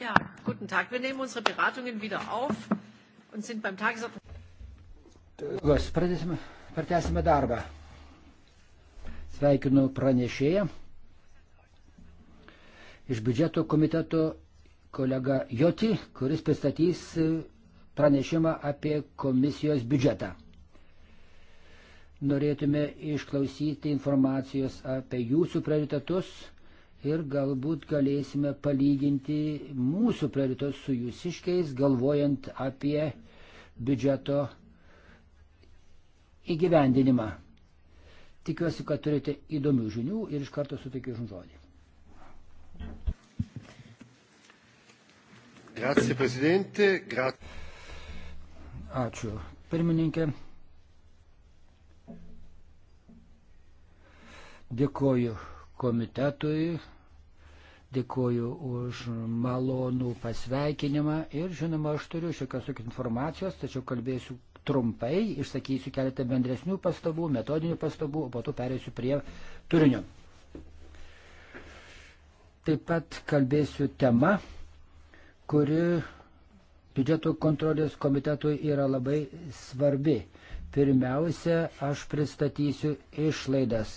Ja, guten Tag. Wir nehmen unsere Beratungen wieder auf und sind beim Tagesordnungspunkt. Pratęsime darbą. Sveikinu pranešėją. Iš biudžeto komiteto kolega Joti, kuris pristatys pranešimą apie komisijos biudžetą. Norėtume išklausyti informacijos apie jūsų prioritetus ir galbūt galėsime palyginti mūsų prioritus su jūsiškiais, galvojant apie biudžeto įgyvendinimą. Tikiuosi, kad turite įdomių žinių ir iš karto suteikiu jums žodį. Grazie, prezidentė. Gra... Ačiū, pirmininkė. Dėkoju komitetui. Dėkuoju už malonų pasveikinimą ir žinoma, aš turiu šiokios tokios informacijos, tačiau kalbėsiu trumpai, išsakysiu keletą bendresnių pastabų, metodinių pastabų, o po to perėsiu prie turinio. Taip pat kalbėsiu tema, kuri biudžeto kontrolės komitetui yra labai svarbi. Pirmiausia, aš pristatysiu išlaidas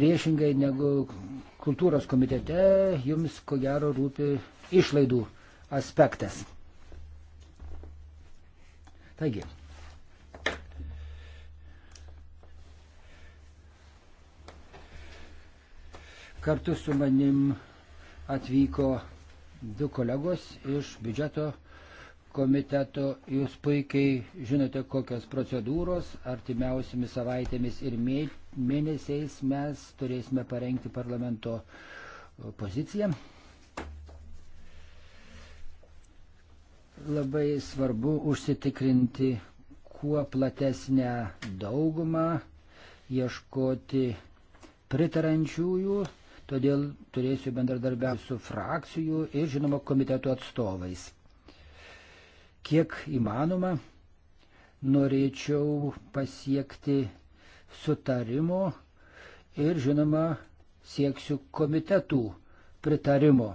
Priešingai negu kultūros komitete, jums ko gero rūpi išlaidų aspektas. Taigi. Kartu su manim atvyko du kolegos iš biudžeto komiteto. Jūs puikiai žinote, kokios procedūros artimiausiamis savaitėmis ir mėnesiais mėnesiais mes turėsime parengti parlamento poziciją. Labai svarbu užsitikrinti kuo platesnę daugumą, ieškoti pritarančiųjų, todėl turėsiu bendradarbiauti su frakcijų ir, žinoma, komitetų atstovais. Kiek įmanoma, norėčiau pasiekti sutarimo ir, žinoma, sieksiu komitetų pritarimo.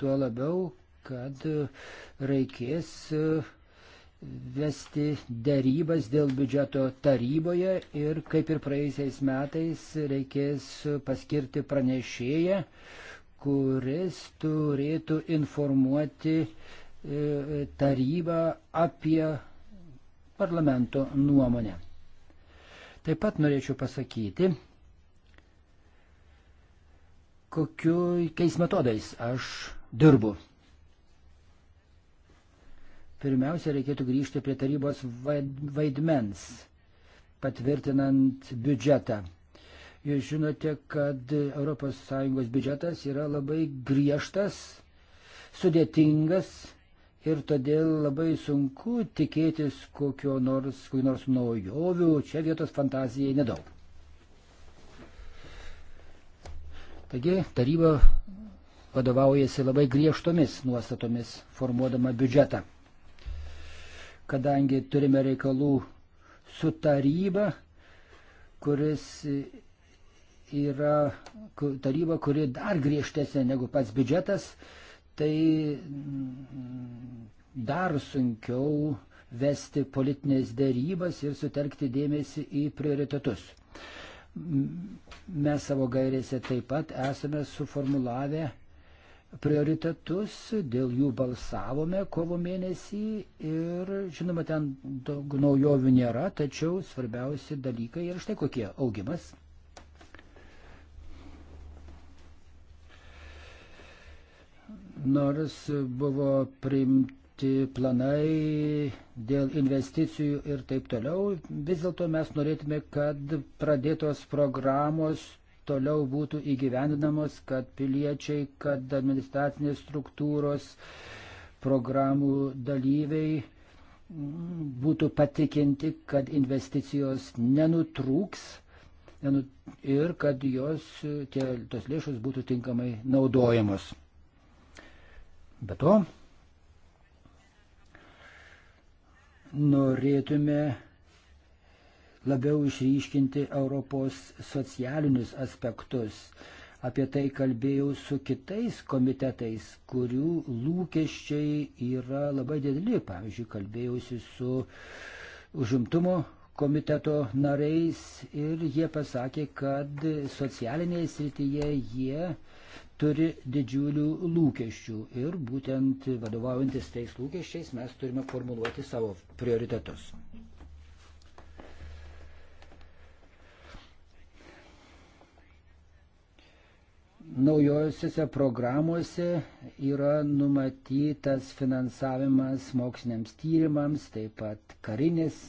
Tuo labiau, kad reikės vesti dėrybas dėl biudžeto taryboje ir kaip ir praeisiais metais reikės paskirti pranešėją, kuris turėtų informuoti e, e, tarybą apie parlamento nuomonę. Taip pat norėčiau pasakyti, kokiais metodais aš dirbu. Pirmiausia, reikėtų grįžti prie tarybos vaidmens, patvirtinant biudžetą. Jūs žinote, kad ES biudžetas yra labai griežtas, sudėtingas ir todėl labai sunku tikėtis kokio nors, kokio nors naujovių, čia vietos fantazijai nedaug. Taigi taryba vadovaujasi labai griežtomis nuostatomis formuodama biudžetą. Kadangi turime reikalų su taryba, kuris yra taryba, kuri dar griežtesnė negu pats biudžetas, tai dar sunkiau vesti politinės dėrybas ir sutelkti dėmesį į prioritetus. Mes savo gairėse taip pat esame suformulavę prioritetus, dėl jų balsavome kovo mėnesį ir, žinoma, ten daug naujovių nėra, tačiau svarbiausi dalykai yra štai kokie - augimas, nors buvo priimti planai dėl investicijų ir taip toliau, vis dėlto mes norėtume, kad pradėtos programos toliau būtų įgyvendinamos, kad piliečiai, kad administracinės struktūros, programų dalyviai būtų patikinti, kad investicijos nenutrūks ir kad jos, tie, tos lėšos būtų tinkamai naudojamos. Be to, norėtume labiau išryškinti Europos socialinius aspektus. Apie tai kalbėjau su kitais komitetais, kurių lūkesčiai yra labai dideli. Pavyzdžiui, kalbėjausi su užimtumo komiteto nariais ir jie pasakė, kad socialinėje srityje jie turi didžiulių lūkesčių ir būtent vadovaujantis tais lūkesčiais mes turime formuluoti savo prioritetus. Naujosiuose programuose yra numatytas finansavimas moksliniams tyrimams, taip pat karinės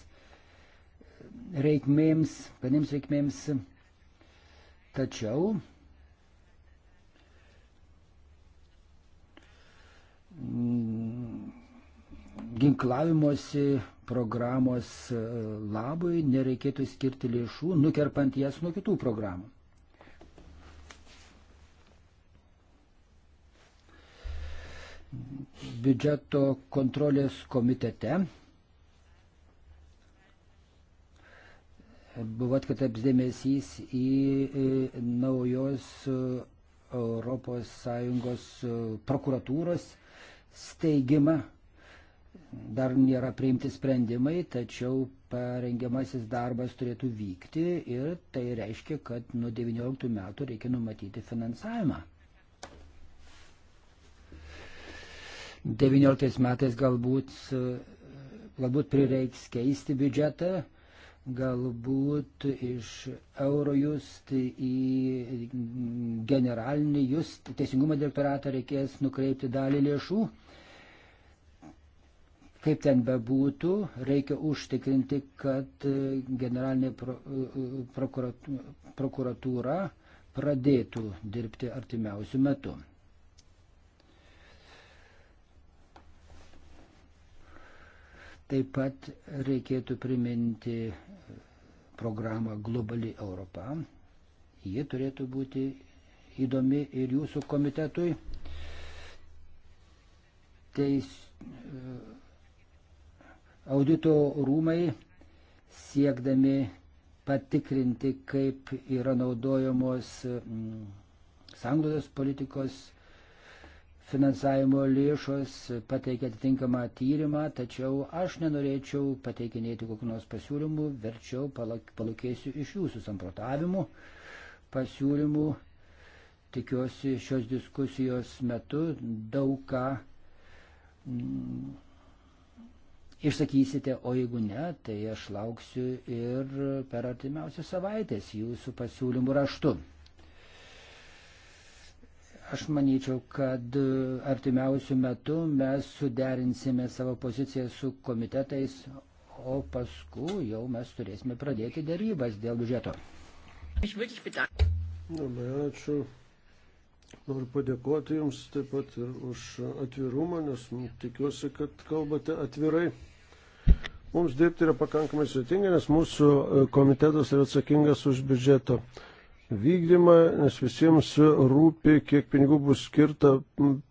reikmėms, vieniems reikmėms. Tačiau Mm, ginklavimuose programos e, labui nereikėtų skirti lėšų, nukerpant jas nuo kitų programų. Biudžeto kontrolės komitete buvo atkreiptas dėmesys į naujos ES e, prokuratūros steigimą. Dar nėra priimti sprendimai, tačiau parengiamasis darbas turėtų vykti ir tai reiškia, kad nuo 19 metų reikia numatyti finansavimą. 19 metais galbūt, galbūt prireiks keisti biudžetą, galbūt iš Eurojust į generalinį just teisingumo direktoratą reikės nukreipti dalį lėšų. Kaip ten bebūtų, reikia užtikrinti, kad e, generalinė pro, e, e, prokuratūra pradėtų dirbti artimiausių metų. Taip pat reikėtų priminti programą Globali Europa. Ji turėtų būti įdomi ir jūsų komitetui. Teis, Audito rūmai siekdami patikrinti, kaip yra naudojamos mm, sanglaudos politikos finansavimo lėšos, pateikia atitinkamą tyrimą, tačiau aš nenorėčiau pateikinėti kokių nors pasiūlymų, verčiau palakėsiu iš jūsų samprotavimų, pasiūlymų. Tikiuosi šios diskusijos metu daug ką mm, išsakysite, o jeigu ne, tai aš lauksiu ir per artimiausias savaitės jūsų pasiūlymų raštu. Aš manyčiau, kad artimiausių metų mes suderinsime savo poziciją su komitetais, o paskui jau mes turėsime pradėti darybas dėl biudžeto. Labai ačiū. Noriu padėkoti Jums taip pat ir už atvirumą, nes tikiuosi, kad kalbate atvirai. Mums dirbti yra pakankamai sudėtinga, nes mūsų komitetas yra atsakingas už biudžeto vykdymą, nes visiems rūpi, kiek pinigų bus skirta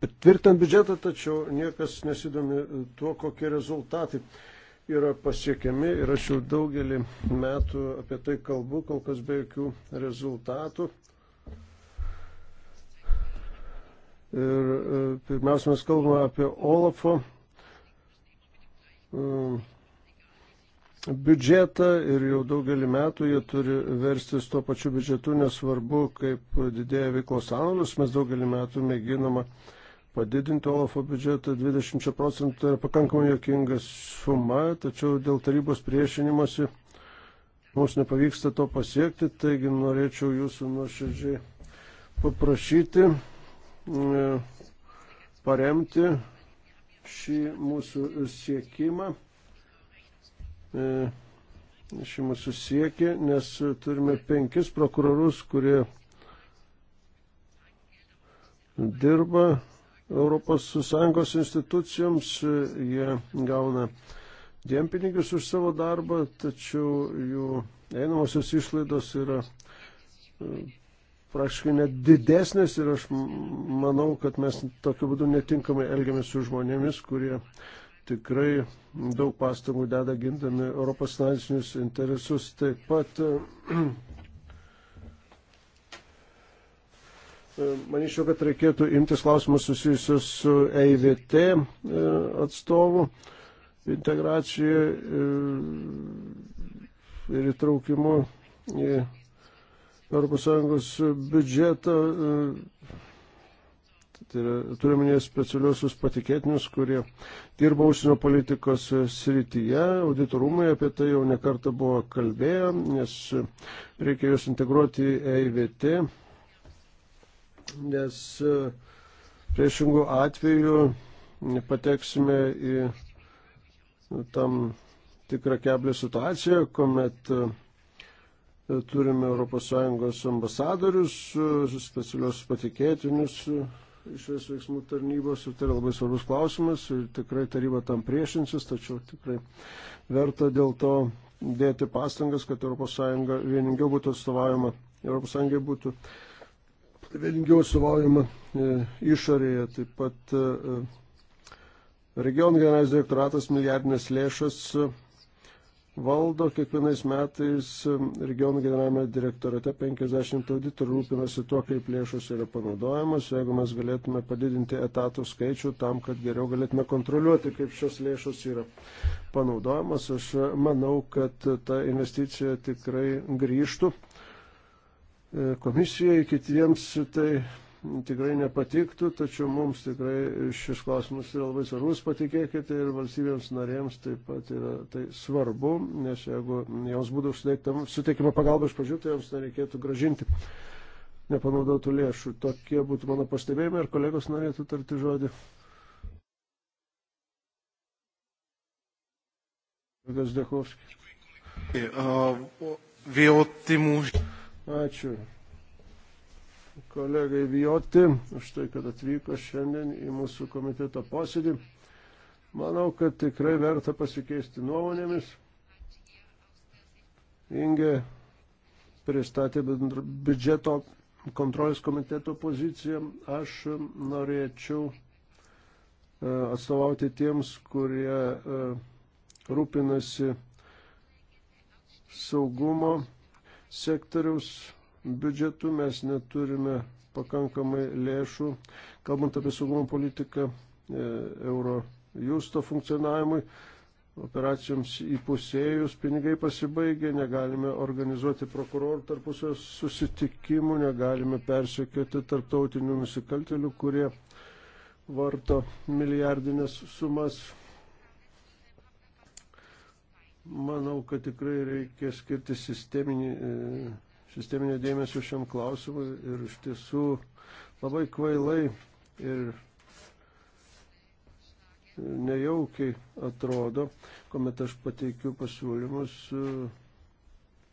tvirtant biudžetą, tačiau niekas nesidomi tuo, kokie rezultatai yra pasiekiami ir aš jau daugelį metų apie tai kalbu, kol kas be jokių rezultatų. Ir e, pirmiausia, mes kalbame apie Olafo e, biudžetą ir jau daugelį metų jie turi verstis tuo pačiu biudžetu, nesvarbu, kaip didėja veiklos sąnaudos, mes daugelį metų mėginama padidinti Olafo biudžetą 20 procentų, tai yra pakankamai jokinga suma, tačiau dėl tarybos priešinimosi mums nepavyksta to pasiekti, taigi norėčiau jūsų nuoširdžiai paprašyti E, paremti šį mūsų siekimą, e, šį mūsų siekį, nes turime penkis prokurorus, kurie dirba ES institucijoms, jie gauna dienpinigius už savo darbą, tačiau jų einamosios išlaidos yra praškai net didesnės ir aš manau, kad mes tokiu būdu netinkamai elgiamės su žmonėmis, kurie tikrai daug pastangų deda gindami Europos finansinius interesus. Taip pat, e, manyčiau, kad reikėtų imtis klausimus susijusius su EIVT e, atstovu integracija e, ir įtraukimu į ES biudžeto, e, tai yra, turime specialiuosius patikėtinius, kurie dirba užsienio politikos srityje, auditorumai apie tai jau nekarta buvo kalbėję, nes reikia juos integruoti į EIVT, nes e, priešingų atveju pateksime į nu, tam tikrą keblę situaciją, kuomet Turime ES ambasadorius, e, specialios patikėtinius e, išvės veiksmų tarnybos ir tai yra labai svarbus klausimas ir tikrai taryba tam priešinsis, tačiau tikrai verta dėl to dėti pastangas, kad ES vieningiau būtų atstovaujama, ES būtų vieningiau atstovaujama e, išorėje. Taip pat regionų generalinis direktoratas milijardinės lėšas valdo kiekvienais metais regionų generalinėme direktorate 50 auditorių rūpinasi tuo, kaip lėšos yra panaudojamos. Jeigu mes galėtume padidinti etatų skaičių tam, kad geriau galėtume kontroliuoti, kaip šios lėšos yra panaudojamos, aš e, manau, kad ta investicija tikrai grįžtų e, komisijai, kitiems tai tikrai nepatiktų, tačiau mums tikrai šis klausimas yra labai svarbus, patikėkite, ir valstybėms narėms taip pat yra tai svarbu, nes jeigu joms būtų suteikima pagalba iš pradžių, tai joms nereikėtų gražinti nepanaudotų lėšų. Tokie būtų mano pastebėjimai, ar kolegos norėtų tarti žodį. Kolegas Dėkovskis. Vėl Timūž. Ačiū kolegai Vijoti už tai, kad atvyko šiandien į mūsų komiteto posėdį. Manau, kad tikrai verta pasikeisti nuomonėmis. Inge pristatė biudžeto kontrolės komiteto poziciją. Aš norėčiau e, atstovauti tiems, kurie e, rūpinasi saugumo sektoriaus biudžetu, mes neturime pakankamai lėšų, kalbant apie saugumo politiką e, euro justo funkcionavimui, operacijoms įpusėjus, pinigai pasibaigė, negalime organizuoti prokurorų tarpusio susitikimų, negalime persekioti tarptautinių nusikaltelių, kurie varto milijardinės sumas. Manau, kad tikrai reikia skirti sisteminį e, sisteminio dėmesio šiam klausimui ir iš tiesų labai kvailai ir nejaukiai atrodo, kuomet aš pateikiu pasiūlymus e,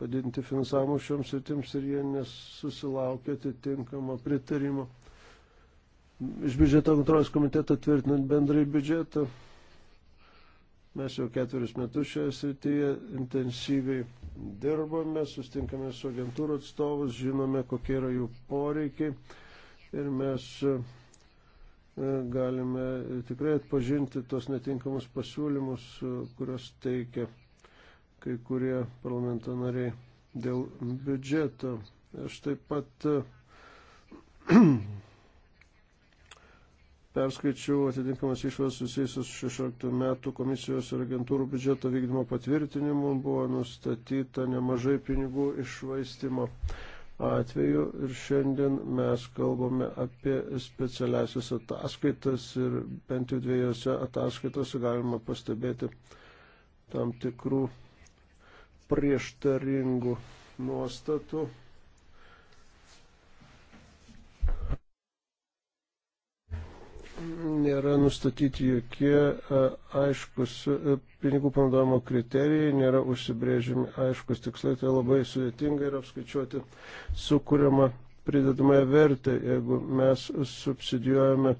padidinti finansavimą šioms sritims ir jie nesusilaukia atitinkamo pritarimo. Iš biudžeto kontrolės komiteto tvirtinant bendrai biudžetą Mes jau ketverius metus šioje srityje intensyviai dirbame, sustinkame su agentūrų atstovus, žinome, kokie yra jų poreikiai ir mes e, galime tikrai atpažinti tos netinkamus pasiūlymus, e, kurios teikia kai kurie parlamento nariai dėl biudžeto. Aš taip pat e, perskaičiau atitinkamas išvadas susijusius 16 metų komisijos ir agentūrų biudžeto vykdymo patvirtinimu, buvo nustatyta nemažai pinigų išvaistimo atveju ir šiandien mes kalbame apie specialiasias ataskaitas ir bent jau dviejose ataskaitose galima pastebėti tam tikrų prieštaringų nuostatų nėra nustatyti jokie e, aiškus e, pinigų panaudojimo kriterijai, nėra užsibrėžimi aiškus tikslai, tai labai sudėtinga yra apskaičiuoti sukūriamą pridedamąją vertę. Jeigu mes subsidijuojame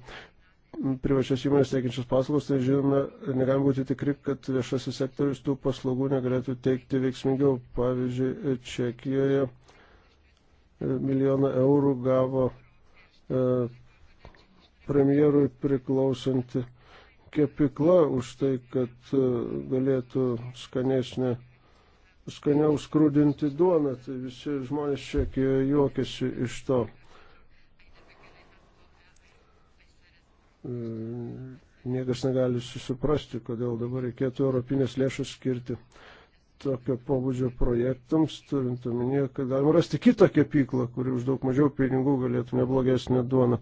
privačias įmonės teikiančias paslaugas, tai žinome, negalime būti tikri, kad viešasis sektorius tų paslaugų negalėtų teikti veiksmingiau. Pavyzdžiui, Čekijoje e, milijoną eurų gavo premjerui priklausanti kepikla už tai, kad e, galėtų skanesnė, skaniau skrūdinti duoną. Tai visi žmonės čekijoje juokiasi iš to. E, niekas negali susiprasti, kodėl dabar reikėtų europinės lėšas skirti tokio pobūdžio projektams, turint omenyje, kad galima rasti kitą kepyklą, kuri už daug mažiau pinigų galėtų neblogesnę duoną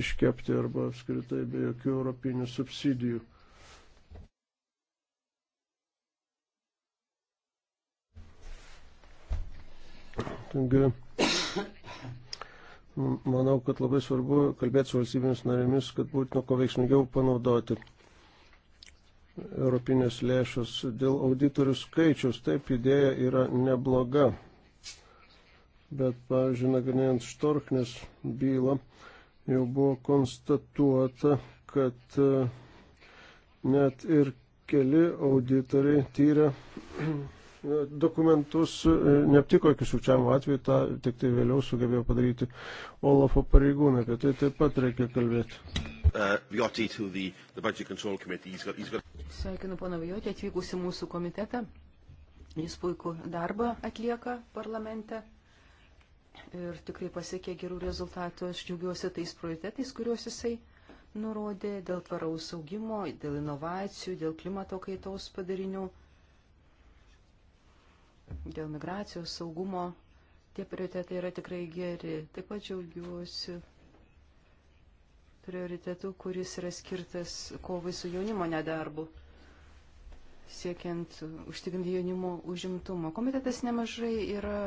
iškepti arba apskritai be jokių europinių subsidijų. Taigi, manau, kad labai svarbu kalbėti su valstybėmis narėmis, kad būtų nuo ko veiksmingiau panaudoti europinės lėšos. Dėl auditorių skaičiaus taip idėja yra nebloga, bet, pavyzdžiui, nagrinėjant Štorknės bylą, jau buvo konstatuota, kad e, net ir keli auditoriai tyrė e, dokumentus, e, neaptiko iki sukčiavimo atveju, tą tik tai vėliau sugebėjo padaryti Olafo pareigūną, apie tai taip pat reikia kalbėti uh, Vjoti to the, the Budget Control Committee. He's got, he's got... Sveikinu poną Vjoti atvykusi mūsų komitetą. Jis puikų darbą atlieka parlamente ir tikrai pasiekė gerų rezultatų. Aš džiaugiuosi tais prioritetais, kuriuos jisai nurodė dėl tvaraus augimo, dėl inovacijų, dėl klimato kaitos padarinių, dėl migracijos saugumo. Tie prioritetai yra tikrai geri. Taip pat džiaugiuosi prioritetu, kuris yra skirtas kovai su jaunimo nedarbu, siekiant užtikrinti jaunimo užimtumą. Komitetas nemažai yra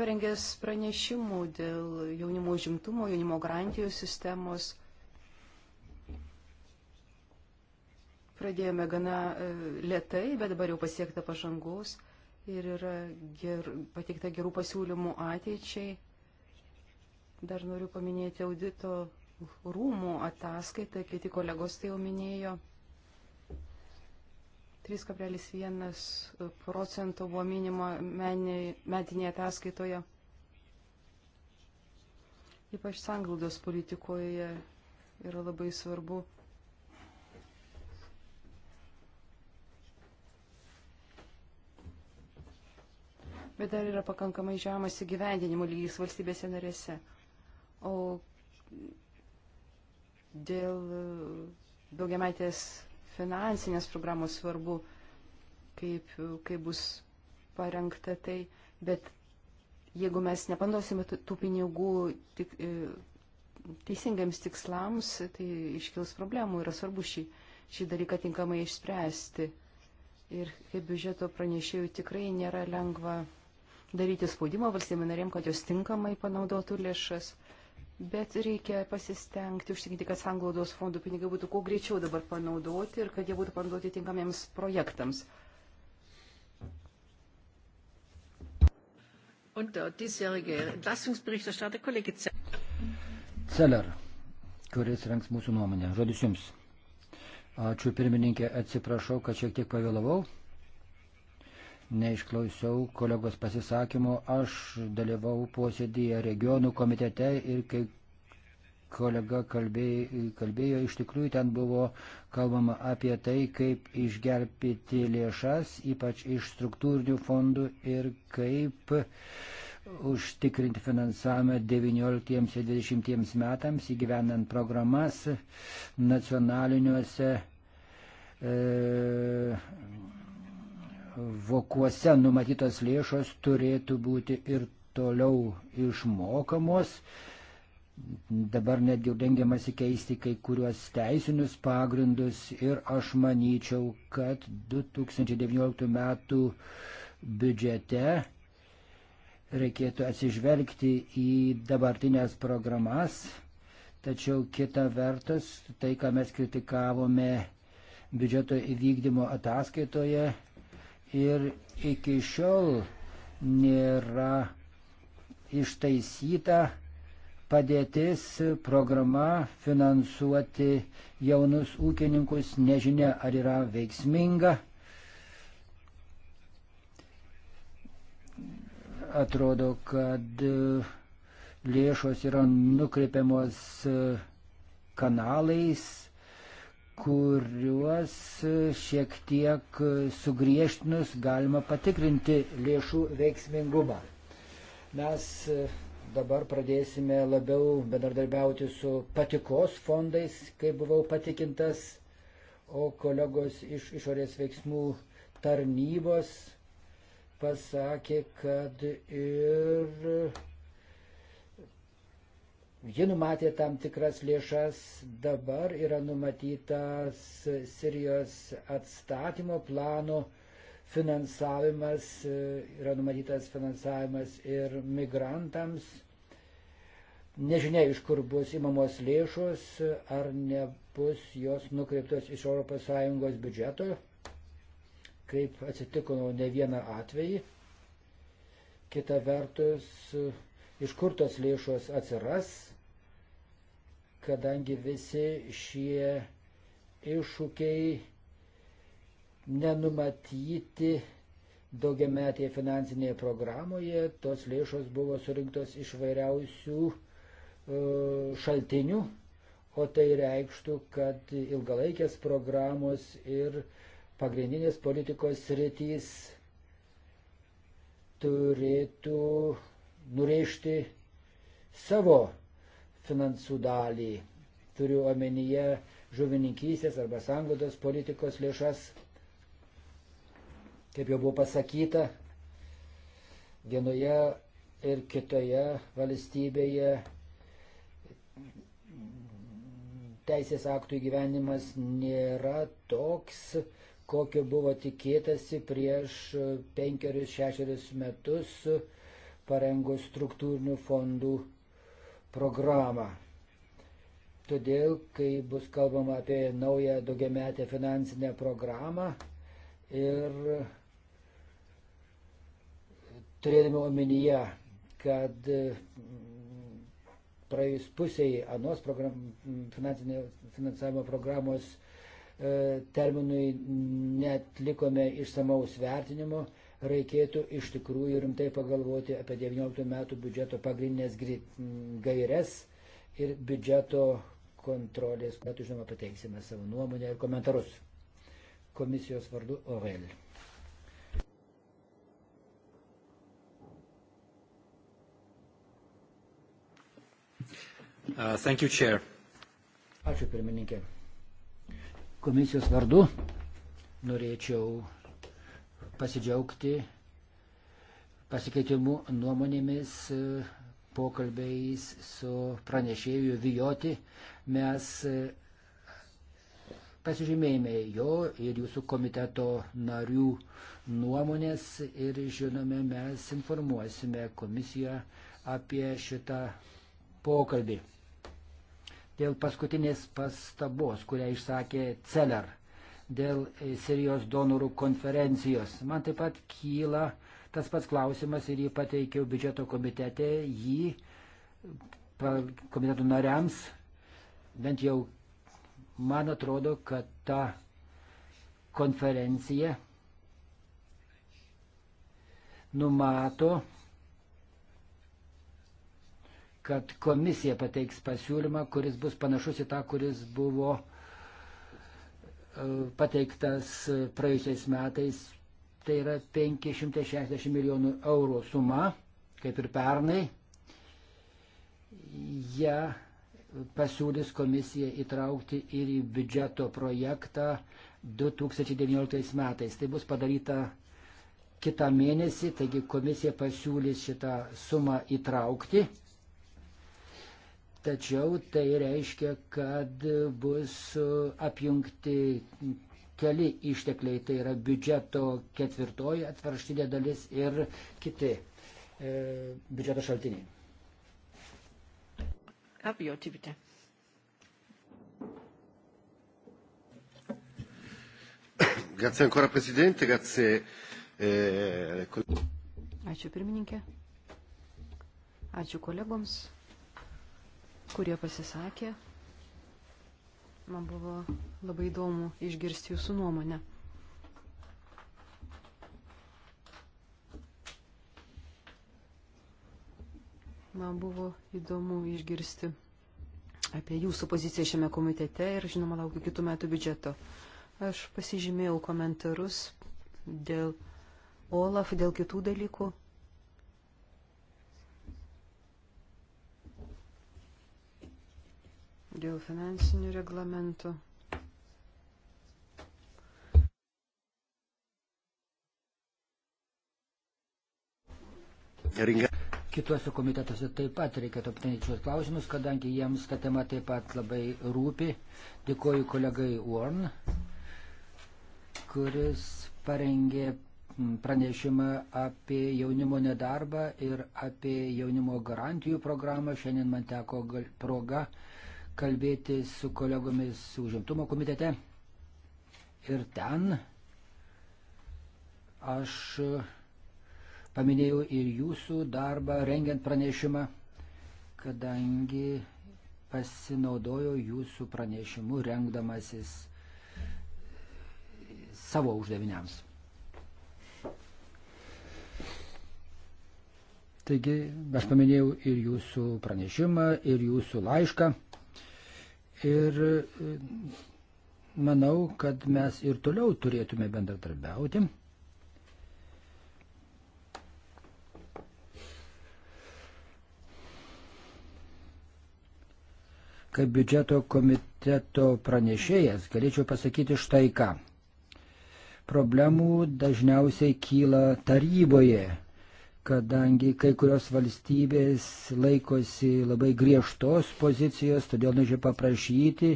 parengęs pranešimų dėl jaunimo užimtumo, jaunimo garantijų sistemos. Pradėjome gana e, lietai, bet dabar jau pasiekta pažangos ir yra ger, pateikta gerų pasiūlymų ateičiai. Dar noriu paminėti audito rūmų ataskaitą, kiti kolegos tai jau minėjo. 3,1 procento buvo minima metinėje ataskaitoje. Ypač sanglaudos politikoje yra labai svarbu. Bet dar yra pakankamai žemas įgyvendinimo lygis valstybėse narėse. O dėl e, daugiametės finansinės programos svarbu, kaip, e, kaip bus parengta tai, bet jeigu mes nepandosime tų pinigų tik, e, teisingiams tikslams, tai iškils problemų, yra svarbu šį, šį dalyką tinkamai išspręsti. Ir kaip biudžeto pranešėjų tikrai nėra lengva daryti spaudimo valstybė narėm, kad jos tinkamai panaudotų lėšas. Bet reikia pasistengti, užtikrinti, kad sanglaudos fondų pinigai būtų kuo greičiau dabar panaudoti ir kad jie būtų panaudoti tinkamiems projektams. Celer, kuris renks mūsų nuomonę. Žodis jums. Ačiū pirmininkė, atsiprašau, kad šiek tiek pavėlavau neišklausiau kolegos pasisakymo. Aš dalyvau posėdėje regionų komitete ir kai kolega kalbėjo, kalbėjo, iš tikrųjų ten buvo kalbama apie tai, kaip išgelbėti lėšas, ypač iš struktūrinių fondų ir kaip užtikrinti finansavimą 19-20 metams įgyvendant programas nacionaliniuose e, vokuose numatytos lėšos turėtų būti ir toliau išmokamos. Dabar netgi rengiamasi keisti kai kuriuos teisinius pagrindus ir aš manyčiau, kad 2019 metų biudžete reikėtų atsižvelgti į dabartinės programas, tačiau kita vertus, tai, ką mes kritikavome biudžeto įvykdymo ataskaitoje, ir iki šiol nėra ištaisyta padėtis programa finansuoti jaunus ūkininkus, nežinia ar yra veiksminga. Atrodo, kad e, lėšos yra nukreipiamos e, kanalais kuriuos šiek tiek sugriežtinus galima patikrinti lėšų veiksmingumą. Mes dabar pradėsime labiau bendradarbiauti su patikos fondais, kaip buvau patikintas, o kolegos iš išorės veiksmų tarnybos pasakė, kad ir Ji numatė tam tikras lėšas, dabar yra numatytas Sirijos atstatymo plano finansavimas, yra numatytas finansavimas ir migrantams. Nežinia, iš kur bus įmamos lėšos, ar nebus jos nukreiptos iš ES biudžeto, kaip atsitiko ne vieną atvejį. Kita vertus, iš kur tos lėšos atsiras, kadangi visi šie iššūkiai nenumatyti daugiametėje finansinėje programoje, tos lėšos buvo surinktos iš vairiausių e, šaltinių, o tai reikštų, kad ilgalaikės programos ir pagrindinės politikos sritys turėtų nurėžti savo finansų dalį. Turiu omenyje žuvininkystės arba sanglaudos politikos lėšas. Kaip jau buvo pasakyta, vienoje ir kitoje valstybėje teisės aktų įgyvenimas nėra toks, kokio buvo tikėtasi prieš penkerius, šešerius metus parengus struktūrinių fondų programą. Todėl, kai bus kalbama apie naują daugiametę finansinę programą ir turėdami omenyje, kad mm, praėjus pusiai anos program, finansavimo programos e, terminui net likome išsamaus vertinimo, reikėtų iš tikrųjų rimtai pagalvoti apie 19 metų biudžeto pagrindinės gairias ir biudžeto kontrolės, kad tai žinoma pateiksime savo nuomonę ir komentarus. Komisijos vardu Orel. Uh, thank you, Chair. Ačiū pirmininkė. Komisijos vardu norėčiau pasidžiaugti pasikeitimu nuomonėmis, e, pokalbiais su pranešėju Vijoti. Mes e, pasižymėjome jo ir jūsų komiteto narių nuomonės ir žinome, mes informuosime komisiją apie šitą pokalbį. Dėl paskutinės pastabos, kurią išsakė Celer dėl e, Sirijos donorų konferencijos. Man taip pat kyla tas pats klausimas ir jį pateikiau biudžeto komitete, jį komitetų nariams, bent jau man atrodo, kad ta konferencija numato, kad komisija pateiks pasiūlymą, kuris bus panašus į tą, kuris buvo pateiktas praėjusiais metais, tai yra 560 milijonų eurų suma, kaip ir pernai. Ja pasiūlys komisija įtraukti ir į biudžeto projektą 2019 metais. Tai bus padaryta kitą mėnesį, taigi komisija pasiūlys šitą sumą įtraukti Tačiau tai reiškia, kad bus apjungti keli ištekliai, tai yra biudžeto ketvirtoji atvarštinė dalis ir kiti e, biudžeto šaltiniai. Apjotybite. Grazie ancora Presidente, grazie. Eh, Ačiū pirmininkė. Ačiū kolegoms kurie pasisakė. Man buvo labai įdomu išgirsti jūsų nuomonę. Man buvo įdomu išgirsti apie jūsų poziciją šiame komitete ir, žinoma, laukiu kitų metų biudžeto. Aš pasižymėjau komentarus dėl OLAF, dėl kitų dalykų. dėl finansinių reglamentų. Kituose komitetuose taip pat reikėtų aptarnyti šios klausimus, kadangi jiems ta tema taip pat labai rūpi. Dėkoju kolegai Warren, kuris parengė pranešimą apie jaunimo nedarbą ir apie jaunimo garantijų programą. Šiandien man teko proga kalbėti su kolegomis užimtumo komitete. Ir ten aš paminėjau ir jūsų darbą rengiant pranešimą, kadangi pasinaudojau jūsų pranešimu rengdamasis savo uždaviniams. Taigi, aš paminėjau ir jūsų pranešimą, ir jūsų laišką ir e, manau, kad mes ir toliau turėtume bendradarbiauti. Kaip biudžeto komiteto pranešėjas galėčiau pasakyti štai ką. Problemų dažniausiai kyla taryboje kadangi kai kurios valstybės laikosi labai griežtos pozicijos, todėl norėčiau paprašyti,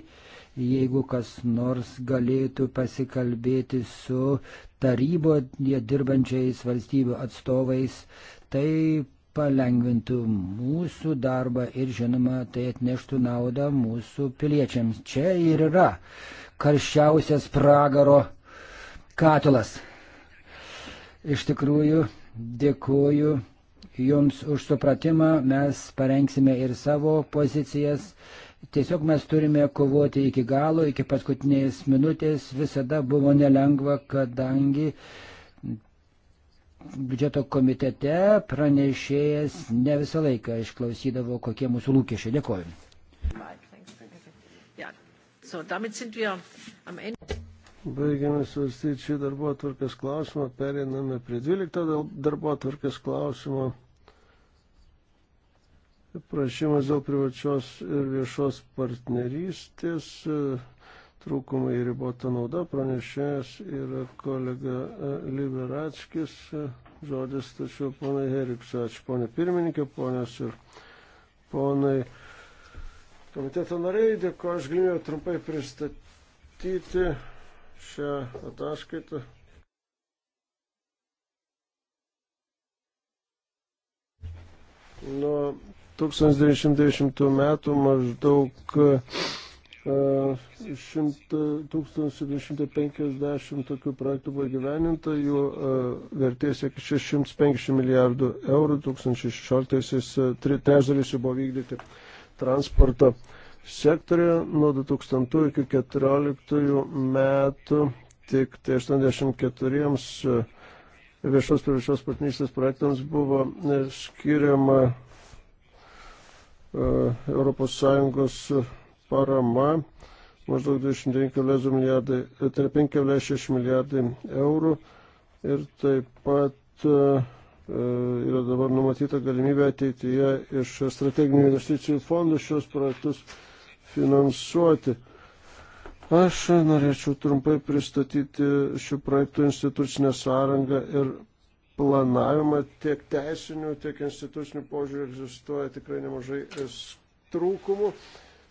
jeigu kas nors galėtų pasikalbėti su taryboje dirbančiais valstybių atstovais, tai palengvintų mūsų darbą ir žinoma, tai atneštų naudą mūsų piliečiams. Čia ir yra karščiausias pragaro katilas. Iš tikrųjų, Dėkuoju Jums už supratimą, mes parengsime ir savo pozicijas. Tiesiog mes turime kovoti iki galo, iki paskutinės minutės. Visada buvo nelengva, kadangi biudžeto komitete pranešėjas ne visą laiką išklausydavo, kokie mūsų lūkesčiai. Dėkoju. Baigiame svarstyti šį darbo atvarkės klausimą, periname prie 12 darbo atvarkės klausimo. Prašymas dėl privačios ir viešos partnerystės, e, trūkumai ir ribota nauda, pranešėjas yra kolega e, Liberatskis, e, žodis, tačiau ponai Heriks, ačiū ponė pirmininkė, ponės ir ponai komiteto nariai, dėkuoju, aš galėjau trumpai pristatyti šią ataskaitą. Nuo 1990 metų maždaug 1750 e, tokių projektų buvo gyveninta, jų e, vertė siekia 650 milijardų eurų, 2016 e, trečdalis jų buvo vykdyti transporto sektorė nuo 2000 iki 2014 metų tik tai 84 e, viešos privačios partnerystės projektams buvo e, skiriama ES parama maždaug 29,6 milijardai, e, tai 5,6 milijardai eurų ir taip pat yra dabar numatyta galimybė ateityje iš strateginių investicijų fondų šios projektus finansuoti. Aš norėčiau trumpai pristatyti šių projektų institucinę sąrangą ir planavimą tiek teisinių, tiek institucinių požiūrį egzistuoja tikrai nemažai trūkumų,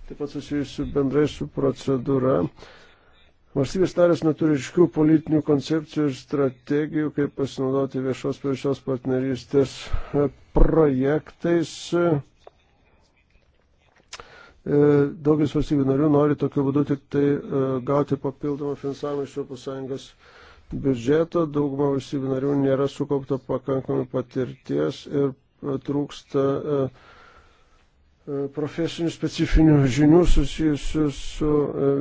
taip pat susijusių bendrai su procedūra. Valstybės narės neturi iškių politinių koncepcijų ir strategijų, kaip pasinaudoti viešos priešios partnerystės projektais, E, daugelis valstybių narių nori tokiu būdu tik tai e, gauti papildomą finansavimą iš Europos Sąjungos biudžeto. Dauguma valstybių narių nėra sukaupta pakankamai patirties ir e, trūksta profesinių specifinių žinių susijusių su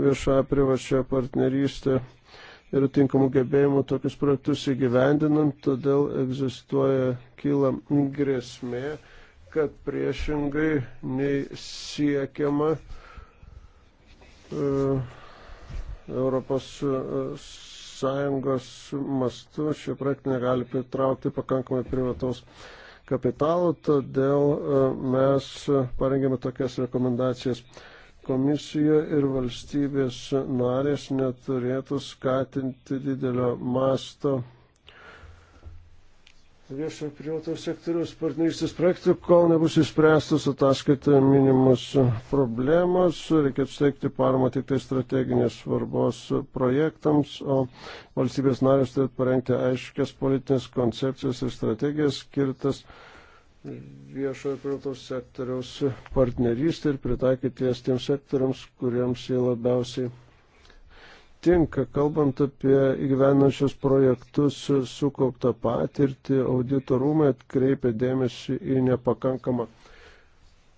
viešoje privačioje partnerystė ir tinkamų gebėjimų tokius projektus įgyvendinant, todėl egzistuoja kyla grėsmė kad priešingai nei siekiama e, Europos e, Sąjungos mastu šie projektai negali pritraukti pakankamai privataus kapitalo, todėl e, mes parengėme tokias rekomendacijas. Komisija ir valstybės narės neturėtų skatinti didelio masto viešo ir privataus sektoriaus partnerystės projektų, kol nebus išspręstas ataskaitoje minimus problemos, reikėtų steigti paramą tik tai strateginės svarbos projektams, o valstybės narės turėtų parengti aiškias politinės koncepcijas ir strategijas skirtas viešo ir privataus sektoriaus partnerystė ir pritaikyti jas tiems sektoriams, kuriems jie labiausiai tinka, kalbant apie įgyvenančius projektus sukauptą patirtį, auditorumai atkreipia dėmesį į nepakankamą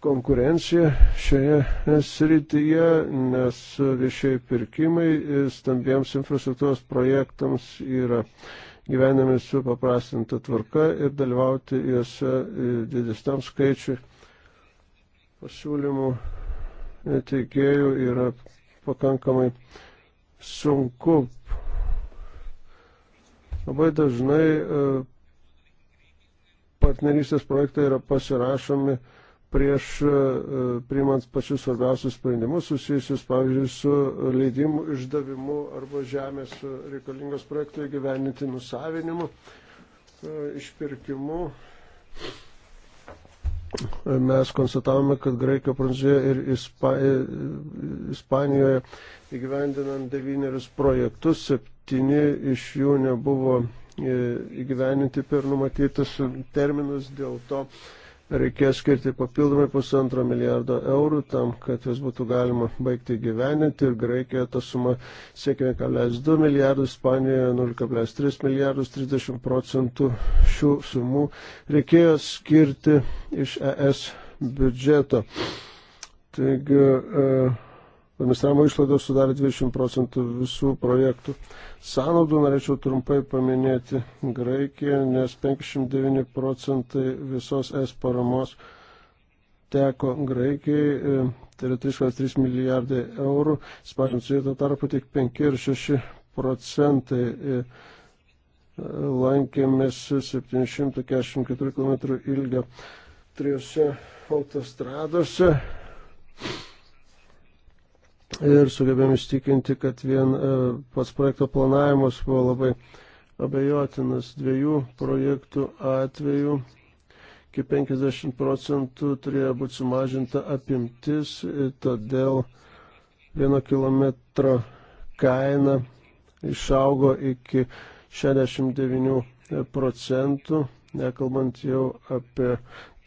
konkurenciją šioje srityje, nes viešieji pirkimai stambiems infrastruktūros projektams yra gyvenami su paprastinta tvarka ir dalyvauti juose didesniam skaičiui pasiūlymų teikėjų yra pakankamai sunku. Labai dažnai e, partnerystės projektai yra pasirašomi prieš e, e, priimant pačius svarbiausius sprendimus susijusius, pavyzdžiui, su leidimu išdavimu arba žemės reikalingos projektų įgyveninti nusavinimu, išpirkimu mes konstatavome, kad Graikijoje, Prancūzijoje ir Ispa, e, Ispanijoje įgyvendinant devynerius projektus, septyni iš jų nebuvo e, įgyveninti per numatytus terminus, dėl to reikės skirti papildomai pusantro milijardo eurų tam, kad jas būtų galima baigti gyveninti ir Graikijoje ta suma siekia 1,2 milijardus, Ispanijoje 0,3 milijardus, 30 procentų šių sumų reikėjo skirti iš ES biudžeto. Taigi, uh, Administravimo išlaidos sudarė 20 procentų visų projektų. Sąnaudų norėčiau trumpai paminėti Graikiją, nes 59 procentai visos es paramos teko Graikijai, e, tai yra 3,3 milijardai eurų, Ispanijoje tuo tarpu tik 5 ir 6 procentai e, lankėmės 744 km ilgio trijose autostradose ir sugebėjom įstikinti, kad vien e, pats projekto planavimas buvo labai abejotinas dviejų projektų atveju. Iki 50 procentų turėjo būti sumažinta apimtis, e, todėl vieno kilometro kaina išaugo iki 69 procentų, nekalbant jau apie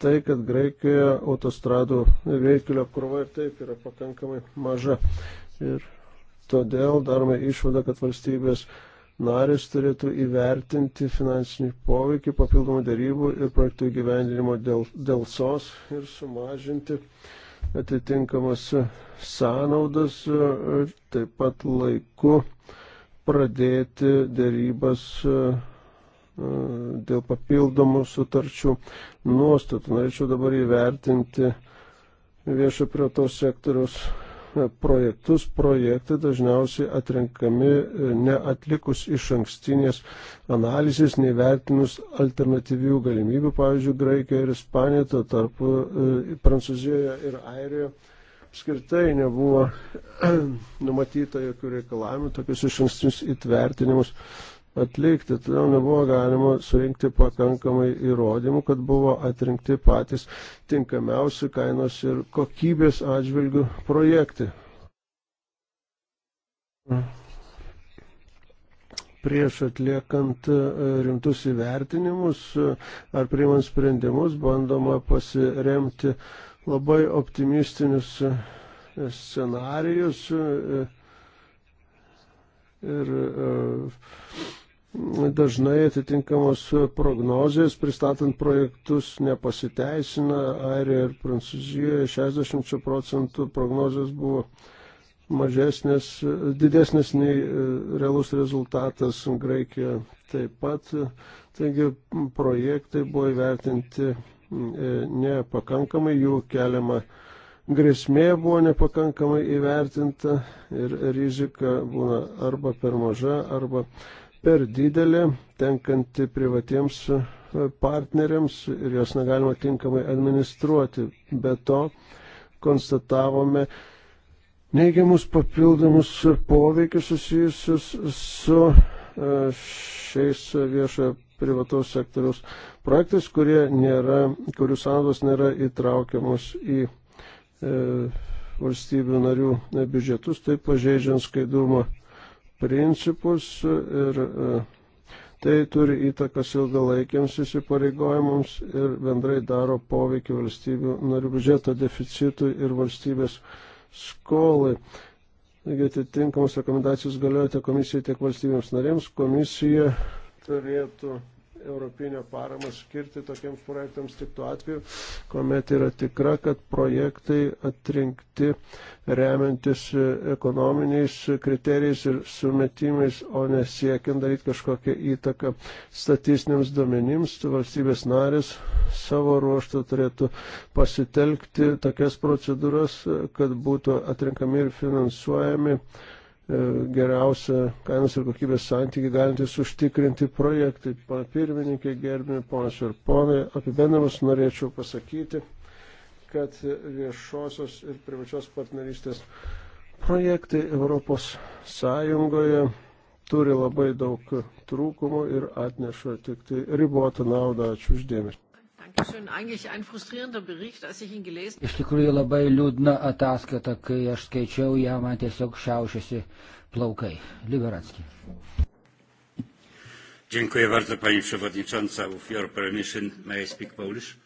tai, kad Graikijoje autostradų greitkelių apkrova ir taip yra pakankamai maža. Ir todėl darome išvadą, kad valstybės narės turėtų įvertinti finansinį poveikį papildomų darybų ir projektų įgyvendinimo dėl, dėl sos ir sumažinti atitinkamas sąnaudas, taip pat laiku pradėti darybas E, dėl papildomų sutarčių nuostatų. Norėčiau dabar įvertinti viešo prietos sektoriaus e, projektus. Projektai dažniausiai atrenkami e, neatlikus iš ankstinės analizės, nevertinus alternatyvių galimybių, pavyzdžiui, Graikijoje ir Ispanijoje, to tarp Prancūzijoje ir Airijoje. Skirtai nebuvo numatyta jokių reikalavimų, tokius iš ankstinius įtvertinimus atlikti. Todėl nebuvo galima surinkti pakankamai įrodymų, kad buvo atrinkti patys tinkamiausi kainos ir kokybės atžvilgių projektai. Prieš atliekant e, rimtus įvertinimus e, ar priimant sprendimus bandoma pasiremti labai optimistinius e, scenarijus ir, ir dažnai atitinkamos prognozijos pristatant projektus nepasiteisina. Airija ir Prancūzijoje 60 procentų prognozijos buvo mažesnės, didesnės nei e, realus rezultatas Graikijoje taip pat. Taigi projektai buvo įvertinti e, nepakankamai, jų keliama grėsmė buvo nepakankamai įvertinta ir rizika būna arba per maža, arba per didelė, tenkanti privatiems e, partneriams ir jos negalima tinkamai administruoti. Be to, konstatavome neigiamus papildomus poveikius susijusius su e, šiais viešojo privataus sektoriaus projektais, nėra, kurių sąnaudos nėra įtraukiamos į e, valstybių narių biudžetus, taip pažeidžiant skaidrumo principus ir e, tai turi įtakas ilgalaikiams įsipareigojimams ir bendrai daro poveikį valstybių narių biudžeto deficitui ir valstybės skolai. Taigi atitinkamos rekomendacijos galioja tiek komisijai, tiek valstybėms narėms. Komisija turėtų europinę paramą skirti tokiems projektams tik tuo atveju, kuomet yra tikra, kad projektai atrinkti remiantis ekonominiais kriterijais ir sumetimais, o nesiekiant daryti kažkokią įtaką statistiniams duomenims, tai valstybės narės savo ruoštų turėtų pasitelkti tokias procedūras, kad būtų atrinkami ir finansuojami E, geriausią kainos ir kokybės santykį galintis užtikrinti projektai. Pana pirmininkė, gerbimi ponas ir ponai, apibendrinamas norėčiau pasakyti, kad viešosios ir privačios partnerystės projektai Europos Sąjungoje turi labai daug trūkumų ir atneša tik tai ribotą naudą. Ačiū uždėmesi. Iš tikrųjų labai liūdna ataskaita, kai aš skaičiau ją, man tiesiog šiaušiasi plaukai. Liberacki. Dziękuję bardzo Pani Przewodnicząca. With your permission, may I speak Polish?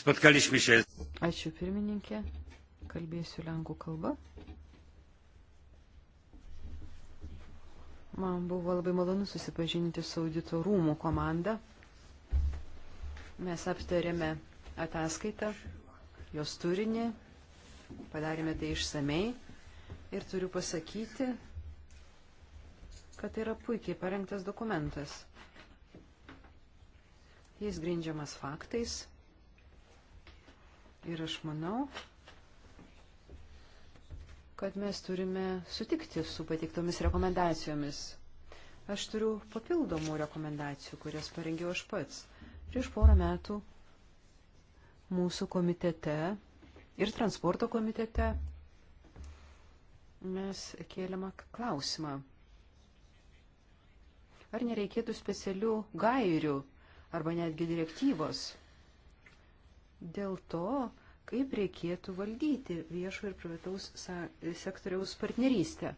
Spotkaliśmy się. Ačiū pirmininkė, kalbėsiu lenkų kalbą. Man buvo labai malonu susipažinti su audito rūmų komanda. Mes aptarėme ataskaitą, jos turinį, padarėme tai išsamei ir turiu pasakyti, kad tai yra puikiai parengtas dokumentas. Jis grindžiamas faktais ir aš manau, kad mes turime sutikti su pateiktomis rekomendacijomis. Aš turiu papildomų rekomendacijų, kurias parengiau aš pats. Prieš porą metų mūsų komitete ir transporto komitete mes kėlėme klausimą, ar nereikėtų specialių gairių arba netgi direktyvos dėl to, kaip reikėtų valdyti viešo ir privataus sektoriaus partnerystę.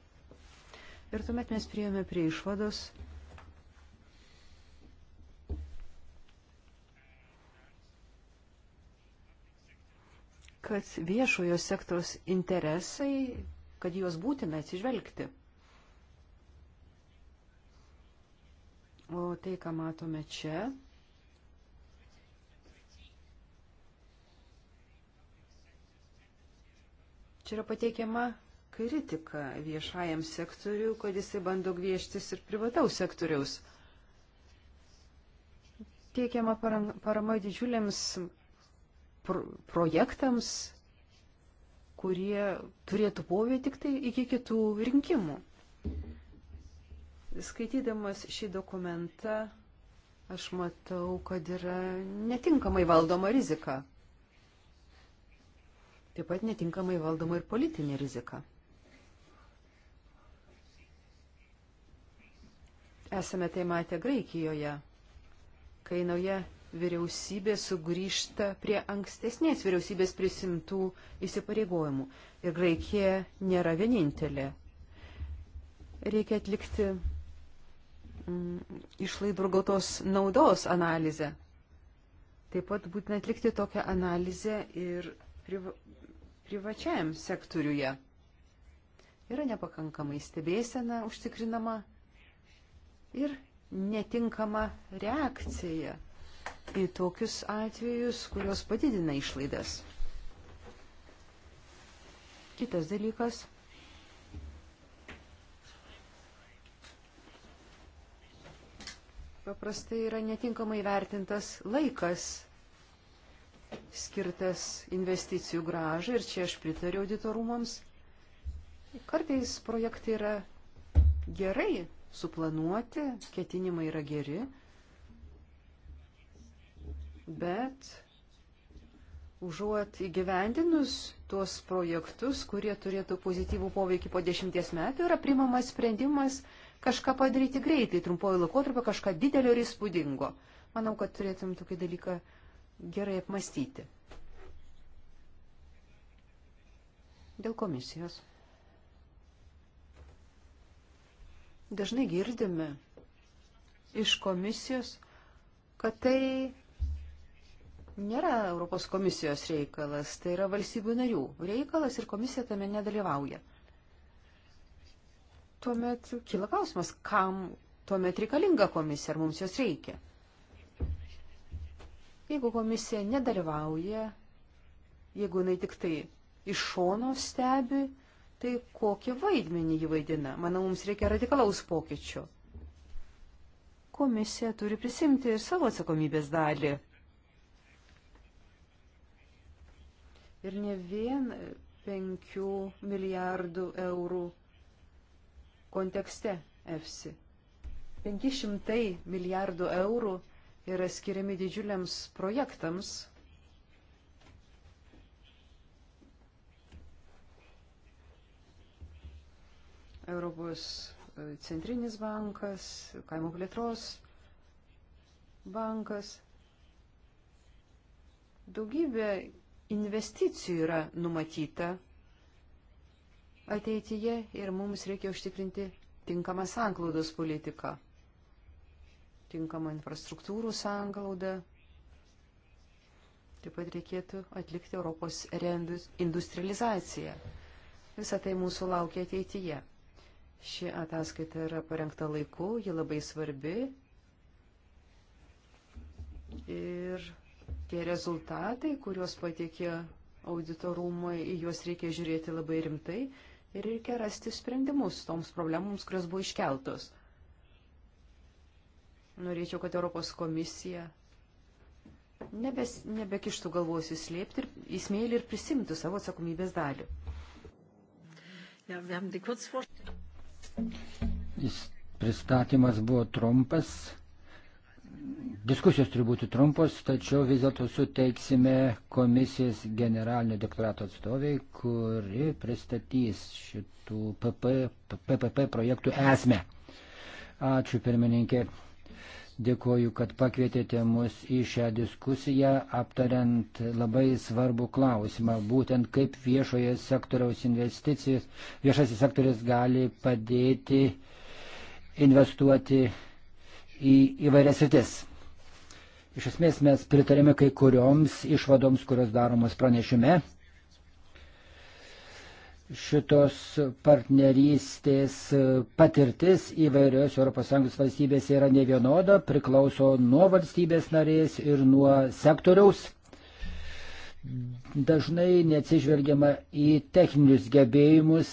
Ir tuomet mes priėmėme prie išvados, kad viešojo sektoriaus interesai, kad juos būtina atsižvelgti. O tai, ką matome čia, čia yra pateikiama kritika viešajam sektoriu, kad jisai bando gvieštis ir privataus sektoriaus. Teikiama parama didžiuliams pro projektams, kurie turėtų povė tik tai iki kitų rinkimų. Skaitydamas šį dokumentą, aš matau, kad yra netinkamai valdoma rizika. Taip pat netinkamai valdoma ir politinė rizika. Esame tai matę Graikijoje, kai nauja vyriausybė sugrįžta prie ankstesnės vyriausybės prisimtų įsipareigojimų. Ir Graikija nėra vienintelė. Reikia atlikti mm, išlaidų gautos naudos analizę. Taip pat būtina atlikti tokią analizę ir priva, privačiajam sektoriuje. Yra nepakankamai stebėsena užtikrinama ir netinkama reakcija į tokius atvejus, kurios padidina išlaidas. Kitas dalykas. Paprastai yra netinkamai vertintas laikas skirtas investicijų gražai ir čia aš pritariu auditorumams. Kartais projektai yra gerai suplanuoti, ketinimai yra geri, bet užuot įgyvendinus tuos projektus, kurie turėtų pozityvų poveikį po dešimties metų, yra primamas sprendimas kažką padaryti greitai, trumpojo laikotarpio, kažką didelio ir įspūdingo. Manau, kad turėtum tokį dalyką gerai apmastyti. Dėl komisijos. Dažnai girdime iš komisijos, kad tai nėra Europos komisijos reikalas, tai yra valstybių narių reikalas ir komisija tame nedalyvauja. Tuomet kyla klausimas, kam tuomet reikalinga komisija, ar mums jos reikia. Jeigu komisija nedalyvauja, jeigu jinai tik tai iš šono stebi, tai kokį vaidmenį jį vaidina. Manau, mums reikia radikalaus pokyčio. Komisija turi prisimti ir savo atsakomybės dalį. ir ne vien 5 milijardų eurų kontekste EFSI. 500 milijardų eurų yra skiriami didžiuliams projektams. Europos e, centrinis bankas, kaimo plėtros bankas. Daugybė investicijų yra numatyta ateityje ir mums reikia užtikrinti tinkamą sanklaudos politiką, tinkamą infrastruktūrų sanklaudą. Taip pat reikėtų atlikti Europos reindustrializaciją. Visą tai mūsų laukia ateityje. Ši ataskaita yra parengta laiku, ji labai svarbi. Ir tie rezultatai, kuriuos patikė auditorumai, į juos reikia žiūrėti labai rimtai ir reikia rasti sprendimus toms problemams, kurios buvo iškeltos. Norėčiau, kad Europos komisija nebes, nebekištų galvos įslėpti ir įsmėlį ir prisimtų savo atsakomybės dalį. Ja, Jis pristatymas buvo trumpas diskusijos turi būti trumpos, tačiau vis dėlto suteiksime komisijos generalinio dektorato atstoviai, kuri pristatys šitų PP, PPP projektų esmę. Ačiū pirmininkė. Dėkuoju, kad pakvietėte mus į šią diskusiją, aptariant labai svarbų klausimą, būtent kaip viešoje sektoriaus investicijas, viešasis sektorius gali padėti investuoti į įvairias rytis. Iš esmės mes pritarėme kai kurioms išvadoms, kurios daromos pranešime. Šitos partnerystės patirtis įvairios ES valstybės yra ne vienoda, priklauso nuo valstybės narės ir nuo sektoriaus dažnai neatsižvelgiama į techninius gebėjimus,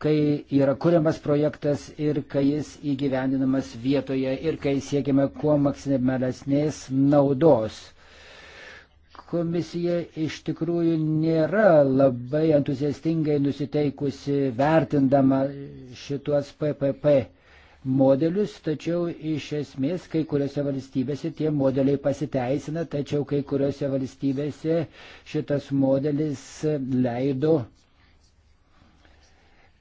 kai yra kuriamas projektas ir kai jis įgyvendinamas vietoje ir kai siekiame kuo maksimalesnės naudos. Komisija iš tikrųjų nėra labai entuziastingai nusiteikusi vertindama šituos PPP modelius, tačiau iš esmės kai kuriuose valstybėse tie modeliai pasiteisina, tačiau kai kuriuose valstybėse šitas modelis leido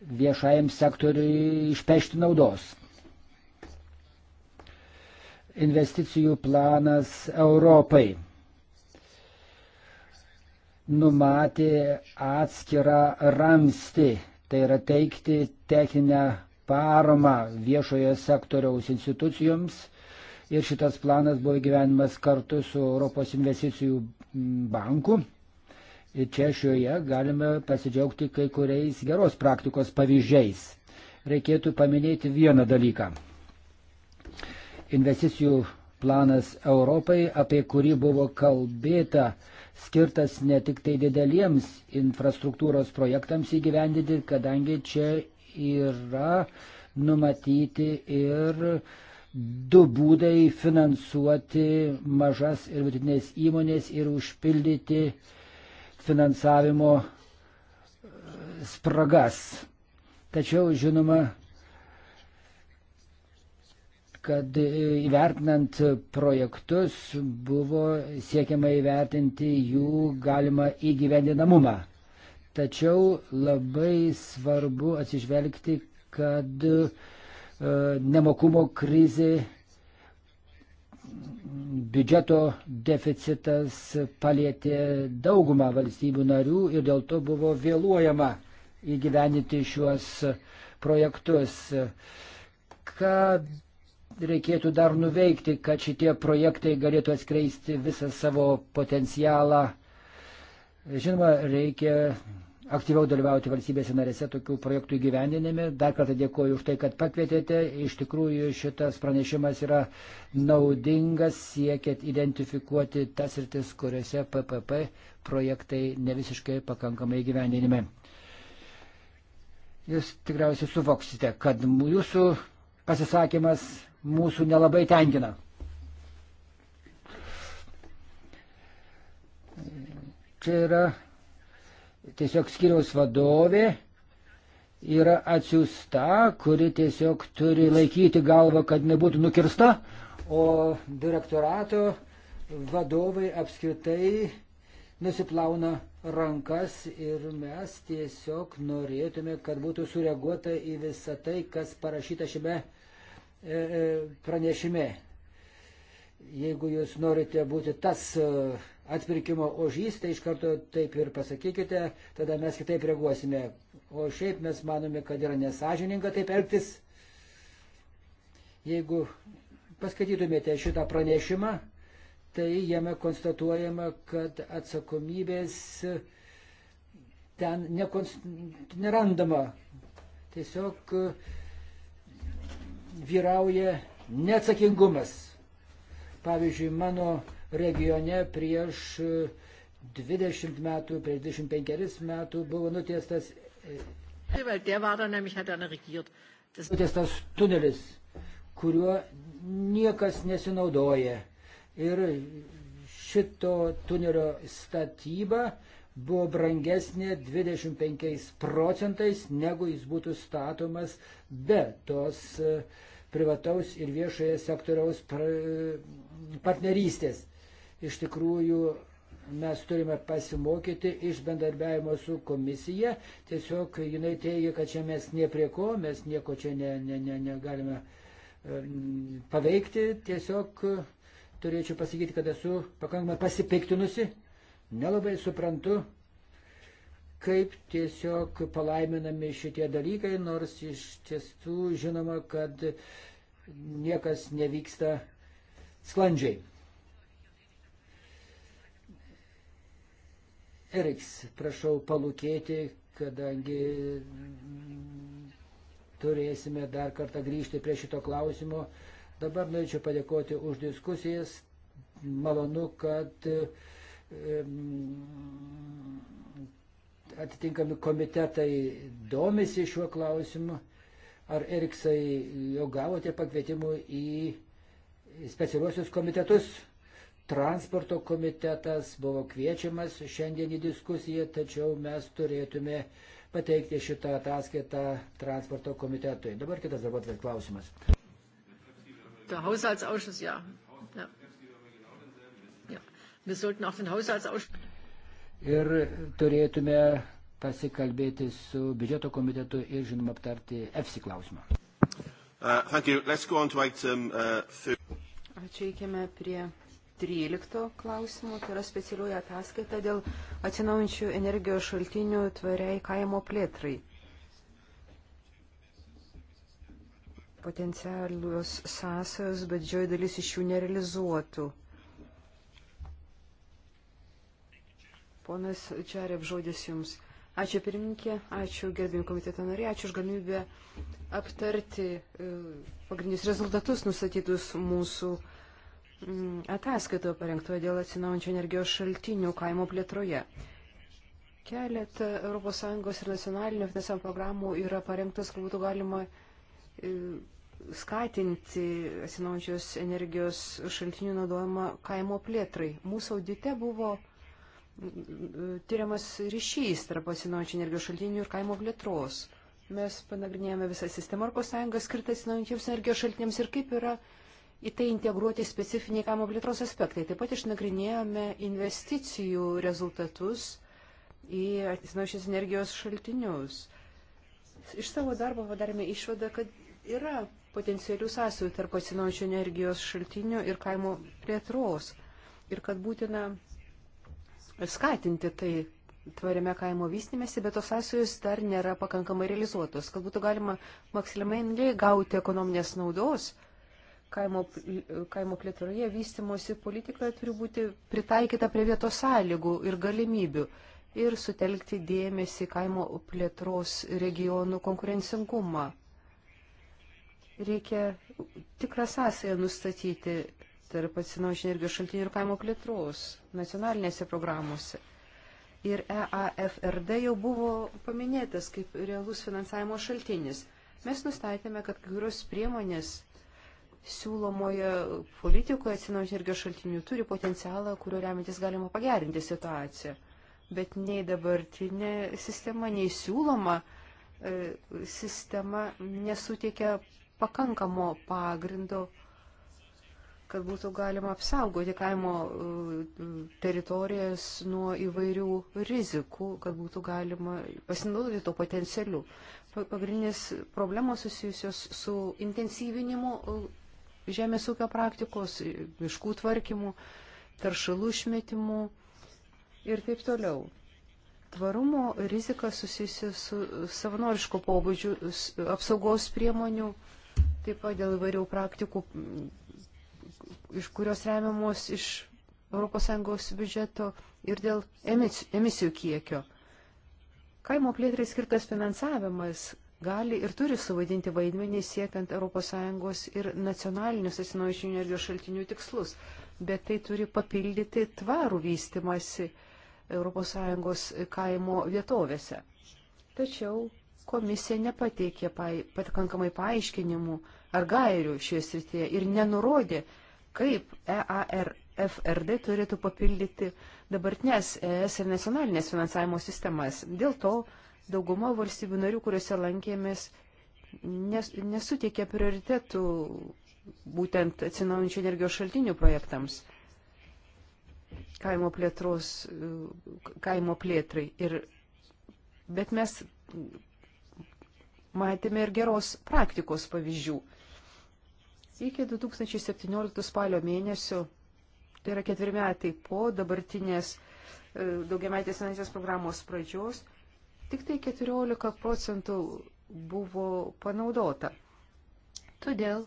viešajam sektoriui išpešti naudos. Investicijų planas Europai numatė atskirą ramstį, tai yra teikti techninę paramą viešojo sektoriaus institucijoms. Ir šitas planas buvo gyvenimas kartu su Europos investicijų banku. Ir čia šioje galime pasidžiaugti kai kuriais geros praktikos pavyzdžiais. Reikėtų paminėti vieną dalyką. Investicijų planas Europai, apie kurį buvo kalbėta, skirtas ne tik tai dideliems infrastruktūros projektams įgyvendinti, kadangi čia yra numatyti ir du būdai finansuoti mažas ir vidutinės įmonės ir užpildyti uh, finansavimo spragas. Tačiau, žinoma, kad įvertinant projektus buvo siekiama įvertinti jų galimą įgyvendinamumą. Tačiau labai svarbu atsižvelgti, kad e, nemokumo krizė biudžeto deficitas palėtė daugumą valstybių narių ir dėl to buvo vėluojama įgyveninti šiuos projektus. Ką reikėtų dar nuveikti, kad šitie projektai galėtų atskleisti visą savo potencialą? Žinoma, reikia aktyviau dalyvauti valstybėse narėse tokių projektų įgyvendinime. Dar kartą dėkoju už tai, kad pakvietėte. Iš tikrųjų šitas pranešimas yra naudingas, siekiant identifikuoti tas rytis, kuriuose PPP projektai nevisiškai pakankamai įgyvendinime. Jūs tikriausiai suvoksite, kad jūsų pasisakymas mūsų nelabai tenkina. Čia yra tiesiog skiriaus vadovė yra atsiusta, kuri tiesiog turi laikyti galvą, kad nebūtų nukirsta, o direktorato vadovai apskritai nusiplauna rankas ir mes tiesiog norėtume, kad būtų sureaguota į visą tai, kas parašyta šiame e, e pranešime. Jeigu jūs norite būti tas e, atpirkimo ožys, tai iš karto taip ir pasakykite, tada mes kitaip reaguosime. O šiaip mes manome, kad yra nesažininga taip elgtis. Jeigu paskaitytumėte šitą pranešimą, tai jame konstatuojama, kad atsakomybės ten nekonst... nerandama. Tiesiog vyrauja neatsakingumas. Pavyzdžiui, mano regione prieš 20 metų, prieš 25 metų buvo nutiestas. Nutiestas tunelis, kuriuo niekas nesinaudoja. Ir šito tunelio statyba buvo brangesnė 25 procentais, negu jis būtų statomas be tos e, privataus ir viešoje sektoriaus e, partnerystės. Iš tikrųjų, mes turime pasimokyti iš bendarbiavimo su komisija. Tiesiog jinai teigia, kad čia mes nie prie ko, mes nieko čia ne, ne, ne, negalime e, paveikti. Tiesiog e, turėčiau pasakyti, kad esu pakankamai pasipiktinusi. Nelabai suprantu, kaip tiesiog palaiminami šitie dalykai, nors iš tiesų žinoma, kad niekas nevyksta sklandžiai. Eriks, prašau palūkėti, kadangi turėsime dar kartą grįžti prie šito klausimo. Dabar norėčiau padėkoti už diskusijas. Malonu, kad atitinkami komitetai domisi šiuo klausimu. Ar Eriksai jau gavote pakvietimų į specialiuosius komitetus? Transporto komitetas buvo kviečiamas šiandien į diskusiją, tačiau mes turėtume pateikti šitą ataskaitą transporto komitetui. Dabar kitas dabar tas klausimas. Der Haushaltsausschuss, ja. ja. ja. Wir sollten auch den Haushaltsausschuss. Ir turėtume pasikalbėti su biudžeto komitetu ir, žinoma, aptarti EFSI klausimą. Uh, item, uh, Ačiū, eikime prie 13 klausimo, tai yra specialioji ataskaita dėl atsinaujančių energijos šaltinių tvariai kaimo plėtrai. Potencialios sąsajos, bet džioji dalis iš jų nerealizuotų. Ponas Čiarėv, žodis Jums. Ačiū pirmininkė, ačiū gerbėjim komiteto nariai, ačiū už galimybę aptarti e, pagrindinius rezultatus nustatytus mūsų uh, Mm, ataskaitoje parengtoje dėl atsinaujančio energijos šaltinių kaimo plėtroje. Keletą ES ir nacionalinių finansavimo programų yra parengtas, kad būtų galima e, skatinti atsinaujančios energijos šaltinių naudojimą kaimo plėtrai. Mūsų audite buvo mm, mm, tyriamas ryšys tarp atsinaujančių energijos šaltinių ir kaimo plėtros. Mes panagrinėjame visą sistemą Europos Sąjungą skirtą atsinaujančiams energijos šaltiniams ir kaip yra uh, į tai integruoti specifiniai kaimo plėtros aspektai. Taip pat išnagrinėjome investicijų rezultatus į atsinaujančius energijos šaltinius. Iš savo darbo padarėme išvadą, kad yra potencialių sąsajų tarp atsinaujančių energijos šaltinių ir kaimo plėtros ir kad būtina skatinti tai tvariame kaimo vystymėsi, bet tos sąsajos dar nėra pakankamai realizuotos, kad būtų galima maksimaliai gauti ekonominės naudos kaimo, kaimo plėtroje vystimosi politika turi būti pritaikyta prie vietos sąlygų ir galimybių ir sutelkti dėmesį kaimo plėtros regionų konkurencingumą. Reikia tikrą sąsąją nustatyti tarp atsinaujinančių energijos šaltinių ir kaimo plėtros nacionalinėse programuose. Ir EAFRD jau buvo paminėtas kaip realus finansavimo šaltinis. Mes nustatėme, kad kai kurios priemonės siūlomoje politikoje atsinaujinančių energijos šaltinių turi potencialą, kuriuo remiantis galima pagerinti situaciją. Bet nei dabartinė sistema, nei siūloma e, sistema nesuteikia pakankamo pagrindo, kad būtų galima apsaugoti kaimo e, teritorijas nuo įvairių rizikų, kad būtų galima pasinaudoti to potencialiu. Pagrindinės problemos susijusios su intensyvinimu žemės ūkio praktikos, miškų tvarkymų, taršalų išmetimų ir taip toliau. Tvarumo rizika susijusi su savanoriško pobūdžiu, apsaugos priemonių, taip pat dėl įvairių praktikų, iš kurios remiamos iš ES biudžeto ir dėl emisijų kiekio. Kaimo plėtrai skirtas finansavimas gali ir turi suvaidinti vaidmenį siekiant ES ir nacionalinius atsinaujinčių energijos šaltinių tikslus, bet tai turi papildyti tvarų vystimasi ES kaimo vietovėse. Tačiau komisija nepateikė pakankamai paaiškinimų ar gairių šioje srityje ir nenurodė, kaip EARFRD turėtų papildyti dabartinės ES ir nacionalinės finansavimo sistemas. Dėl to Dauguma valstybių narių, kuriuose lankėmės, nes, nesuteikė prioritetų būtent atsinaujančių energijos šaltinių projektams kaimo plėtros, kaimo plėtrai. Ir, bet mes matėme ir geros praktikos pavyzdžių. Iki 2017 spalio mėnesio, tai yra ketveri metai po dabartinės e, daugiametės finansinės programos pradžios, tik tai 14 procentų buvo panaudota. Todėl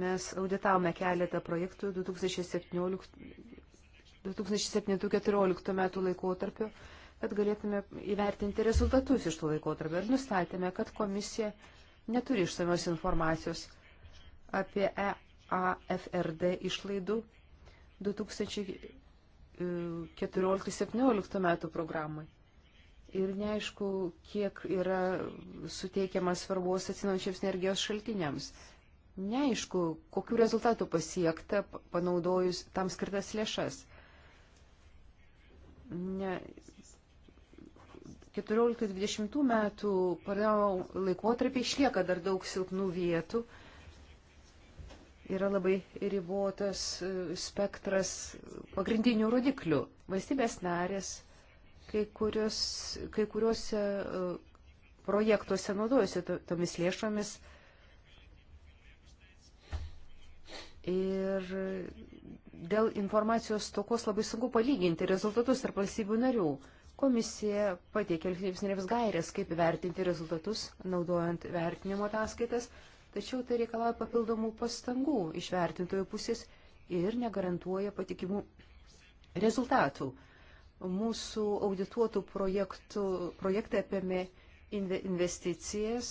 mes auditavome keletą projektų 2017-2014 metų laikotarpio, kad galėtume įvertinti rezultatus iš to laikotarpio ir nustatėme, kad komisija neturi išsamios informacijos apie EAFRD išlaidų 2014-2017 e, metų programai ir neaišku, kiek yra suteikiamas svarbos atsinaujančiams energijos šaltiniams. Neaišku, kokiu rezultatu pasiekta panaudojus tam skirtas lėšas. Ne, 14-20 metų paramo laikotarpį išlieka dar daug silpnų vietų. Yra labai ribotas e, spektras pagrindinių rodiklių. Valstybės narės kai, kurios, kai kuriuose e, projektuose naudojasi tomis lėšomis. Ir dėl informacijos tokos labai sunku palyginti rezultatus tarp valstybių narių. Komisija pateikė valstybės narėms gairės, kaip vertinti rezultatus, naudojant vertinimo ataskaitas, tačiau tai reikalauja papildomų pastangų iš vertintojų pusės ir negarantuoja patikimų rezultatų. Mūsų audituotų projektų, projektai apėmė investicijas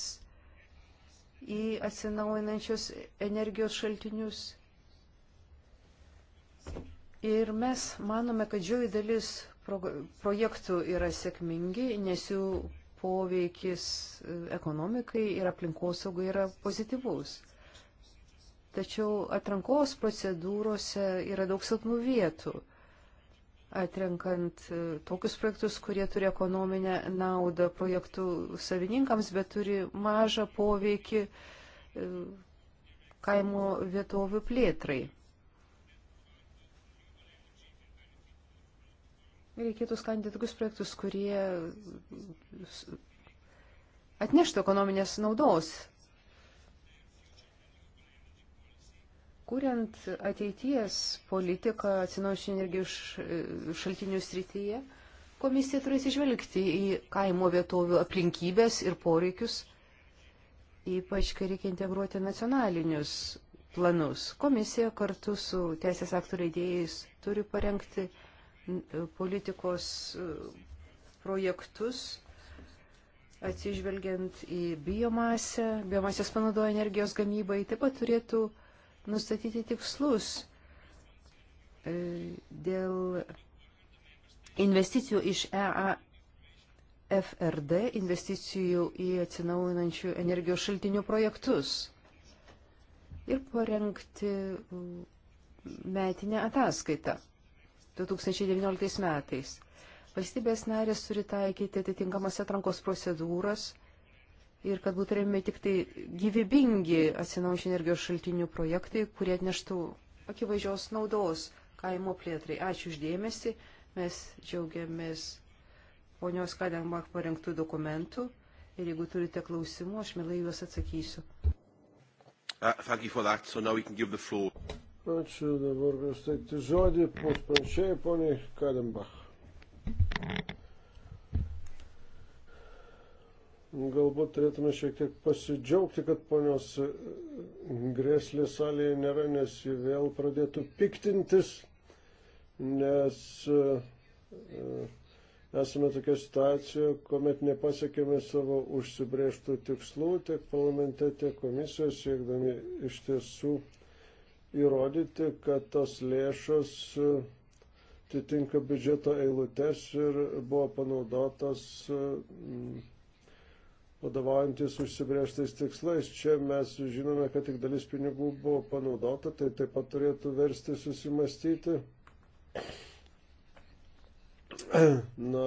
į atsinaujinančius energijos šaltinius. Ir mes manome, kad džioji dalis projektų yra sėkmingi, nes jų poveikis ekonomikai ir aplinkosaugai yra pozityvus. Tačiau atrankos procedūrose yra daug silpnų vietų atrenkant e, tokius projektus, kurie turi ekonominę naudą projektų savininkams, bet turi mažą poveikį e, kaimo vietovių plėtrai. Reikėtų skandyti tokius projektus, kurie atneštų ekonominės naudos Kuriant ateities politiką atsinaujinančių energijos e, šaltinių srityje, komisija turės išvelgti į kaimo vietovių aplinkybės ir poreikius, ypač kai reikia integruoti nacionalinius planus. Komisija kartu su teisės aktų leidėjais turi parengti e, politikos e, projektus atsižvelgiant į biomasę, biomasės panaudoja energijos gamybai, taip pat turėtų nustatyti tikslus e, dėl investicijų iš EAFRD, investicijų į atsinaujinančių energijos šaltinių projektus ir parengti metinę ataskaitą 2019 metais. Valstybės narės turi taikyti atitinkamas atrankos procedūras ir kad būtų remiami tik tai gyvybingi atsinaujančių energijos šaltinių projektai, kurie atneštų akivaizdžios naudos kaimo plėtrai. Ačiū uždėmesi, mes džiaugiamės ponios Kadenbach parengtų dokumentų ir jeigu turite klausimų, aš mielai juos atsakysiu. Uh, so Ačiū, dabar galiu steigti žodį, pos panšiai, poniai Kadenbach. galbūt turėtume šiek tiek pasidžiaugti, kad ponios grėslė salėje nėra, nes ji vėl pradėtų piktintis, nes e, esame tokia situacija, kuomet nepasiekėme savo užsibrėžtų tikslų tiek parlamente, tiek komisijos, siekdami iš tiesų įrodyti, kad tos lėšos atitinka biudžeto eilutes ir buvo panaudotas. Mm, vadovaujantis užsibrėžtais tikslais. Čia mes žinome, kad tik dalis pinigų buvo panaudota, tai taip pat turėtų versti susimastyti. Na,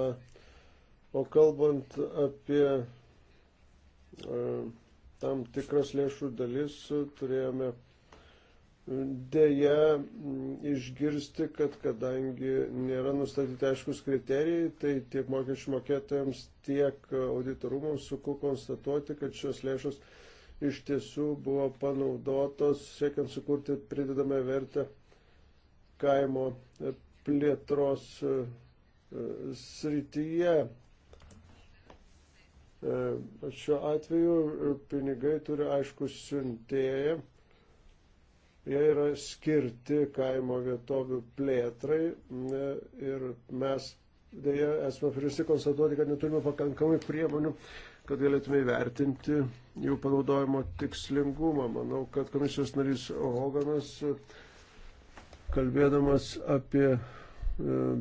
o kalbant apie e, tam tikras lėšų dalis, turėjome dėja mm, išgirsti, kad kadangi nėra nustatyti aiškus kriterijai, tai tiek mokesčių mokėtojams, tiek auditorumams suku konstatuoti, kad šios lėšos iš tiesų buvo panaudotos siekiant sukurti pridedamą vertę kaimo plėtros e, e, srityje. E, šiuo atveju pinigai turi aišku siuntėję Jie yra skirti kaimo vietovių plėtrai ir mes dėja esame priversti konstatuoti, kad neturime pakankamai priemonių, kad galėtume įvertinti jų panaudojimo tikslingumą. Manau, kad komisijos narys Hoganas, kalbėdamas apie e,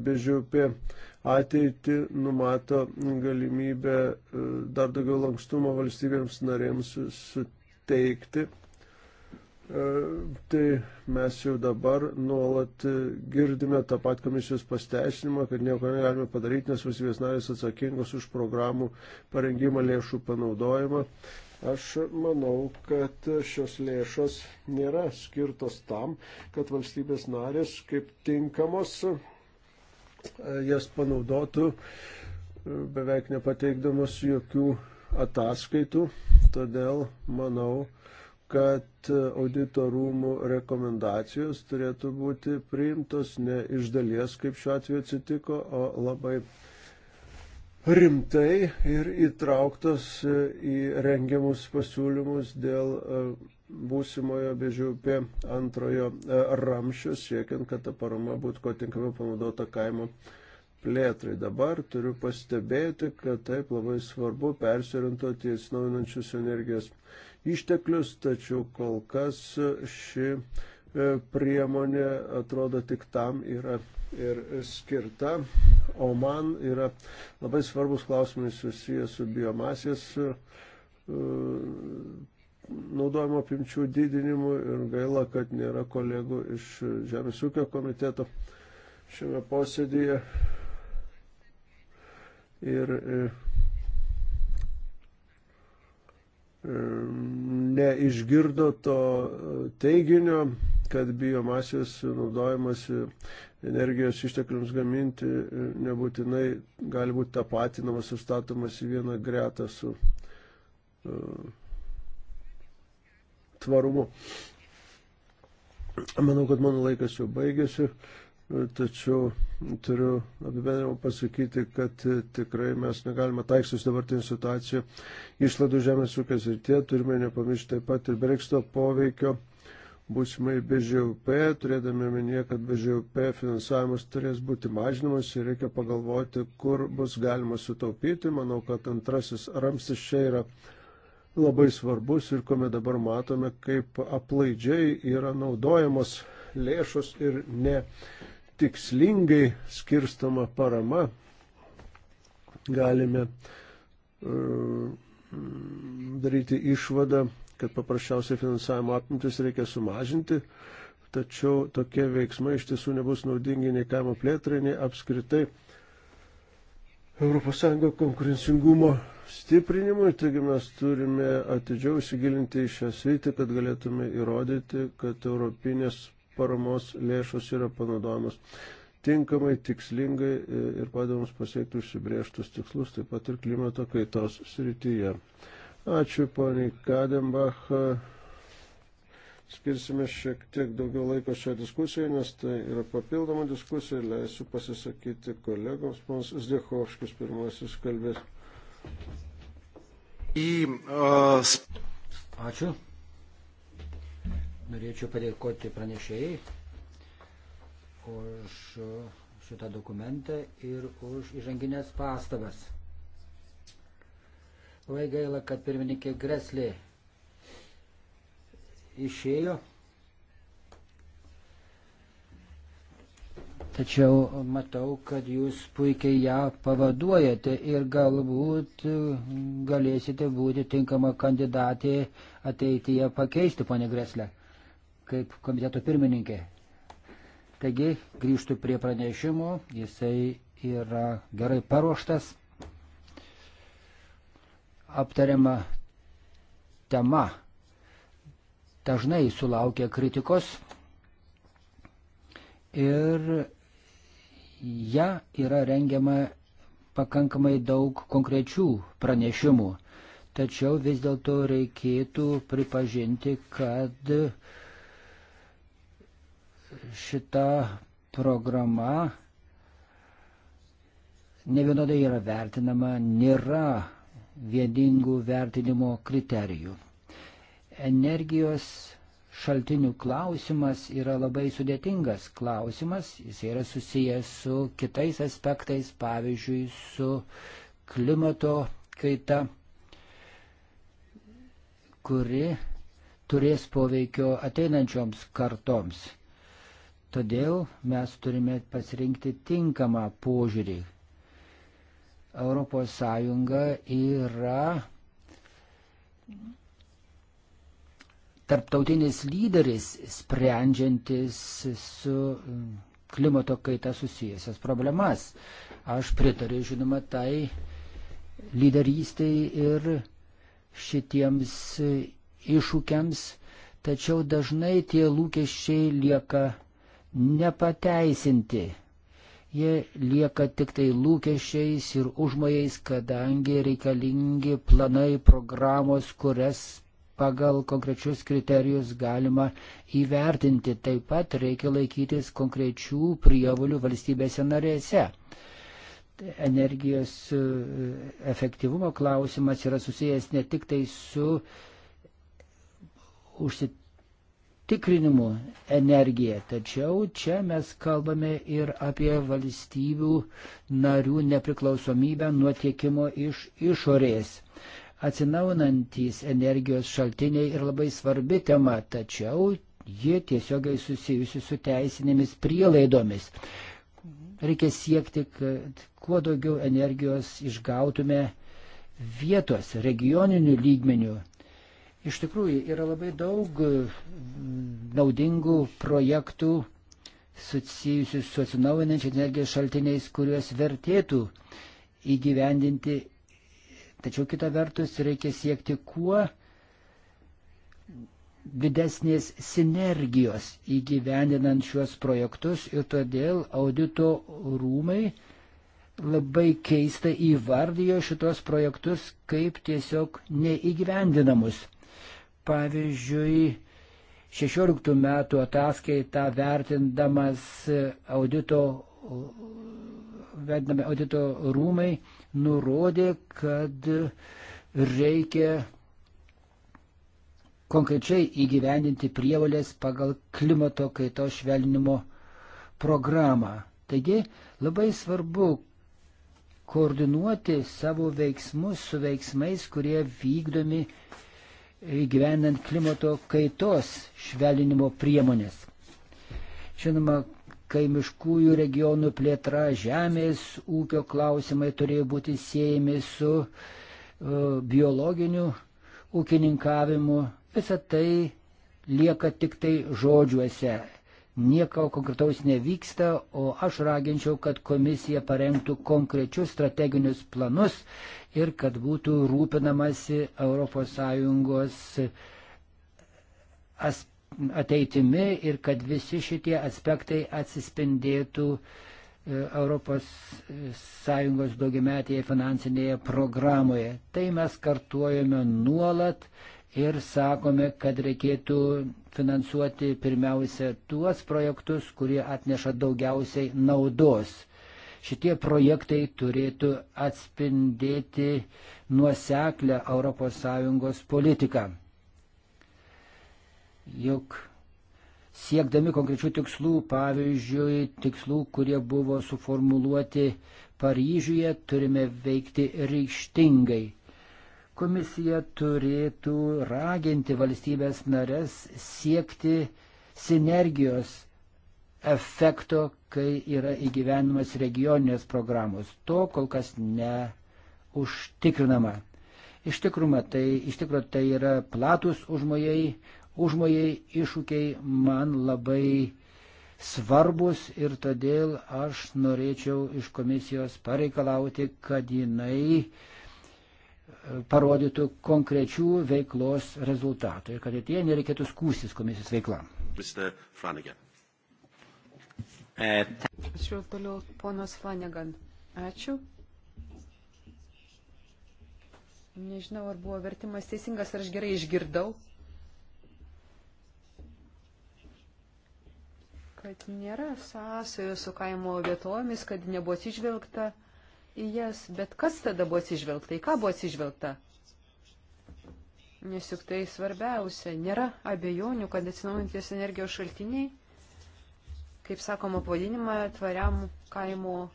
BŽP ateitį, numato galimybę e, dar daugiau lankstumo valstybėms narėms suteikti E, tai mes jau dabar nuolat girdime tą pat komisijos pasteisinimą, kad nieko negalime padaryti, nes valstybės narės atsakingos už programų parengimą lėšų panaudojimą. Aš manau, kad šios lėšos nėra skirtos tam, kad valstybės narės kaip tinkamos e, jas panaudotų, e, beveik nepateikdamas jokių ataskaitų. Todėl manau, kad audito rūmų rekomendacijos turėtų būti priimtos ne iš dalies, kaip šiuo atveju atsitiko, o labai rimtai ir įtrauktos į rengiamus pasiūlymus dėl e, būsimojo bežiūpė antrojo e, ramščio, siekiant, kad ta parama būtų kuo tinkamiau panaudota kaimo plėtrai. Dabar turiu pastebėti, kad taip labai svarbu persiorientuoti į atsinaujinančius energijos išteklius, tačiau kol kas ši e, priemonė atrodo tik tam yra ir skirta. O man yra labai svarbus klausimai susijęs su biomasės e, naudojimo apimčių didinimu ir gaila, kad nėra kolegų iš Žemės ūkio komiteto šiame posėdėje. Ir e, neišgirdo to e, teiginio, kad biomasės naudojimas e, energijos ištekliams gaminti e, nebūtinai gali būti tapatinamas ir statomas į vieną gretą su uh, tvarumu. Manau, kad mano laikas jau baigėsi tačiau turiu apibendrinimą pasakyti, kad tikrai mes negalime taiksus dabartinį situaciją išladų žemės ūkės ir tie turime nepamiršti taip pat ir breksto poveikio būsimai BŽUP, turėdami minėję, kad BŽUP finansavimas turės būti mažinamas ir reikia pagalvoti, kur bus galima sutaupyti. Manau, kad antrasis ramstis čia yra labai svarbus ir kuomet dabar matome, kaip aplaidžiai yra naudojamos lėšos ir ne tikslingai skirstoma parama, galime e, daryti išvadą, kad paprasčiausiai finansavimo apimtis reikia sumažinti, tačiau tokie veiksmai iš tiesų nebus naudingi nei kaimo plėtrai, nei apskritai ES konkurencingumo stiprinimui. Taigi mes turime atidžiau įsigilinti į šią sritį, kad galėtume įrodyti, kad europinės paramos lėšos yra panaudojamos tinkamai, tikslingai ir padėmams pasiekti užsibrieštus tikslus, taip pat ir klimato kaitos srityje. Ačiū, poniai Kadembach. Skirsime šiek tiek daugiau laiko šią diskusiją, nes tai yra papildoma diskusija. Leisiu pasisakyti kolegoms. Pons Zdechovskis pirmasis kalbės. Į, uh... Ačiū. Norėčiau padėkoti pranešėjai už šitą dokumentą ir už įžanginės pastabas. Labai gaila, kad pirmininkė Greslė išėjo. Tačiau matau, kad jūs puikiai ją pavaduojate ir galbūt galėsite būti tinkama kandidatė ateityje pakeisti, ponė Greslė kaip komiteto pirmininkė. Taigi, grįžtų prie pranešimo, jisai yra gerai paruoštas. Aptariama tema dažnai sulaukia kritikos ir ją yra rengiama pakankamai daug konkrečių pranešimų. Tačiau vis dėlto reikėtų pripažinti, kad uh, šita programa nevienodai yra vertinama, nėra vieningų vertinimo kriterijų. Energijos šaltinių klausimas yra labai sudėtingas klausimas, jis yra susijęs su kitais aspektais, pavyzdžiui, su klimato kaita, kuri turės poveikio ateinančioms kartoms. Todėl mes turime pasirinkti tinkamą požiūrį. ES yra tarptautinis lyderis sprendžiantis su klimato kaita susijusias problemas. Aš pritariu, žinoma, tai lyderystiai ir šitiems iššūkiams, tačiau dažnai tie lūkesčiai lieka nepateisinti. Jie lieka tik tai lūkesčiais ir užmojais, kadangi reikalingi planai, programos, kurias pagal konkrečius kriterijus galima įvertinti. Taip pat reikia laikytis konkrečių prievolių valstybėse narėse. Energijos e, efektyvumo klausimas yra susijęs ne tik tai su užsit tikrinimu energiją. Tačiau čia mes kalbame ir apie valstybių narių nepriklausomybę nuo tiekimo iš išorės. Atsinaunantys energijos šaltiniai ir labai svarbi tema, tačiau ji tiesiogiai susijusi su teisinėmis prielaidomis. Reikia siekti, kad kuo daugiau energijos išgautume vietos regioninių lygmenių Iš tikrųjų, yra labai daug mm, naudingų projektų susijusių su atsinaujinančiais energijos šaltiniais, kuriuos vertėtų įgyvendinti. Tačiau kita vertus reikia siekti kuo didesnės sinergijos įgyvendinant šiuos projektus ir todėl audito rūmai labai keista įvardijo šitos projektus kaip tiesiog neįgyvendinamus. Pavyzdžiui, 16 metų ataskaitą vertindamas audito, vedinami audito rūmai nurodė, kad reikia konkrečiai įgyvendinti prievalės pagal klimato kaitos švelnimo programą. Taigi labai svarbu koordinuoti savo veiksmus su veiksmais, kurie vykdomi gyvenant klimato kaitos švelinimo priemonės. Žinoma, kaimiškųjų regionų plėtra, žemės ūkio klausimai turėjo būti siejami su uh, biologiniu ūkininkavimu. Visą tai lieka tik tai žodžiuose nieko konkretaus nevyksta, o aš raginčiau, kad komisija parengtų konkrečius strateginius planus ir kad būtų rūpinamasi ES ateitimi ir kad visi šitie aspektai atsispindėtų ES daugiametėje finansinėje programoje. Tai mes kartuojame nuolat ir sakome, kad reikėtų finansuoti pirmiausia tuos projektus, kurie atneša daugiausiai naudos. Šitie projektai turėtų atspindėti nuoseklę ES politiką. Juk siekdami konkrečių tikslų, pavyzdžiui, tikslų, kurie buvo suformuluoti Paryžiuje, turime veikti ryštingai. Komisija turėtų raginti valstybės nares siekti sinergijos efekto, kai yra įgyvenimas regioninės programos. To kol kas neužtikrinama. Iš tikrųjų, tai, iš tikrųjų, tai yra platus užmojai, užmojai, iššūkiai man labai svarbus ir todėl aš norėčiau iš komisijos pareikalauti, kad jinai uh, parodytų konkrečių veiklos rezultatų ir kad ateityje nereikėtų skūsis komisijos veikla. Ačiū toliau, ponas Flanagan. Ačiū. Nežinau, ar buvo vertimas teisingas, ar aš gerai išgirdau. Kad nėra sąsajų su kaimo vietovėmis, kad nebuvo atsižvelgta į jas, bet kas tada buvo atsižvelgta, į ką buvo atsižvelgta? Nes juk tai svarbiausia, nėra abejonių, kad atsinaujantis energijos šaltiniai, kaip sakoma, pavadinimą tvariam kaimo e,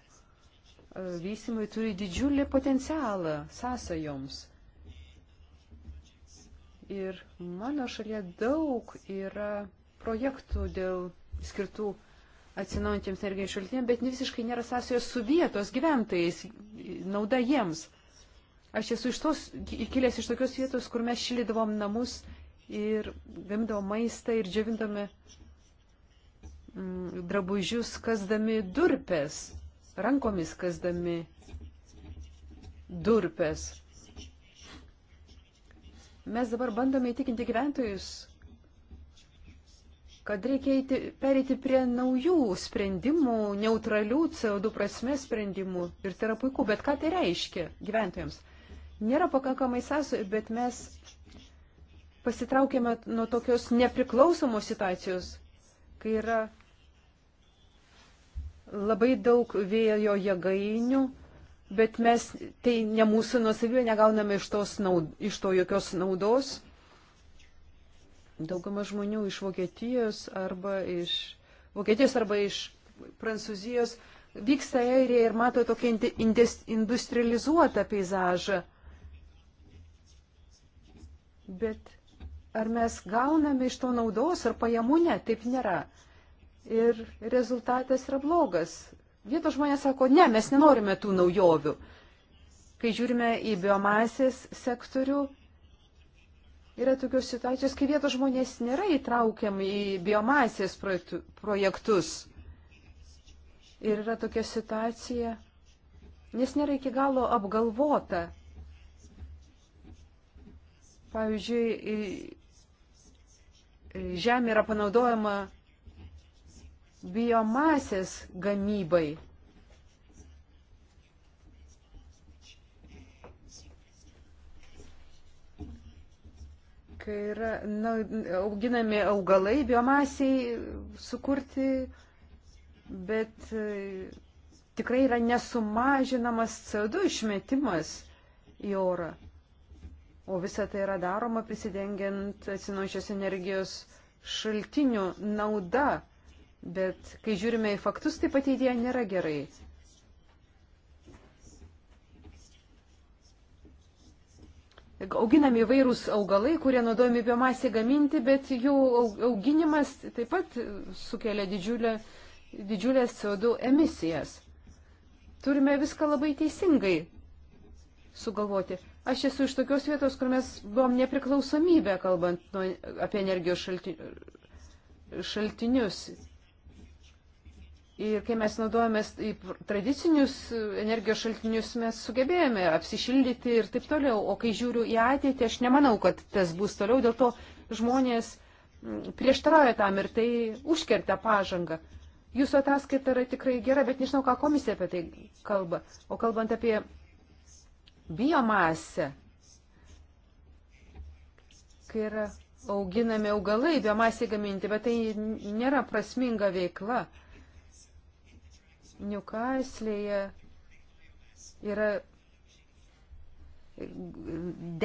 vysimui turi didžiulį potencialą sąsajoms. Ir mano šalia daug yra projektų dėl skirtų atsinaujantiems energijos šaltiniams, bet visiškai nėra sąsajos su vietos gyventojais, nauda jiems. Aš esu iš tos, kilęs iš tokios vietos, kur mes šildydavom namus ir gamdavom maistą ir džiavindami mm, drabužius, kasdami durpes, rankomis kasdami durpes. Mes dabar bandome įtikinti gyventojus, kad reikia eiti, perėti prie naujų sprendimų, neutralių CO2 prasme sprendimų. Ir tai yra puiku, bet ką tai reiškia gyventojams? Nėra pakankamai sąsojų, bet mes pasitraukėme nuo tokios nepriklausomos situacijos, kai yra labai daug vėjo jėgainių, bet mes tai ne mūsų nusavybė, negauname iš, naud, iš to jokios naudos. Dauguma žmonių iš Vokietijos arba iš, Vokietijos arba iš Prancūzijos vyksta į Airiją ir mato tokį industrializuotą peizažą. Bet ar mes gauname iš to naudos ar pajamų, ne, taip nėra. Ir rezultatas yra blogas. Vietos žmonės sako, ne, mes nenorime tų naujovių. Kai žiūrime į biomasės sektorių, Yra tokios situacijos, kai vietos žmonės nėra įtraukiami į biomasės projektus. Ir yra tokia situacija, nes nėra iki galo apgalvota. Pavyzdžiui, žemė yra panaudojama biomasės gamybai. kai yra na, auginami augalai biomasiai sukurti, bet e, tikrai yra nesumažinamas CO2 išmetimas į orą. O visa tai yra daroma prisidengiant atsinaujančios energijos šaltinių nauda. Bet kai žiūrime į faktus, tai ateityje nėra gerai. auginami įvairūs augalai, kurie naudojami biomasė gaminti, bet jų auginimas taip pat sukelia didžiulę, didžiulės CO2 emisijas. Turime viską labai teisingai sugalvoti. Aš esu iš tokios vietos, kur mes buvom nepriklausomybę, kalbant nuo, apie energijos šalti, šaltinius. Ir kai mes naudojame tradicinius energijos šaltinius, mes sugebėjome apsišildyti ir taip toliau. O kai žiūriu į ateitį, aš nemanau, kad tas bus toliau, dėl to žmonės prieštarauja tam ir tai užkerta pažangą. Jūsų ataskaita yra tikrai gera, bet nežinau, ką komisija apie tai kalba. O kalbant apie biomasę, kai yra auginami augalai biomasė gaminti, bet tai nėra prasminga veikla. Uh, Niukaslėje yra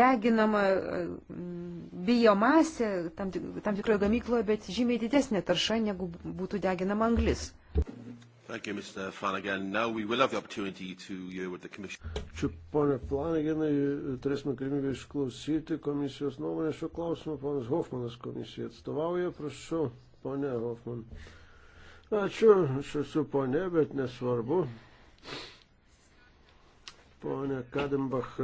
deginama biomasė tam, tam tikroje gamykloje, bet žymiai didesnė tarša, negu būtų deginama anglis. Thank you, Mr. Flanagan. Now we will have the opportunity to hear what the Commission. Ačiū, ponė Flanaganai, turėsime galimybę išklausyti komisijos nuomonę šiuo klausimu. Ponas Hoffmanas komisiją atstovauja, prašau, ponė Hoffman. Uh, Ačiū, aš esu ponė, bet nesvarbu. Pone Kadimbach,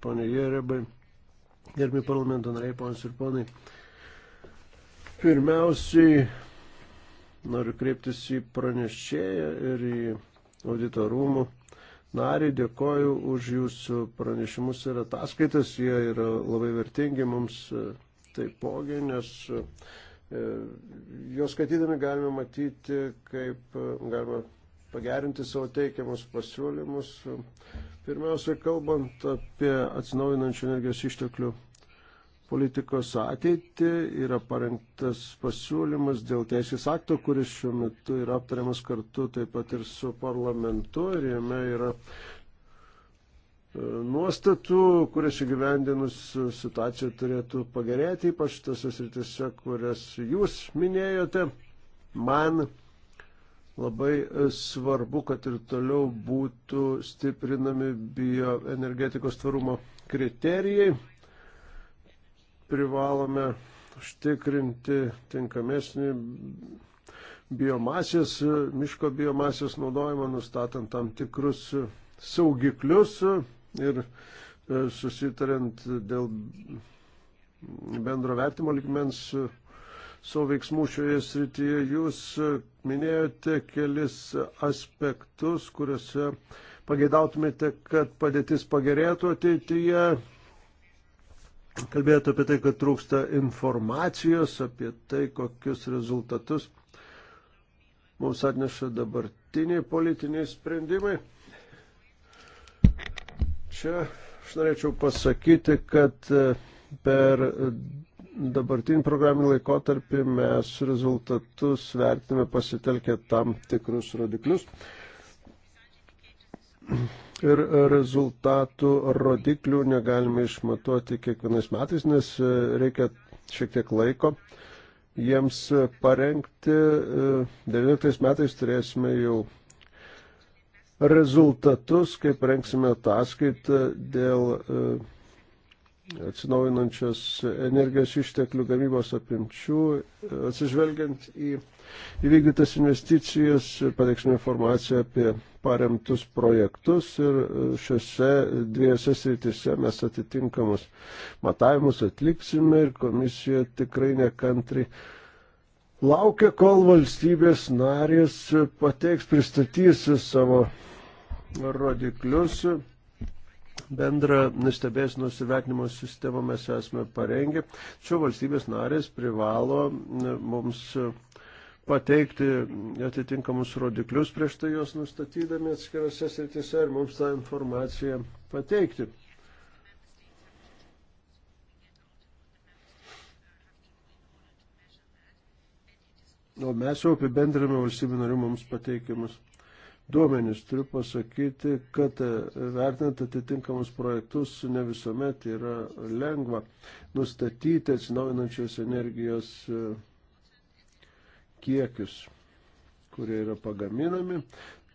ponė Jerebai, gerbimi parlamento nariai, ponas ir ponai. Pirmiausiai noriu kreiptis į pranešėją ir į auditorumų narį. Dėkoju už jūsų pranešimus ir ataskaitas. Jie yra labai vertingi mums taipogi, nes E, Jos skaitydami galime matyti, kaip e, galima pagerinti savo teikiamus pasiūlymus. Pirmiausia, kalbant apie atsinaujinančių energijos išteklių politikos ateitį, yra parengtas pasiūlymas dėl teisės akto, kuris šiuo metu yra aptariamas kartu taip pat ir su parlamentu ir jame yra nuostatų, kurias įgyvendinus situacija turėtų pagerėti, ypač tose sritise, kurias jūs minėjote. Man labai svarbu, kad ir toliau būtų stiprinami bioenergetikos tvarumo kriterijai. Privalome užtikrinti tinkamesnį biomasės, miško biomasės naudojimą, nustatant tam tikrus saugiklius ir e, susitarint dėl bendro vertimo likmens e, savo veiksmų šioje srityje. Jūs e, minėjote kelis aspektus, kuriuose pageidautumėte, kad padėtis pagerėtų ateityje. Kalbėjote apie tai, kad trūksta informacijos, apie tai, kokius rezultatus mums atneša dabartiniai politiniai sprendimai. Čia aš norėčiau pasakyti, kad e, per dabartinį programinį laikotarpį mes rezultatus vertiname pasitelkę tam tikrus rodiklius. Ir rezultatų rodiklių negalime išmatuoti kiekvienais metais, nes e, reikia šiek tiek laiko jiems parengti. 19 e, metais turėsime jau rezultatus, kaip rengsime ataskaitą dėl e, atsinaujinančios energijos išteklių gamybos apimčių, atsižvelgiant į įvykdytas investicijas ir pateiksime informaciją apie paremtus projektus ir e, šiuose dviejose srityse mes atitinkamus matavimus atliksime ir komisija tikrai nekantri laukia, kol valstybės narės pateiks, pristatys savo rodiklius. Bendrą stebėsinų įvertinimo sistemą mes esame parengę. Čia valstybės narės privalo mums pateikti atitinkamus rodiklius prieš tai juos nustatydami atskirose srityse ir mums tą informaciją pateikti. o mes jau apibendriname valstybių narių mums pateikiamus duomenys. Turiu pasakyti, kad e, vertinant atitinkamus projektus ne visuomet yra lengva nustatyti atsinaujinančios energijos e, kiekius, kurie yra pagaminami.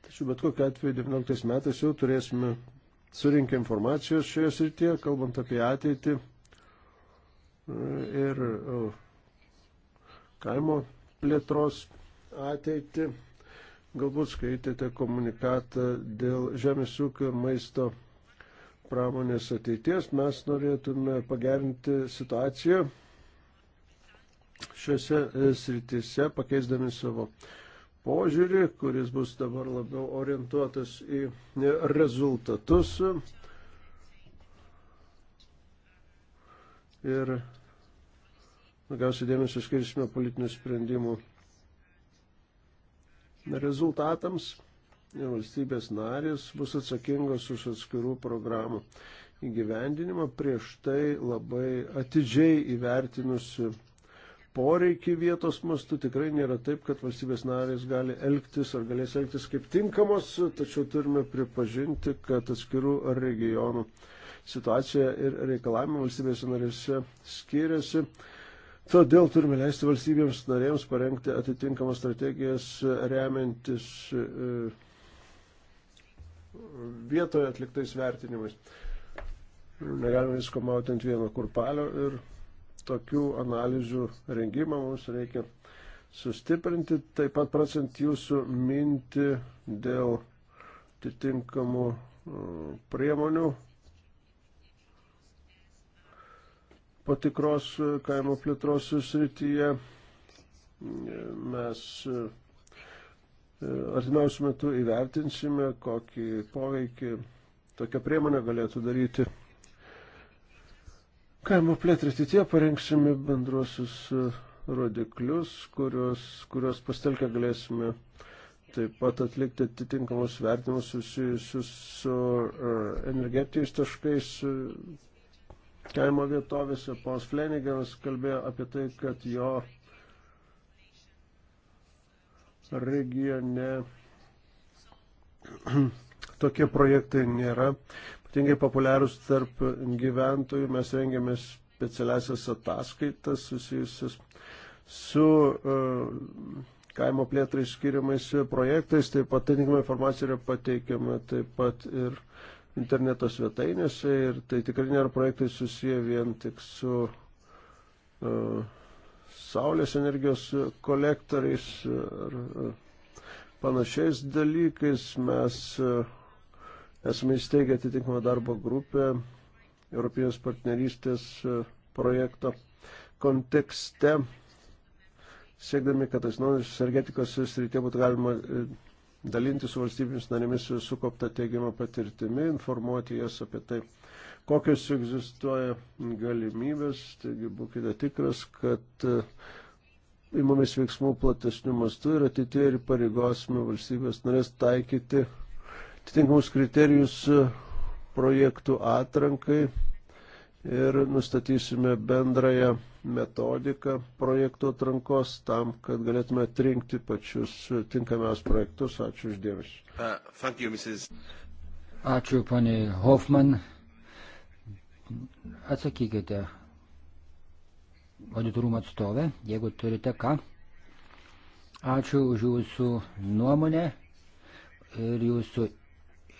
Tačiau bet kokiu atveju 19 metais jau turėsime surinkę informacijos šioje srityje, kalbant apie ateitį e, ir kaimo plėtros ateitį. Galbūt skaitėte komunikatą dėl žemės ūkio maisto pramonės ateities. Mes norėtume pagerinti situaciją šiuose e, srityse, pakeisdami savo požiūrį, kuris bus dabar labiau orientuotas į e, rezultatus. Ir daugiausiai dėmesio skirsime politinių sprendimų rezultatams ir valstybės narės bus atsakingos už atskirų programų įgyvendinimą, prieš tai labai atidžiai įvertinusi poreikį vietos mastu. Tikrai nėra taip, kad valstybės narės gali elgtis ar galės elgtis kaip tinkamos, tačiau turime pripažinti, kad atskirų regionų situacija ir reikalavimai valstybės narėse skiriasi. Todėl turime leisti valstybėms narėms parengti atitinkamas strategijas remiantis e, vietoje atliktais vertinimais. Negalime visko mauti ant vieno kurpalio ir tokių analizių rengimą mums reikia sustiprinti. Taip pat prasant jūsų mintį dėl atitinkamų e, priemonių patikros e, kaimo plėtros srityje. E, mes e, artimiausiu metu įvertinsime, kokį poveikį tokia priemonė galėtų daryti. Kaimo plėtrėti tie parengsime bendruosius rodiklius, kuriuos, kuriuos pastelkę galėsime taip pat atlikti atitinkamus vertimus susijusius su energetijos taškais kaimo vietovėse. Pons Fleniganas kalbėjo apie tai, kad jo regione tokie projektai nėra. Patingai populiarūs tarp gyventojų mes rengiame specialiasias ataskaitas susijusias su uh, kaimo plėtrai skiriamais projektais, taip pat atitinkama informacija yra pateikiama taip pat ir interneto svetainėse ir tai tikrai nėra projektai susiję vien tik su uh, saulės energijos kolektoriais ar uh, panašiais dalykais. Mes uh, esame įsteigę atitinkamą darbo grupę Europinės partnerystės projekto kontekste, siekdami, kad tas naujas energetikos srityje būtų galima dalinti su valstybėmis narėmis sukauptą teigiamą patirtimį, informuoti jas apie tai, kokios egzistuoja galimybės, taigi būkite tikras, kad įmamės e, veiksmų platesnių mastų ir ateitie ir pareigosime valstybės narės taikyti atitinkamus kriterijus e, projektų atrankai ir nustatysime bendrąją metodiką projektų atrankos tam, kad galėtume atrinkti pačius tinkamiausius projektus. Ačiū uždėmesi. Uh, Ačiū, poniai Hoffman. Atsakykite, auditorumo atstovė, jeigu turite ką. Ačiū už jūsų nuomonę ir jūsų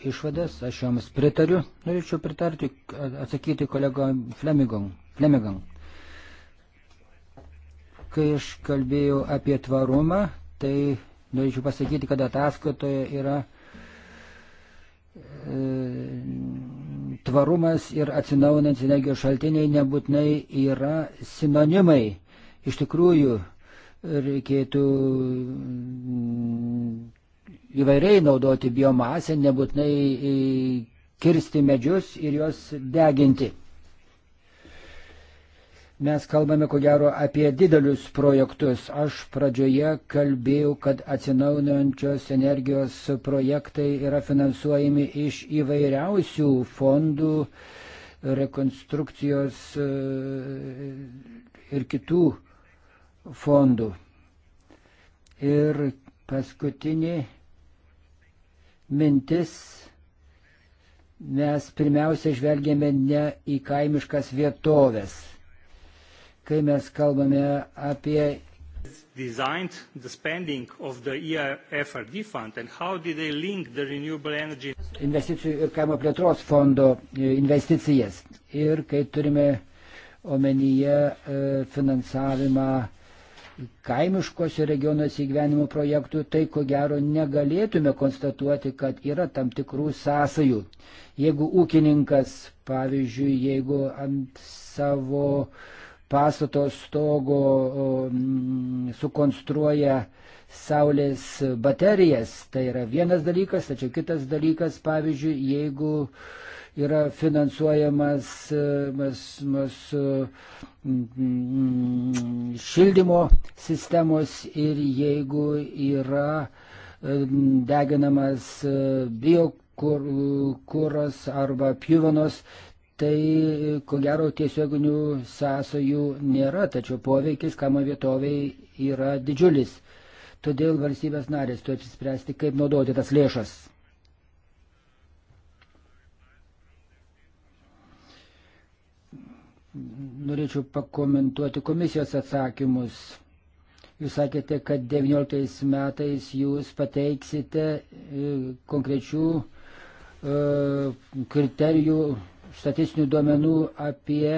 išvadas, aš joms pritariu, norėčiau pritarti, atsakyti kolego Flemigong. Flemigong. Kai aš kalbėjau apie tvarumą, tai norėčiau pasakyti, kad ataskaitoje yra e, tvarumas ir atsinaujinantys energijos šaltiniai nebūtinai yra sinonimai. Iš tikrųjų, reikėtų įvairiai naudoti biomasę, nebūtinai e, kirsti medžius ir juos deginti. Mes kalbame, ko gero, apie didelius projektus. Aš pradžioje kalbėjau, kad atsinaujančios energijos projektai yra finansuojami iš įvairiausių fondų, rekonstrukcijos e, ir kitų fondų. Ir paskutinė mintis mes pirmiausia žvelgėme ne į kaimiškas vietovės. Kai mes kalbame apie designed the spending of the EFRD fund and how did they link the renewable energy investicijų ir kaimo plėtros fondo e, investicijas. Ir kai turime omenyje e, finansavimą kaimiškose regionuose įgyvenimo projektų, tai ko gero negalėtume konstatuoti, kad yra tam tikrų sąsajų. Jeigu ūkininkas, pavyzdžiui, jeigu ant savo pastato stogo o, m, mm, sukonstruoja saulės baterijas, tai yra vienas dalykas, tačiau kitas dalykas, pavyzdžiui, jeigu uh, yra finansuojamas mas, mas, šildymo sistemos ir jeigu yra deginamas biokūras arba pjuvenos, tai ko gero tiesioginių sąsojų nėra, tačiau poveikis kamo vietoviai yra didžiulis. Todėl valstybės narės turi apsispręsti, kaip naudoti tas lėšas. norėčiau pakomentuoti komisijos atsakymus. Jūs sakėte, kad 19 metais jūs pateiksite e, konkrečių e, kriterijų, statistinių duomenų apie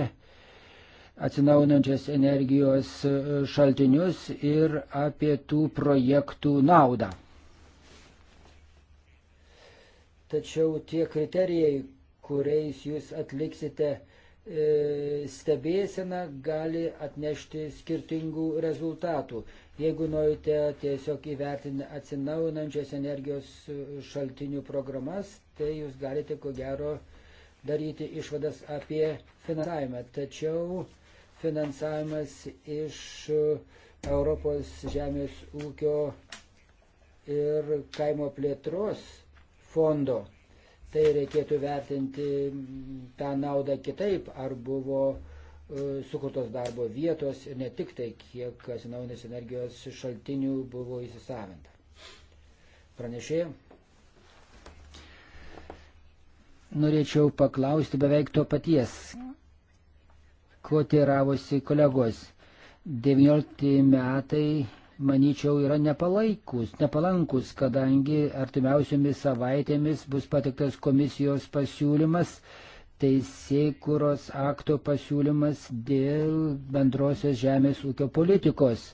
atsinaunančias energijos e, šaltinius ir apie tų projektų naudą. Tačiau tie kriterijai, kuriais jūs atliksite E, stebėsena gali atnešti skirtingų rezultatų. Jeigu norite tiesiog įvertinti atsinaujinančios energijos šaltinių programas, tai jūs galite ko gero daryti išvadas apie finansavimą. Tačiau finansavimas iš Europos žemės ūkio ir kaimo plėtros fondo tai reikėtų vertinti tą naudą kitaip, ar buvo e, sukurtos darbo vietos ir ne tik tai, kiek atsinaujinės energijos šaltinių buvo įsisavinta. Pranešėjai. Norėčiau paklausti beveik to paties, ko teiravosi kolegos. 19 metai manyčiau, yra nepalaikus, nepalankus, kadangi artimiausiomis savaitėmis bus patiktas komisijos pasiūlymas, teisėkuros akto pasiūlymas dėl bendrosios žemės ūkio politikos.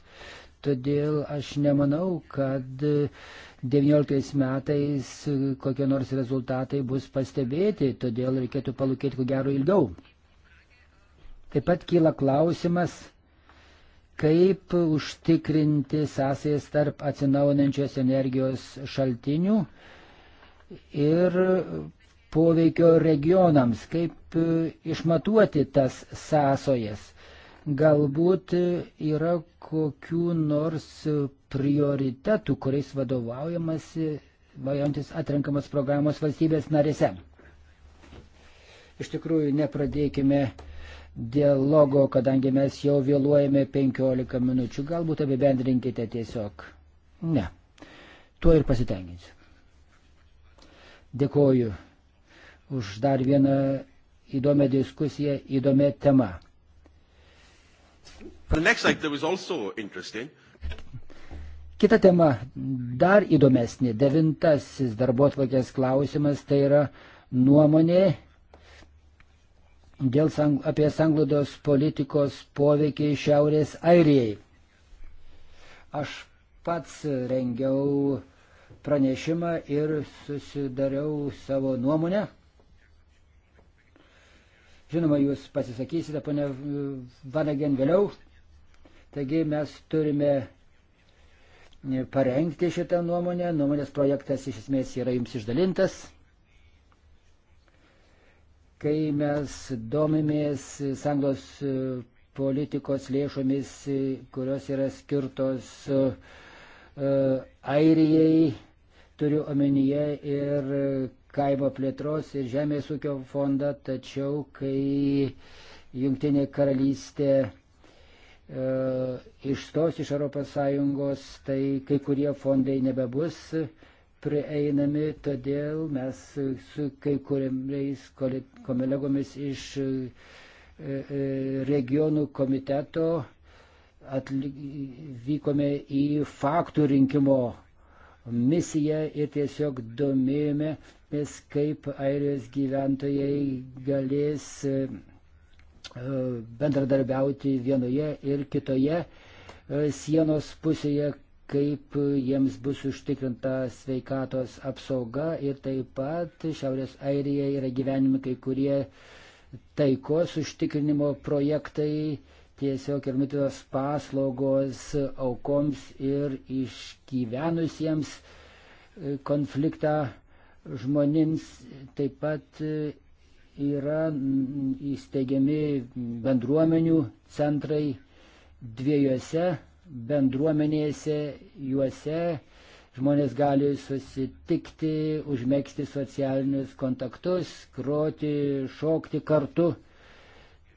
Todėl aš nemanau, kad 19 metais kokie nors rezultatai bus pastebėti, todėl reikėtų palūkėti ko gero ilgiau. Taip pat kyla klausimas, kaip užtikrinti sąsajas tarp atsinaunančios energijos šaltinių ir poveikio regionams, kaip išmatuoti tas sąsojas. Galbūt yra kokių nors prioritetų, kuriais vadovaujamasi, vajantis atrenkamas programos valstybės narėse. Iš tikrųjų, nepradėkime uh, dialogo, kadangi mes jau vėluojame 15 minučių. Galbūt apibendrinkite tiesiog. Ne. Tuo ir pasitenkinsiu. Dėkoju už dar vieną įdomią diskusiją, įdomią temą. Kita tema, dar įdomesnė, devintasis darbo atvarkės klausimas, tai yra nuomonė dėl sang, apie sanglaudos politikos poveikį Šiaurės Airijai. Aš pats rengiau pranešimą ir susidariau savo nuomonę. Žinoma, jūs pasisakysite, ponia Vanagen, vėliau. Taigi mes turime parengti šitą nuomonę. Nuomonės projektas iš esmės yra jums išdalintas kai mes domimės sanglos e, politikos lėšomis, e, kurios yra skirtos e, Airijai, turiu omenyje ir kaimo plėtros ir žemės ūkio fondą, tačiau kai Junktinė karalystė e, išstos iš ES, tai kai kurie fondai nebebus prieinami, todėl mes su kai kuriais kolegomis iš e, e, regionų komiteto atlik, vykome į faktų rinkimo misiją ir tiesiog domėjomės, kaip airijos gyventojai galės e, bendradarbiauti vienoje ir kitoje sienos pusėje, kaip jiems bus užtikrinta sveikatos apsauga ir taip pat Šiaurės Airija yra gyvenimi kai kurie taikos užtikrinimo projektai, tiesiog ir mitos paslaugos aukoms ir išgyvenusiems e, konfliktą žmonėms taip pat e, yra įsteigiami bendruomenių centrai dviejose bendruomenėse, juose žmonės gali susitikti, užmėgsti socialinius kontaktus, kroti, šokti kartu.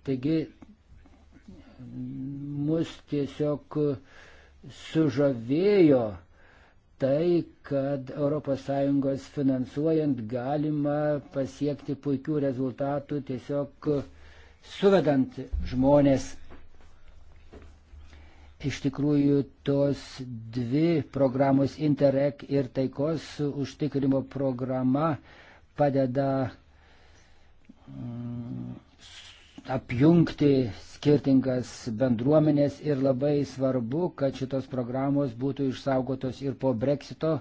Taigi mus tiesiog sužavėjo tai, kad ES finansuojant galima pasiekti puikių rezultatų tiesiog suvedant žmonės Iš tikrųjų, tos dvi programos Interreg ir taikos užtikrimo programa padeda mm, apjungti skirtingas bendruomenės ir labai svarbu, kad šitos programos būtų išsaugotos ir po breksito,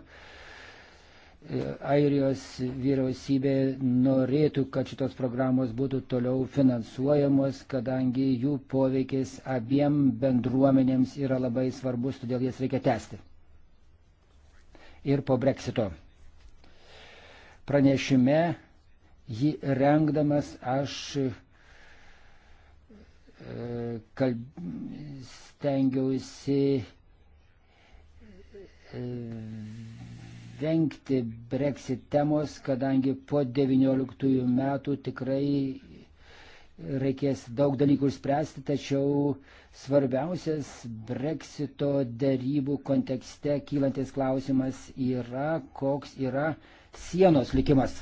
Airijos vyriausybė norėtų, kad šitos programos būtų toliau finansuojamos, kadangi jų poveikis abiem bendruomenėms yra labai svarbus, todėl jas reikia tęsti. Ir po breksito. Pranešime jį rengdamas aš e, kalb... stengiausi e, išvengti Brexit temos, kadangi po 19 metų tikrai reikės daug dalykų išspręsti, tačiau svarbiausias breksito darybų kontekste kylantis klausimas yra, koks yra sienos likimas.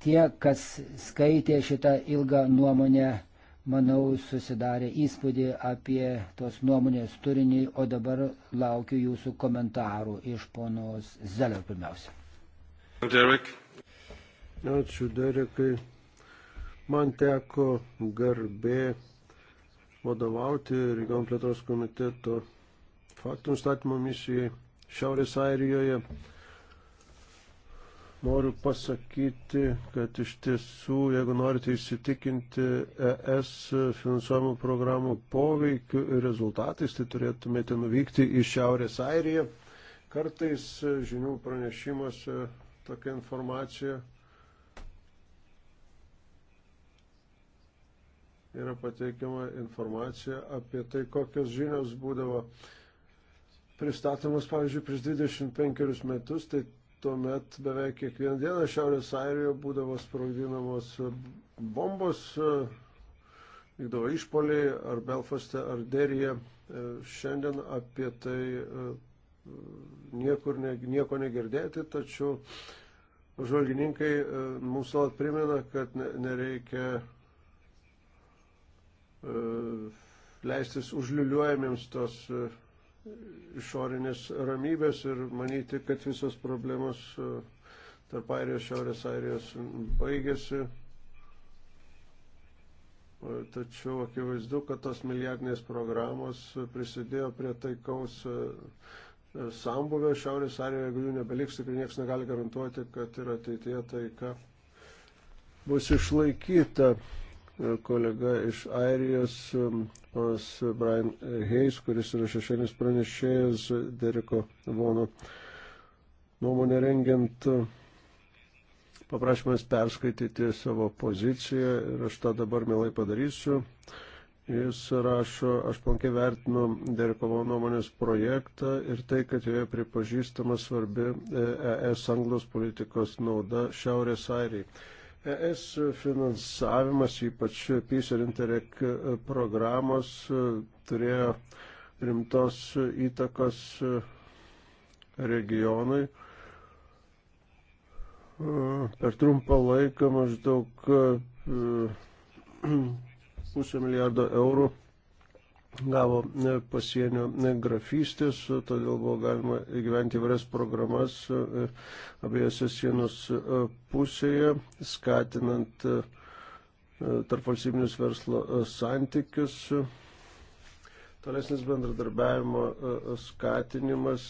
Tie, kas skaitė šitą ilgą nuomonę manau, susidarė įspūdį apie tos nuomonės turinį, o dabar laukiu jūsų komentarų iš ponos Zeller pirmiausia. Derek. Ačiū, Derekai. Man teko garbė vadovauti Regionų plėtros komiteto faktų nustatymo misijai Šiaurės Airijoje noriu pasakyti, kad iš tiesų, jeigu norite įsitikinti ES finansuojamų programų poveikiu ir rezultatais, tai turėtumėte nuvykti į Šiaurės Airiją. Kartais žinių pranešimuose tokia informacija yra pateikiama informacija apie tai, kokios žinios būdavo pristatomas, pavyzdžiui, prieš 25 metus, tai tuomet beveik kiekvieną dieną Šiaurės Airijoje būdavo sprogdinamos bombos, e, vykdavo išpoliai ar Belfaste, ar Derija. E, šiandien apie tai e, niekur, ne, nieko negirdėti, tačiau žvalgininkai mums nuolat primena, kad nereikia leistis užliuliuojamiems tos išorinės ramybės ir manyti, kad visos problemos e, tarp Airijos, Šiaurės Airijos baigėsi. E, tačiau akivaizdu, kad tos milijardinės programos prisidėjo prie taikaus e, sambuvio Šiaurės Airijoje, jeigu jų nebeliks, tikrai niekas negali garantuoti, kad ir ateityje taika bus išlaikyta kolega iš Airijos, um, ponas Brian Hayes, kuris yra šešėlis pranešėjas Deriko Vono nuomonę rengiant. Uh, paprašymas perskaityti savo poziciją ir aš tą dabar mielai padarysiu. Jis rašo, aš plankiai vertinu Derikovo nuomonės projektą ir tai, kad joje pripažįstama svarbi ES e anglos politikos nauda Šiaurės Airijai. ES finansavimas, ypač PIS ir Interreg programos, turėjo rimtos įtakos regionui. Per trumpą laiką maždaug e, pusę milijardo eurų gavo e, pasienio e, grafystės, todėl buvo galima gyventi įvairias programas e, abiejose sienos pusėje, skatinant tarp valstybinius verslo santykius. Tolesnis bendradarbiavimo skatinimas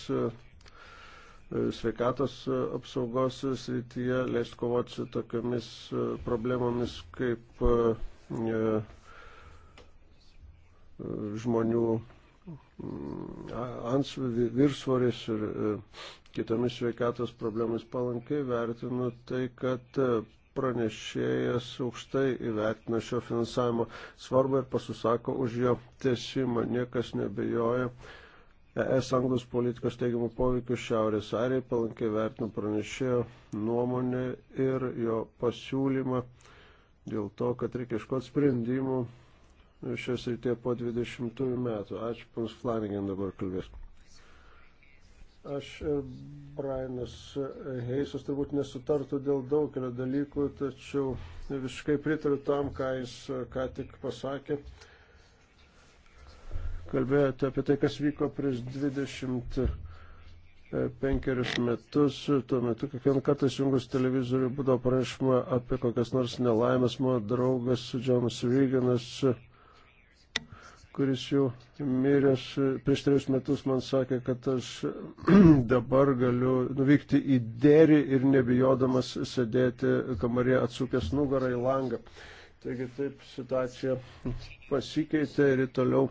sveikatos apsaugos srityje leis kovoti su tokiamis problemomis kaip žmonių mm, ants virsvoris ir e, kitomis sveikatos problemais palankiai vertinu tai, kad e, pranešėjas aukštai įvertina šio finansavimo svarbą ir pasisako už jo tiesimą. Niekas nebejoja. ES Anglijos politikos teigiamų poveikių Šiaurės Airijai palankiai vertino pranešėjo nuomonę ir jo pasiūlymą dėl to, kad reikia iškoti sprendimų šios rytė po 20 metų. Ačiū, pans Flanagan dabar kalbės. Aš ir Brianas Heisas turbūt nesutartų dėl daugelio dalykų, tačiau visiškai pritariu tam, ką jis ką tik pasakė. Kalbėjote apie tai, kas vyko prieš 20 e, penkerius metus, tuo metu kiekvieną kartą įjungus televizorių būdavo pranešama apie kokias nors nelaimės, mano draugas Džonas Vyganas kuris jau miręs prieš trejus metus man sakė, kad aš dabar galiu nuvykti į dėrį ir nebijodamas sėdėti kamarė atsukęs nugarą į langą. Taigi taip situacija pasikeitė ir toliau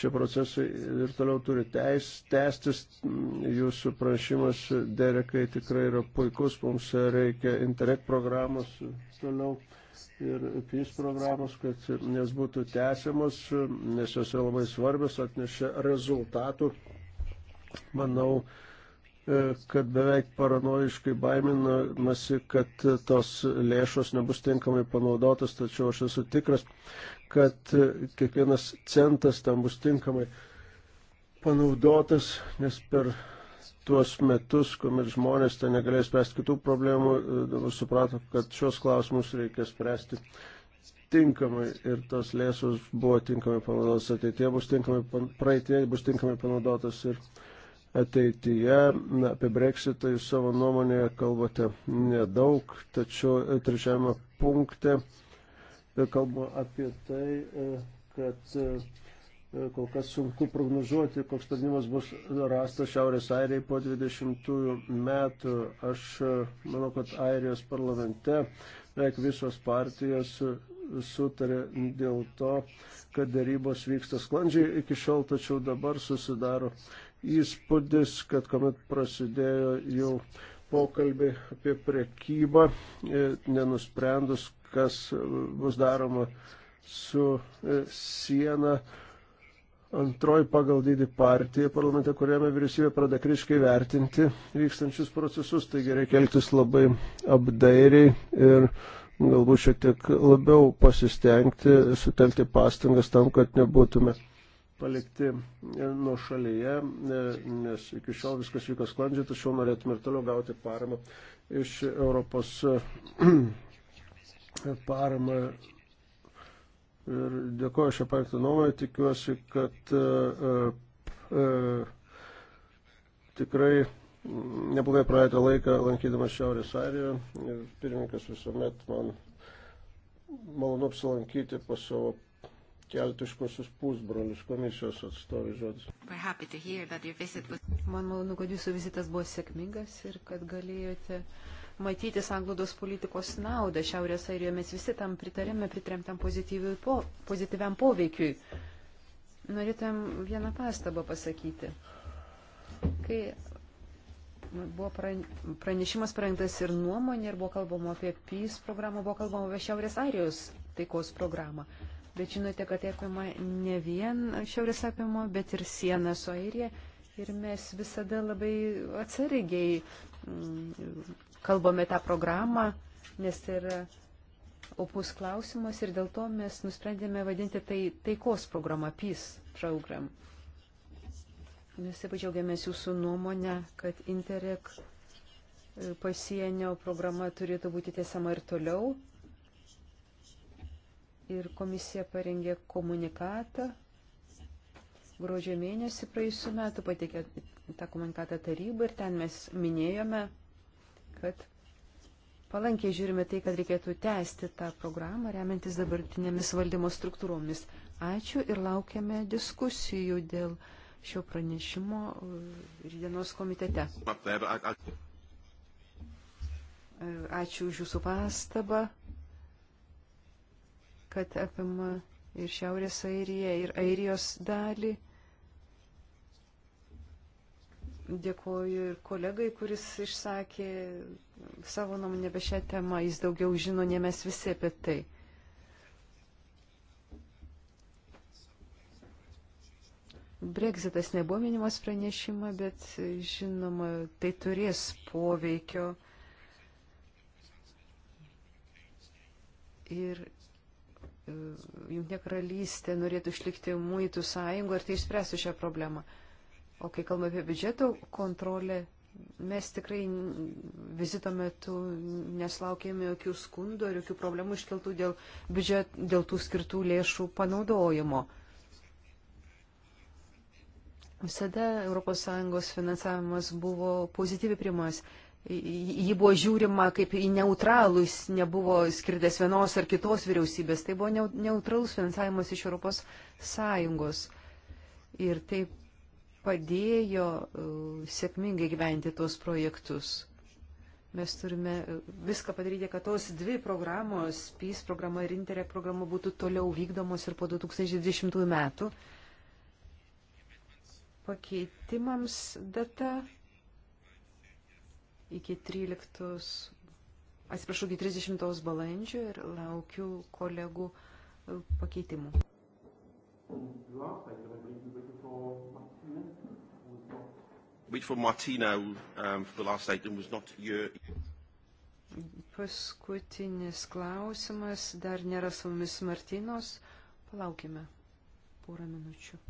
šie procesai ir toliau turi teis, tęstis. Jūsų prašymas, Derekai, tikrai yra puikus, mums reikia Interreg programos toliau ir PIS programos, kad nes būtų tęsiamos, nes jos yra labai svarbios, atnešė rezultatų. Manau, e, kad beveik paranoiškai baiminamasi, kad tos lėšos nebus tinkamai panaudotas, tačiau aš esu tikras, kad kiekvienas centas tam bus tinkamai panaudotas, nes per tuos metus, kuomet žmonės ten negalės spręsti kitų problemų, e, dabar suprato, kad šios klausimus reikia spręsti tinkamai ir tos lėšos buvo tinkamai panaudotas ateitie, bus tinkamai praeitie, bus tinkamai panaudotas ir ateityje. Na, apie Brexitą jūs savo nuomonėje kalbate nedaug, tačiau e, trečiame punkte e, kalbu apie tai, kad E, kol kas sunku prognozuoti, koks sprendimas bus rastas Šiaurės Airijai po 20 metų. Aš e, manau, kad Airijos parlamente beveik visos partijos e, sutarė dėl to, kad darybos vyksta sklandžiai iki šiol, tačiau dabar susidaro įspūdis, kad kuomet prasidėjo jau pokalbį apie prekybą, nenusprendus, kas bus daroma su siena, antroji pagal dydį partija parlamente, kuriame vyriausybė pradeda kriškai vertinti vykstančius procesus, taigi reikia elgtis labai apdairiai ir galbūt šiek tiek labiau pasistengti, sutelkti pastangas tam, kad nebūtume palikti nuo šalyje, nes iki šiol viskas vyko sklandžiai, tačiau norėtume ir toliau gauti paramą iš Europos paramą Ir dėkoju šią penktą nuomonę, tikiuosi, kad e, e, e, tikrai neblogai praeitą laiką lankydamas Šiaurės Airiją. Pirmininkas visuomet man malonu apsilankyti pas savo keltiškosius pusbrolius komisijos atstovai žodis. Man malonu, kad jūsų vizitas buvo sėkmingas ir kad galėjote uh, matyti sanglaudos politikos naudą Šiaurės Airijoje. Mes visi tam pritarėme, pritarėm tam po, pozityviam poveikiui. Norėtum vieną pastabą pasakyti. Kai buvo pranešimas parengtas ir nuomonė, ir buvo kalbama apie PIS programą, buvo kalbama apie Šiaurės Airijos taikos programą. Bet žinote, kad apima ne vien Šiaurės apima, bet ir sieną su Airija. Ir mes visada labai atsargiai kalbame tą programą, nes tai yra opus klausimas ir dėl to mes nusprendėme vadinti tai taikos programą, peace program. Mes taip džiaugiamės jūsų nuomonę, kad Interreg e, pasienio programa turėtų būti tiesama ir toliau. Ir komisija parengė komunikatą. Gruodžio mėnesį praėjusiu metu pateikė tą komunikatą tarybą ir ten mes minėjome kad palankiai žiūrime tai, kad reikėtų tęsti tą programą, remiantis dabartinėmis valdymo struktūromis. Ačiū ir laukiame diskusijų dėl šio pranešimo e, rydienos komitete. E, ačiū už Jūsų pastabą, kad apima ir Šiaurės Airiją, ir Airijos dalį. Dėkuoju ir kolegai, kuris išsakė savo nuomonę apie šią temą. Jis daugiau žino, ne mes visi apie tai. Brexitas nebuvo minimas pranešimą, bet žinoma, tai turės poveikio. Ir e, Junktinė karalystė norėtų išlikti muitų sąjungo ir tai išspręstų šią problemą. O kai kalbame apie biudžeto kontrolę, mes tikrai vizito metu neslaukėme jokių skundų ir jokių problemų iškeltų dėl, biudžet, dėl tų skirtų lėšų panaudojimo. Visada ES finansavimas buvo pozityviai primas. Ji buvo žiūrima kaip į neutralų, jis nebuvo skirtas vienos ar kitos vyriausybės, tai buvo neutralus finansavimas iš ES. Ir taip padėjo e, sėkmingai gyventi tuos projektus. Mes turime e, viską padaryti, kad tos dvi programos, PIS programa ir Interreg programa, būtų toliau vykdomos ir po 2020 metų. Pakeitimams data iki 13, atsiprašau, iki 30 balandžio ir laukiu kolegų e, pakeitimų. Drop, I believe, for which for Martino um, for the last item was not your... Paskutinis klausimas, dar nėra su mumis Martinos, palaukime porą minučių.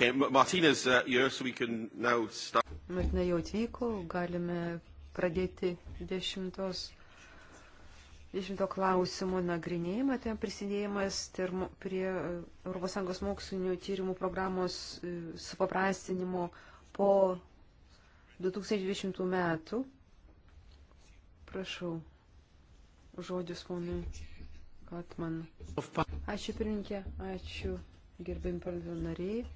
Okay, Martinas, uh, here, so we can now start. Martina jau atvyko, galime pradėti dešimtos, dešimto klausimo nagrinėjimą, tai prisidėjimas termo, prie uh, ES mokslinių tyrimų programos uh, supaprastinimo po 2020 metų. Prašau, žodis ponui Katman. Ačiū pirminkė, ačiū gerbim parlamento nariai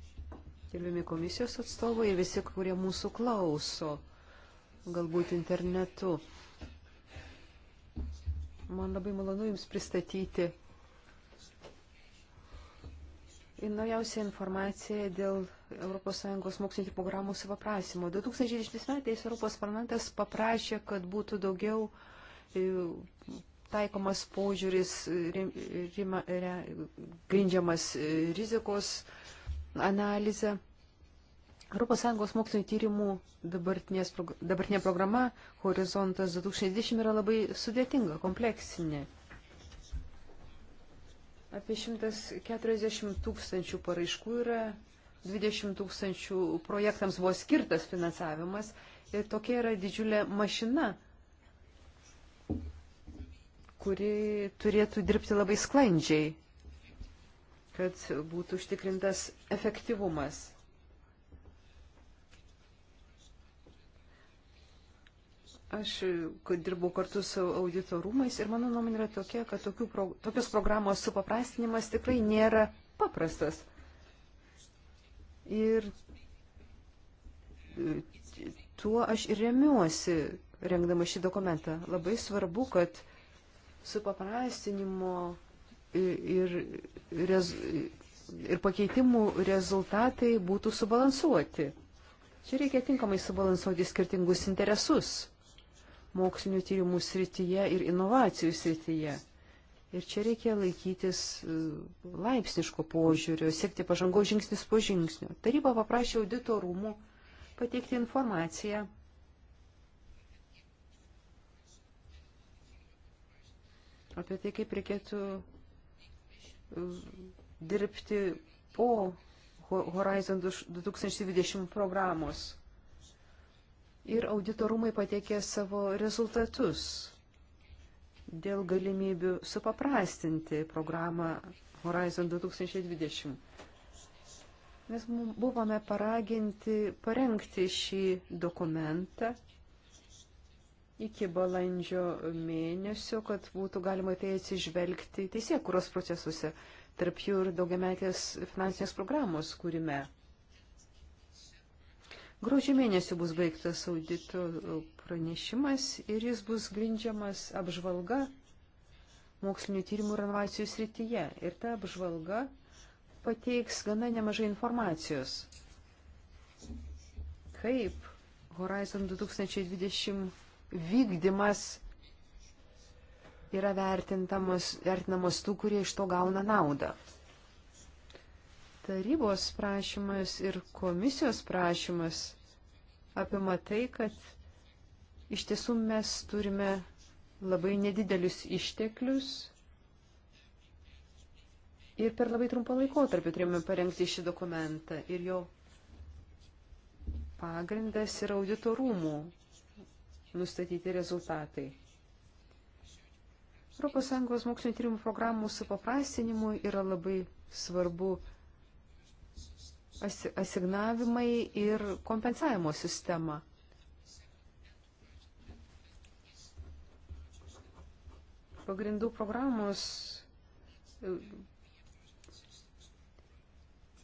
gerbiami komisijos atstovai ir visi, kurie mūsų klauso, galbūt internetu. Man labai malonu Jums pristatyti Ir naujausia informacija dėl ES mokslininkų programų supaprašymo. 2010 metais Europos parlamentas paprašė, kad būtų daugiau e, taikomas požiūris rima, re, grindžiamas e, rizikos analizę. ES mokslinio tyrimų dabartinė programa Horizontas 2020 yra labai sudėtinga, kompleksinė. Apie 140 tūkstančių paraiškų yra, 20 tūkstančių projektams buvo skirtas finansavimas ir tokia yra didžiulė mašina, kuri turėtų dirbti labai sklandžiai kad būtų užtikrintas efektyvumas. Aš dirbau kartu su audito rūmais ir mano nuomonė yra tokia, kad pro, tokios programos supaprastinimas tikrai nėra paprastas. Ir e, tuo aš ir remiuosi, rengdama šį dokumentą. Labai svarbu, kad supaprastinimo ir, rez, ir pakeitimų rezultatai būtų subalansuoti. Čia reikia tinkamai subalansuoti skirtingus interesus mokslinių tyrimų srityje ir inovacijų srityje. Ir čia reikia laikytis e, laipsniško požiūrio, siekti pažangos žingsnis po žingsnio. Taryba paprašė audito rūmų pateikti informaciją. Apie tai, kaip reikėtų dirbti po Horizon 2020 programos. Ir auditorumai patiekė savo rezultatus dėl galimybių supaprastinti programą Horizon 2020. Mes buvome paraginti parengti šį dokumentą iki balandžio mėnesio, kad būtų galima tai atsižvelgti teisėkuros procesuose, tarp jų ir daugiametės finansinės programos kūrime. Gruodžio mėnesį bus baigtas audito pranešimas ir jis bus grindžiamas apžvalga mokslinių tyrimų ir inovacijų srityje. Ir ta apžvalga pateiks gana nemažai informacijos. Kaip Horizon 2020 vykdymas yra vertinamas tų, kurie iš to gauna naudą. Tarybos prašymas ir komisijos prašymas apima tai, kad iš tiesų mes turime labai nedidelius išteklius ir per labai trumpą laikotarpį turėjome parengti šį dokumentą ir jo pagrindas yra auditorumų nustatyti rezultatai. ES mokslinio tyrimų programų supaprastinimui yra labai svarbu asignavimai ir kompensavimo sistema. Pagrindų programos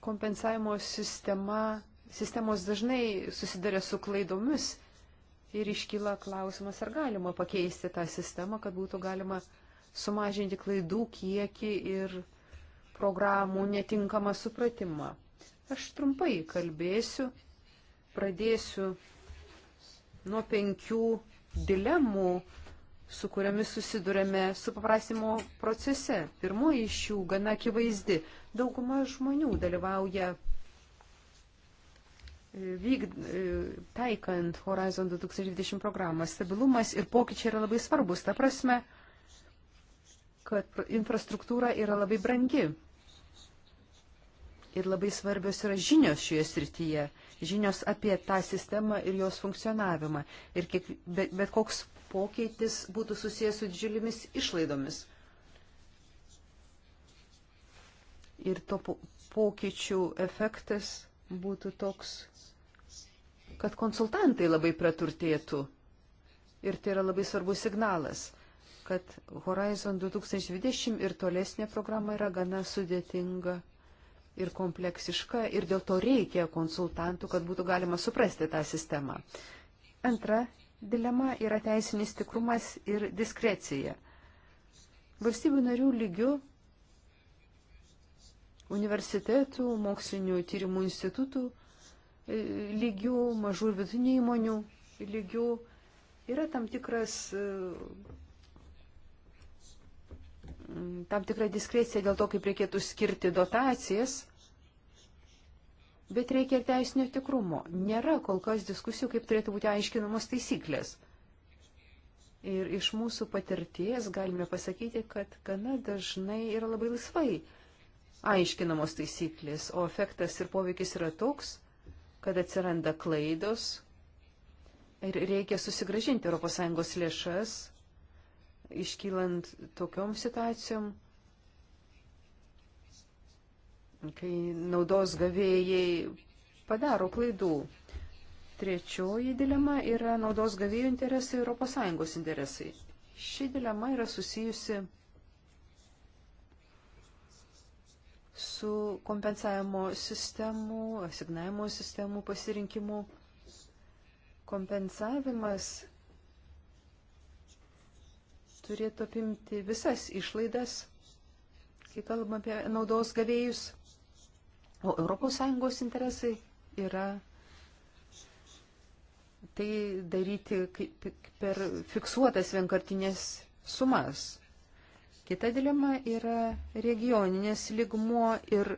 kompensavimo sistema, sistemos dažnai susidarė su klaidomis Ir iškyla klausimas, ar galima pakeisti tą sistemą, kad būtų galima sumažinti klaidų kiekį ir programų netinkamą supratimą. Aš trumpai kalbėsiu, pradėsiu nuo penkių dilemų, su kuriamis susidurėme su paprasimo procese. Pirmoji iš jų gana akivaizdi. Dauguma žmonių dalyvauja Vyk, e, taikant Horizon 2020 programą, stabilumas ir pokyčiai yra labai svarbus. Ta prasme, kad infrastruktūra yra labai brangi. Ir labai svarbios yra žinios šioje srityje, žinios apie tą sistemą ir jos funkcionavimą. Ir kiek, bet, bet koks pokytis būtų susijęs su didžiulėmis išlaidomis. Ir to pokyčių efektas būtų toks, kad konsultantai labai praturtėtų. Ir tai yra labai svarbus signalas, kad Horizon 2020 ir tolesnė programa yra gana sudėtinga ir kompleksiška ir dėl to reikia konsultantų, kad būtų galima suprasti tą sistemą. Antra dilema yra teisinis tikrumas ir diskrecija. Valstybių narių lygių universitetų, mokslinių tyrimų institutų lygių, mažų ir vidutinių įmonių lygių. Yra tam tikras tam tikra diskrecija dėl to, kaip reikėtų skirti dotacijas, bet reikia ir teisinio tikrumo. Nėra kol kas diskusijų, kaip turėtų būti aiškinamos taisyklės. Ir iš mūsų patirties galime pasakyti, kad gana dažnai yra labai laisvai aiškinamos taisyklės, o efektas ir poveikis yra toks, kad atsiranda klaidos ir reikia susigražinti ES lėšas, iškylant tokiom situacijom, kai naudos gavėjai padaro klaidų. Trečioji dilema yra naudos gavėjų interesai, ES interesai. Ši dilema yra susijusi su kompensavimo sistemų, asignavimo sistemų pasirinkimu. Kompensavimas turėtų apimti visas išlaidas, kai kalbam apie naudos gavėjus, o ES interesai yra tai daryti kaip per fiksuotas vienkartinės sumas. Kita dilema yra regioninės ligmuo ir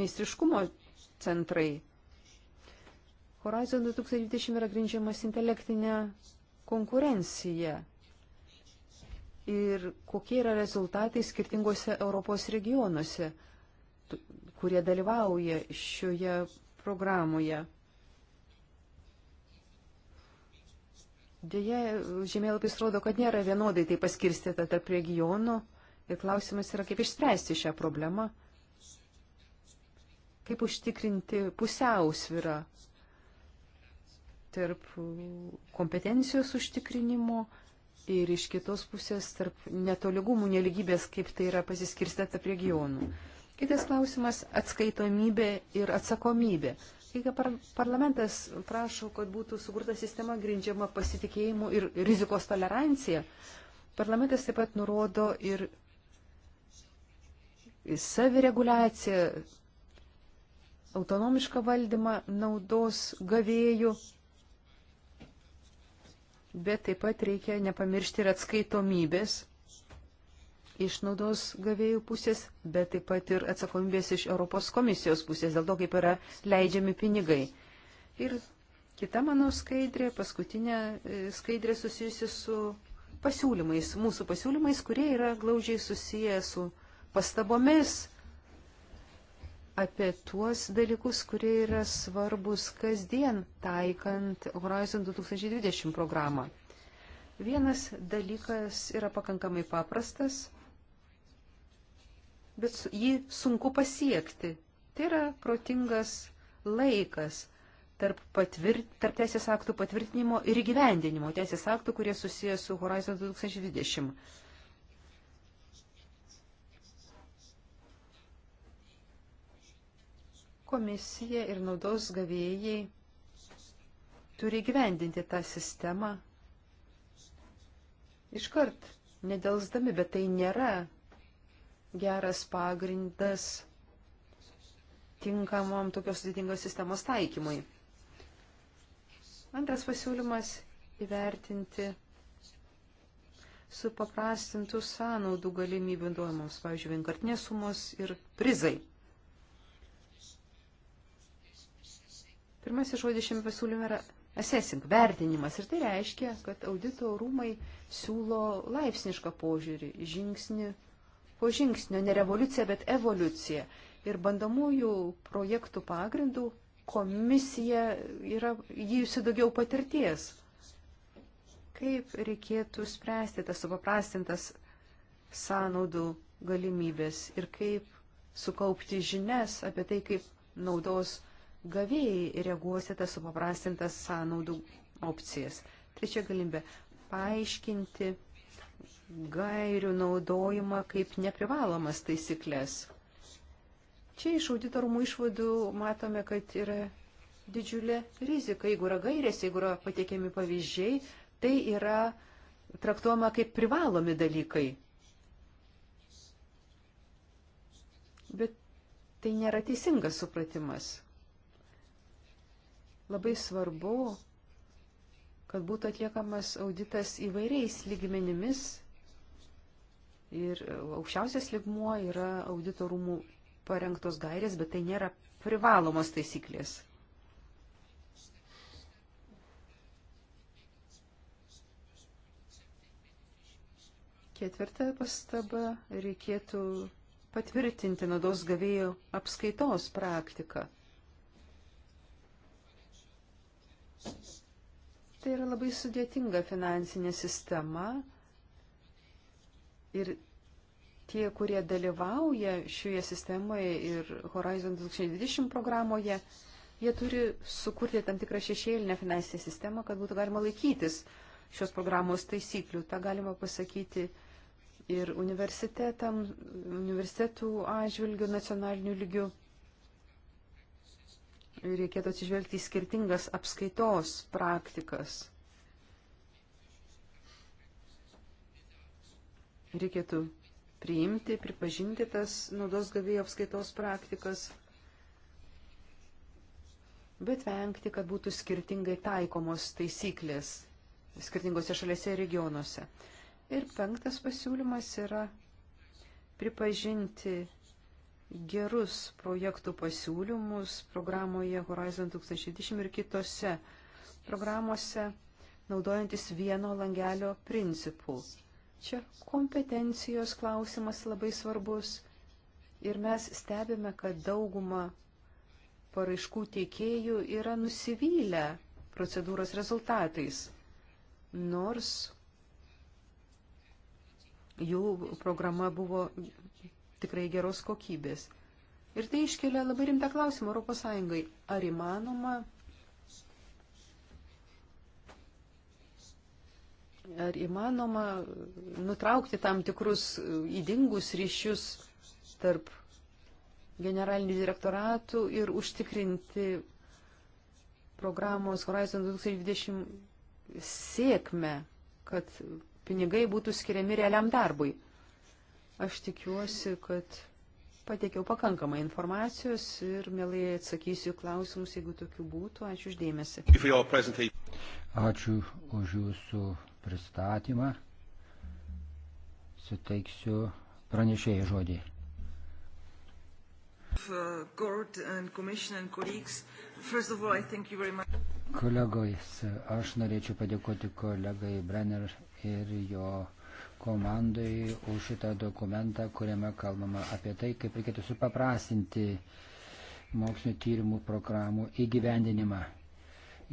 meistriškumo centrai. Horizon 2020 yra grindžiamas intelektinė konkurencija. Ir kokie yra rezultatai skirtingose Europos regionuose, kurie dalyvauja šioje programoje. Dėja, žemėlapis rodo, kad nėra vienodai tai paskirstyta tarp regionų ir klausimas yra, kaip išspręsti šią problemą, kaip užtikrinti pusiausvyrą tarp kompetencijos užtikrinimo ir iš kitos pusės tarp netoligumų, neligybės, kaip tai yra pasiskirstę tarp regionų. Kitas klausimas - atskaitomybė ir atsakomybė. Taigi par parlamentas prašo, kad būtų sukurta sistema grindžiama pasitikėjimu ir rizikos tolerancija. Parlamentas taip pat nurodo ir savireguliaciją, autonomišką valdymą naudos gavėjų, bet taip pat reikia nepamiršti ir atskaitomybės išnaudos gavėjų pusės, bet taip pat ir atsakomybės iš Europos komisijos pusės dėl to, kaip yra leidžiami pinigai. Ir kita mano skaidrė, paskutinė e, skaidrė susijusi su pasiūlymais, mūsų pasiūlymais, kurie yra glaudžiai susiję su pastabomis apie tuos dalykus, kurie yra svarbus kasdien taikant Horizon 2020 programą. Vienas dalykas yra pakankamai paprastas bet jį sunku pasiekti. Tai yra protingas laikas tarp, patvirt, tarp teisės aktų patvirtinimo ir įgyvendinimo teisės aktų, kurie susijęs su Horizon 2020. Komisija ir naudos gavėjai turi gyvendinti tą sistemą iškart, nedelsdami, bet tai nėra geras pagrindas tinkamam tokios sudėtingos sistemos taikymui. Antras pasiūlymas įvertinti supaprastintų sąnaudų galimybių duomams, pavyzdžiui, vienkartinės sumos ir prizai. Pirmasis žodis šiame pasiūlyme yra assessing, vertinimas. Ir tai reiškia, kad audito rūmai siūlo laipsnišką požiūrį, žingsnį po žingsnio, ne revoliucija, bet evoliucija. Ir bandomųjų projektų pagrindų komisija yra įgyjusi daugiau patirties. Kaip reikėtų spręsti tas supaprastintas sąnaudų galimybės ir kaip sukaupti žinias apie tai, kaip naudos gavėjai reaguosi tas supaprastintas sąnaudų opcijas. Trečia galimybė - paaiškinti gairių naudojimą kaip neprivalomas taisyklės. Čia iš auditorumų išvadų matome, kad yra didžiulė rizika. Jeigu yra gairės, jeigu yra patiekiami pavyzdžiai, tai yra traktuojama kaip privalomi dalykai. Bet tai nėra teisingas supratimas. Labai svarbu, kad būtų atliekamas auditas įvairiais lygmenimis. Ir aukščiausias lygmuo yra audito rūmų parengtos gairės, bet tai nėra privalomos taisyklės. Ketvirta pastaba - reikėtų patvirtinti naudos gavėjų apskaitos praktiką. Tai yra labai sudėtinga finansinė sistema ir tie, kurie dalyvauja šioje sistemoje ir Horizon 2020 programoje, jie turi sukurti tam tikrą šešėlinę finansinę sistemą, kad būtų galima laikytis šios programos taisyklių. Ta galima pasakyti ir universitetam, universitetų atžvilgių, nacionalinių lygių reikėtų atsižvelgti į skirtingas apskaitos praktikas. Reikėtų priimti, pripažinti tas naudos gavėjo apskaitos praktikas, bet vengti, kad būtų skirtingai taikomos taisyklės skirtingose šalėse ir regionuose. Ir penktas pasiūlymas yra pripažinti gerus projektų pasiūlymus programoje Horizon 2020 ir kitose programuose, naudojantis vieno langelio principų. Čia kompetencijos klausimas labai svarbus ir mes stebime, kad dauguma paraiškų teikėjų yra nusivylę procedūros rezultatais, nors jų programa buvo tikrai geros kokybės. Ir tai iškelia labai rimtą klausimą Europos Sąjungai. Ar įmanoma, ar įmanoma nutraukti tam tikrus įdingus ryšius tarp generalinių direktoratų ir užtikrinti programos Horizon 2020 sėkmę, kad pinigai būtų skiriami realiam darbui. Aš tikiuosi, kad pateikiau pakankamai informacijos ir mielai atsakysiu klausimus, jeigu tokių būtų. Ačiū uždėmesi. Ačiū už jūsų pristatymą. Suteiksiu pranešėjai žodį. Uh, Kolegos, aš norėčiau padėkoti kolegai Brenner ir jo komandai už šitą dokumentą, kuriame kalbama apie tai, kaip reikėtų supaprastinti mokslinio tyrimų programų įgyvendinimą.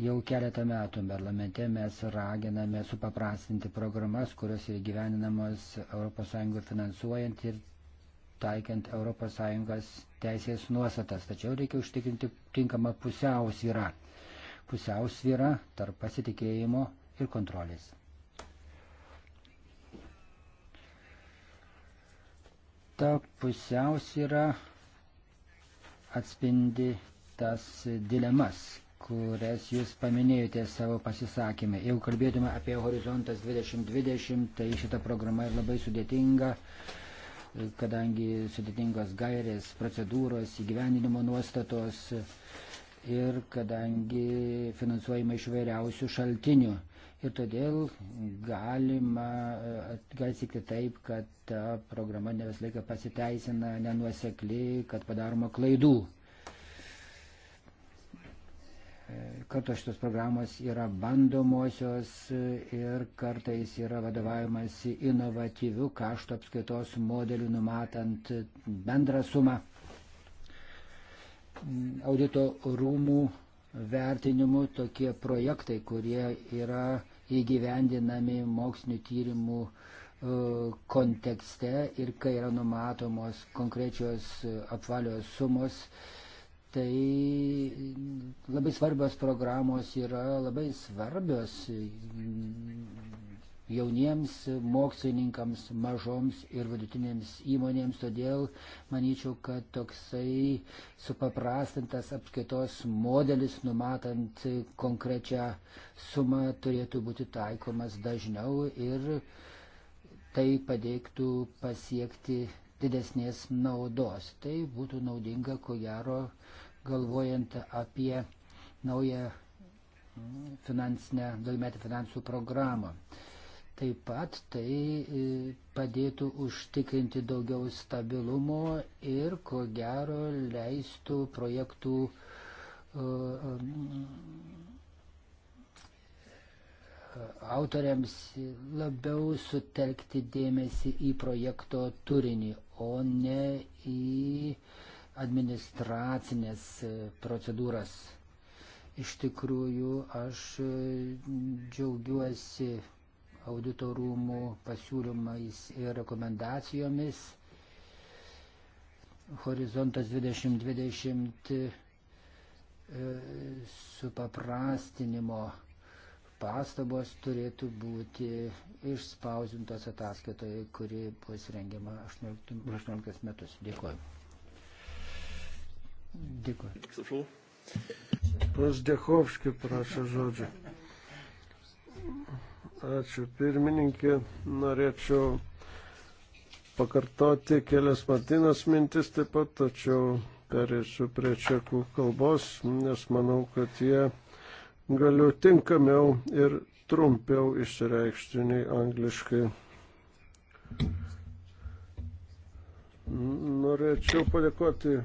Jau keletą metų parlamente mes raginame supaprastinti programas, kurios yra gyveninamos ES finansuojant ir taikant ES teisės nuostatas. Tačiau reikia užtikrinti tinkamą pusiausvyrą. Pusiausvyrą tarp pasitikėjimo ir kontrolės. ta pusiausvyra atspindi tas dilemas, kurias jūs paminėjote savo pasisakymę. Jeigu kalbėtume apie Horizontas 2020, tai šita programa yra labai sudėtinga, kadangi sudėtingos gairės, procedūros, įgyvendinimo nuostatos ir kadangi finansuojama iš vairiausių šaltinių ir todėl galima e, atgalsikti taip, kad ta programa ne visą laiką pasiteisina, nenuosekli, kad padaroma klaidų. E, Kartu šitos programos yra bandomosios ir kartais yra vadovavimasi inovatyvių kašto apskaitos modelių numatant bendrą sumą. Mm, audito rūmų vertinimu tokie projektai, kurie yra įgyvendinami mokslinių tyrimų e, kontekste ir kai yra numatomos konkrečios e, apvalios sumos, tai labai svarbios programos yra labai svarbios jauniems mokslininkams, mažoms ir vidutinėms įmonėms. Todėl manyčiau, kad toksai supaprastintas apskaitos modelis, numatant konkrečią sumą, turėtų būti taikomas dažniau ir tai padėktų pasiekti didesnės naudos. Tai būtų naudinga, ko gero, galvojant apie naują finansinę, daugiametę finansų programą. Taip pat tai e, padėtų užtikrinti daugiau stabilumo ir ko gero leistų projektų e, e, autoriams labiau sutelkti dėmesį į projekto turinį, o ne į administracinės procedūras. Iš tikrųjų, aš džiaugiuosi auditorumų pasiūlymais ir rekomendacijomis. Horizontas 2020 e, supaprastinimo pastabos turėtų būti išspausintos ataskaitoje, kuri bus rengiama 18 metus. Dėkuoju. Dėkuoju. Prazdechovskį prašo žodžio. Ačiū pirmininkė. Norėčiau pakartoti kelias Martinos mintis taip pat, tačiau perėsiu prie čekų kalbos, nes manau, kad jie galiu tinkamiau ir trumpiau išreikšti nei angliškai. Norėčiau padėkoti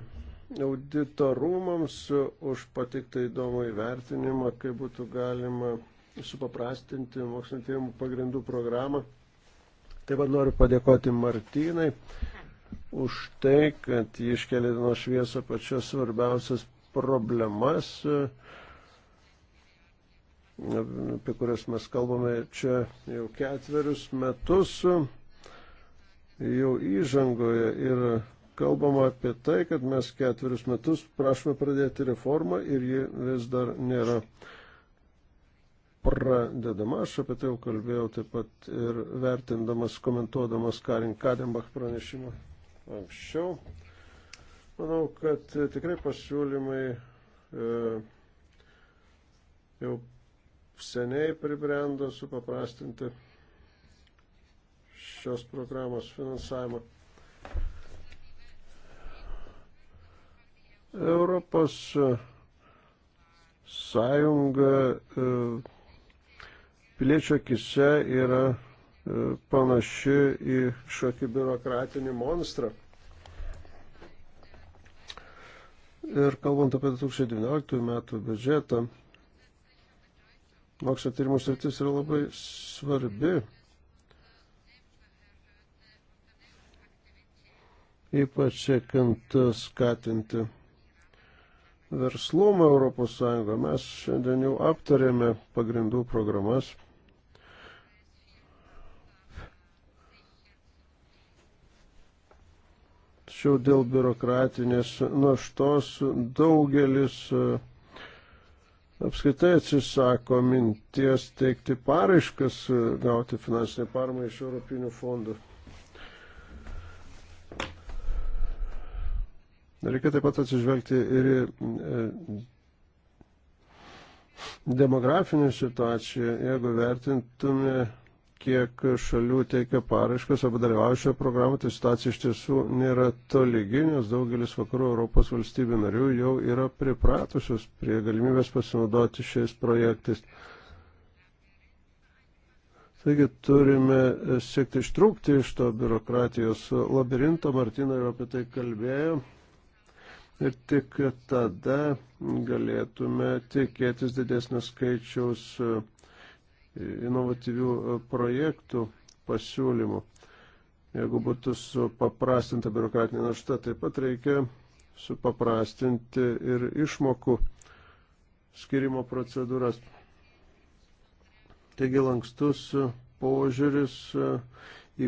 auditorumams už patiktą įdomą įvertinimą, kaip būtų galima supaprastinti mokslinio tyrimų pagrindų programą. Taip pat noriu padėkoti Martynai už tai, kad ji iškelė nuo šviesą pačias svarbiausias problemas, apie kurias mes kalbame čia jau ketverius metus, jau įžangoje ir kalbama apie tai, kad mes ketverius metus prašome pradėti reformą ir ji vis dar nėra pradedama. Aš apie tai jau kalbėjau taip pat ir vertindamas, komentuodamas Karin Kadembach pranešimą anksčiau. Manau, kad tikrai pasiūlymai e, jau seniai pribrendo supaprastinti šios programos finansavimą. Europos sąjunga e, piliečių akise yra e, panaši į šokį biurokratinį monstrą. Ir kalbant apie 2019 metų biudžetą, mokslo tyrimų sritis yra labai svarbi. Ypač siekiant skatinti verslumą Europos Sąjungą. Mes šiandien jau aptarėme pagrindų programas. Tačiau dėl biurokratinės naštos daugelis e, apskaitai atsisako minties teikti paraiškas, e, gauti finansinę paramą iš Europinių fondų. Reikia taip pat atsižvelgti ir į e, demografinę situaciją, jeigu vertintume kiek šalių teikia paraiškas arba dalyvauja šioje programoje, tai situacija iš tiesų nėra tolygi, nes daugelis vakarų Europos valstybių narių jau yra pripratusios prie galimybės pasinaudoti šiais projektais. Taigi turime siekti ištrūkti iš to biurokratijos labirinto, Martina jau apie tai kalbėjo. Ir tik tada galėtume tikėtis didesnio skaičiaus uh, inovatyvių e, projektų pasiūlymų. Jeigu būtų supaprastinta biurokratinė našta, taip pat reikia supaprastinti ir išmokų skirimo procedūras. Taigi lankstus požiūris e,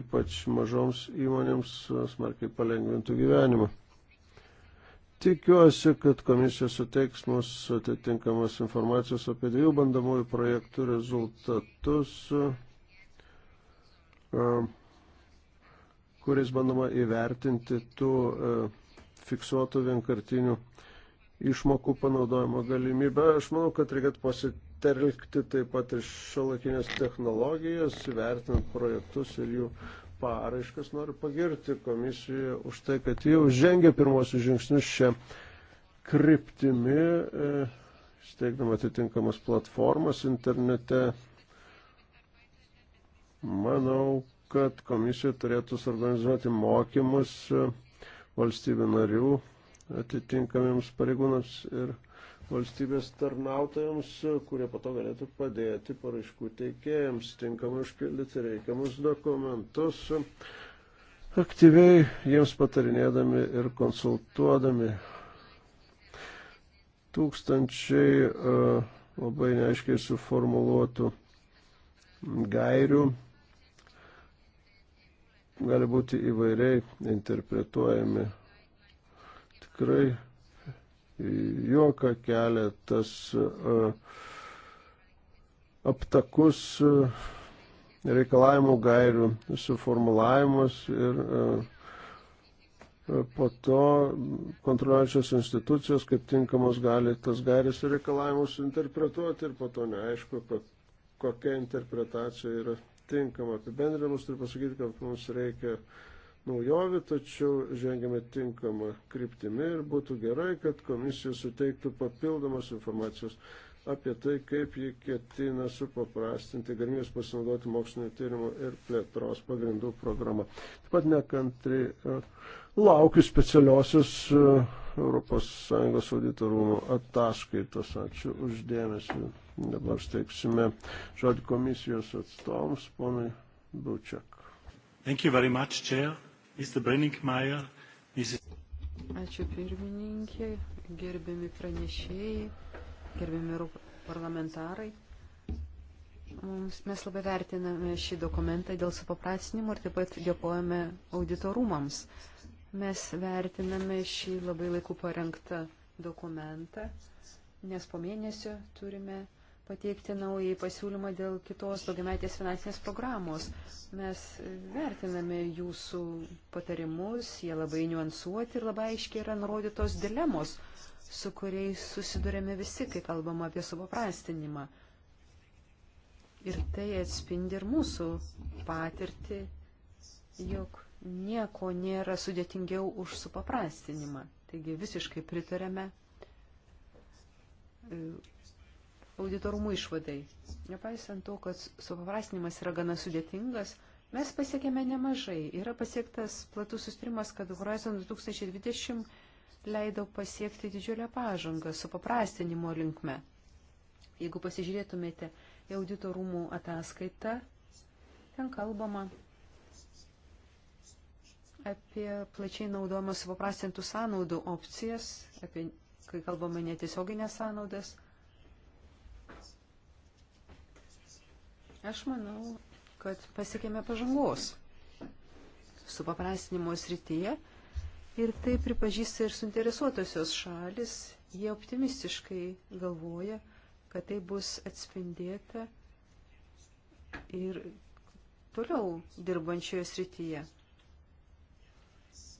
ypač mažoms įmonėms e, smarkiai palengvintų gyvenimą. Tikiuosi, kad komisija suteiks mus atitinkamas informacijos apie dviejų bandamųjų projektų rezultatus, kuris bandoma įvertinti tų fiksuotų vienkartinių išmokų panaudojimo galimybę. Aš manau, kad reikėtų pasitelkti taip pat ir šiuolaikinės technologijas, įvertinant projektus ir jų paraiškas. Noriu pagirti komisiją už tai, kad jau žengė pirmosius žingsnius šią kryptimi, e, steigdama atitinkamas platformas internete. Manau, kad komisija turėtų suorganizuoti mokymus e, valstybių narių atitinkamiems pareigūnams ir valstybės tarnautojams, kurie po to galėtų padėti paraiškų teikėjams, tinkamai užpildyti reikiamus dokumentus, aktyviai jiems patarinėdami ir konsultuodami. Tūkstančiai e, labai neaiškiai suformuluotų gairių gali būti įvairiai interpretuojami. Tikrai juoką kelia tas e, aptakus e, reikalavimų gairių suformulavimas ir e, po to kontroliuojančios institucijos kaip tinkamos gali tas gairias ir reikalavimus interpretuoti ir po to neaišku, kokia interpretacija yra tinkama. Apibendrinimus turiu pasakyti, kad mums reikia uh, naujovių, tačiau žengiame tinkamą kryptimį ir būtų gerai, kad komisija suteiktų papildomas informacijos apie tai, kaip ji ketina supaprastinti galimybės pasinaudoti mokslinio tyrimo ir plėtros pagrindų programą. Taip pat nekantri e, laukiu specialiosios ES auditorumo ataskaitos. Ačiū uždėmesi. Dabar steiksime žodį komisijos atstovams, ponai Bučiak. Thank you very much, Chair. Mr. Brenningmeier, Mrs. Ačiū pirmininkė, gerbiami pranešėjai, gerbiami parlamentarai. Mums, mes labai vertiname šį dokumentą dėl supaprastinimo ir taip pat dėkojame auditorumams. Mes vertiname šį labai laiku parengtą dokumentą, nes po mėnesio turime uh, pateikti naują pasiūlymą dėl kitos daugiametės finansinės programos. Mes vertiname jūsų patarimus, jie labai niuansuoti ir labai aiškiai yra nurodytos dilemos, su kuriais susidurėme visi, kai kalbama apie supaprastinimą. Ir tai atspindi ir mūsų patirtį, jog nieko nėra sudėtingiau už supaprastinimą. Taigi visiškai pritarėme auditorumų išvadai. Nepaisant to, kad supaprastinimas yra gana sudėtingas, mes pasiekėme nemažai. Yra pasiektas platus sustrimas, kad Horizon 2020 leido pasiekti didžiulę pažangą supaprastinimo linkme. Jeigu pasižiūrėtumėte į auditorumų ataskaitą, ten kalbama apie plačiai naudojamas supaprastintų sąnaudų opcijas, apie, kai kalbame netiesioginės sąnaudas, Aš manau, kad pasiekėme pažangos su paprastinimo srityje ir tai pripažįsta ir suinteresuotosios šalis. Jie optimistiškai galvoja, kad tai bus atspindėta ir toliau dirbančioje srityje.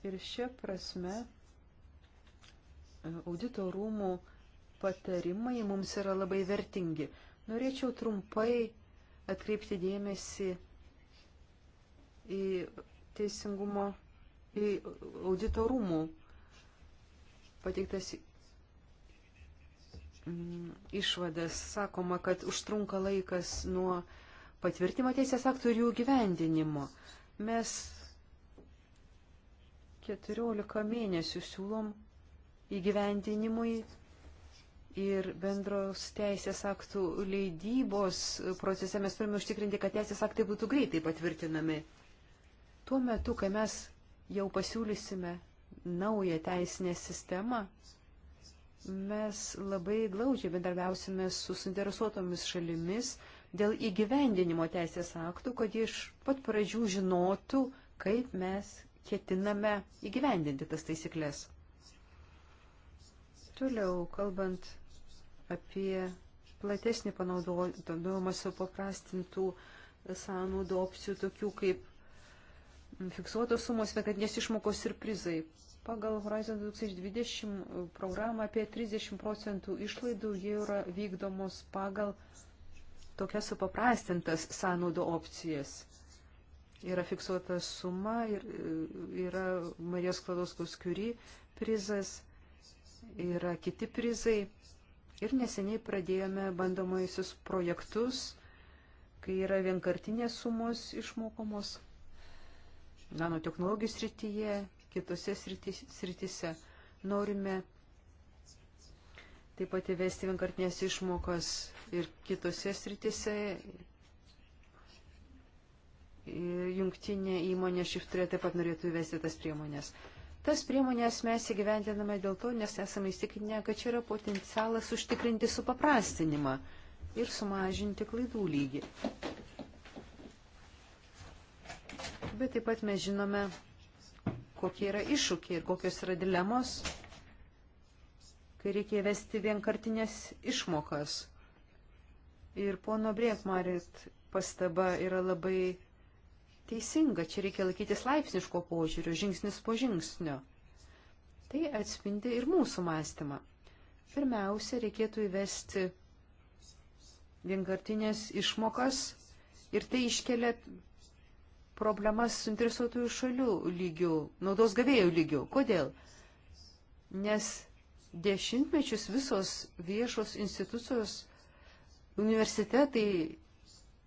Ir šia prasme audito rūmų patarimai mums yra labai vertingi. Norėčiau trumpai atkreipti dėmesį į teisingumo, į auditorumų pateiktas mm, išvadas. Sakoma, kad užtrunka laikas nuo patvirtimo teisės aktų ir jų gyvendinimo. Mes 14 mėnesių siūlom įgyvendinimui ir bendros teisės aktų leidybos procese mes turime užtikrinti, kad teisės aktai būtų greitai patvirtinami. Tuo metu, kai mes jau pasiūlysime naują teisinę sistemą, mes labai glaudžiai bendarbiausime su suinteresuotomis šalimis dėl įgyvendinimo teisės aktų, kad iš pat pradžių žinotų, kaip mes ketiname įgyvendinti tas taisyklės. Toliau, kalbant apie platesnį panaudojimą supaprastintų sąnaudų opcijų, tokių kaip fiksuotos sumos, vienkartinės išmokos ir prizai. Pagal Horizon 2020 programą apie 30 procentų išlaidų jau yra vykdomos pagal tokias supaprastintas sąnaudų opcijas. Yra fiksuota suma ir yra Marijos Kladoskos kiuri prizas, yra kiti prizai. Ir neseniai pradėjome bandomaisius projektus, kai yra vienkartinės sumos išmokomos nanotehnologijų srityje, kitose srityse. Norime taip pat įvesti vienkartinės išmokas ir kitose srityse. Ir jungtinė įmonė Šiftrė taip pat norėtų įvesti tas priemonės. Tas priemonės mes įgyvendiname dėl to, nes esame įstikinę, kad čia yra potencialas užtikrinti supaprastinimą ir sumažinti klaidų lygį. Bet taip pat mes žinome, kokie yra iššūkiai ir kokios yra dilemos, kai reikia įvesti vienkartinės išmokas. Ir pono Briekmarit pastaba yra labai teisinga, čia reikia laikytis laipsniško požiūrio, žingsnis po žingsnio. Tai atspindi ir mūsų mąstymą. Pirmiausia, reikėtų įvesti vienkartinės išmokas ir tai iškelia problemas suinteresuotųjų šalių lygių, naudos gavėjų lygių. Kodėl? Nes dešimtmečius visos viešos institucijos, universitetai,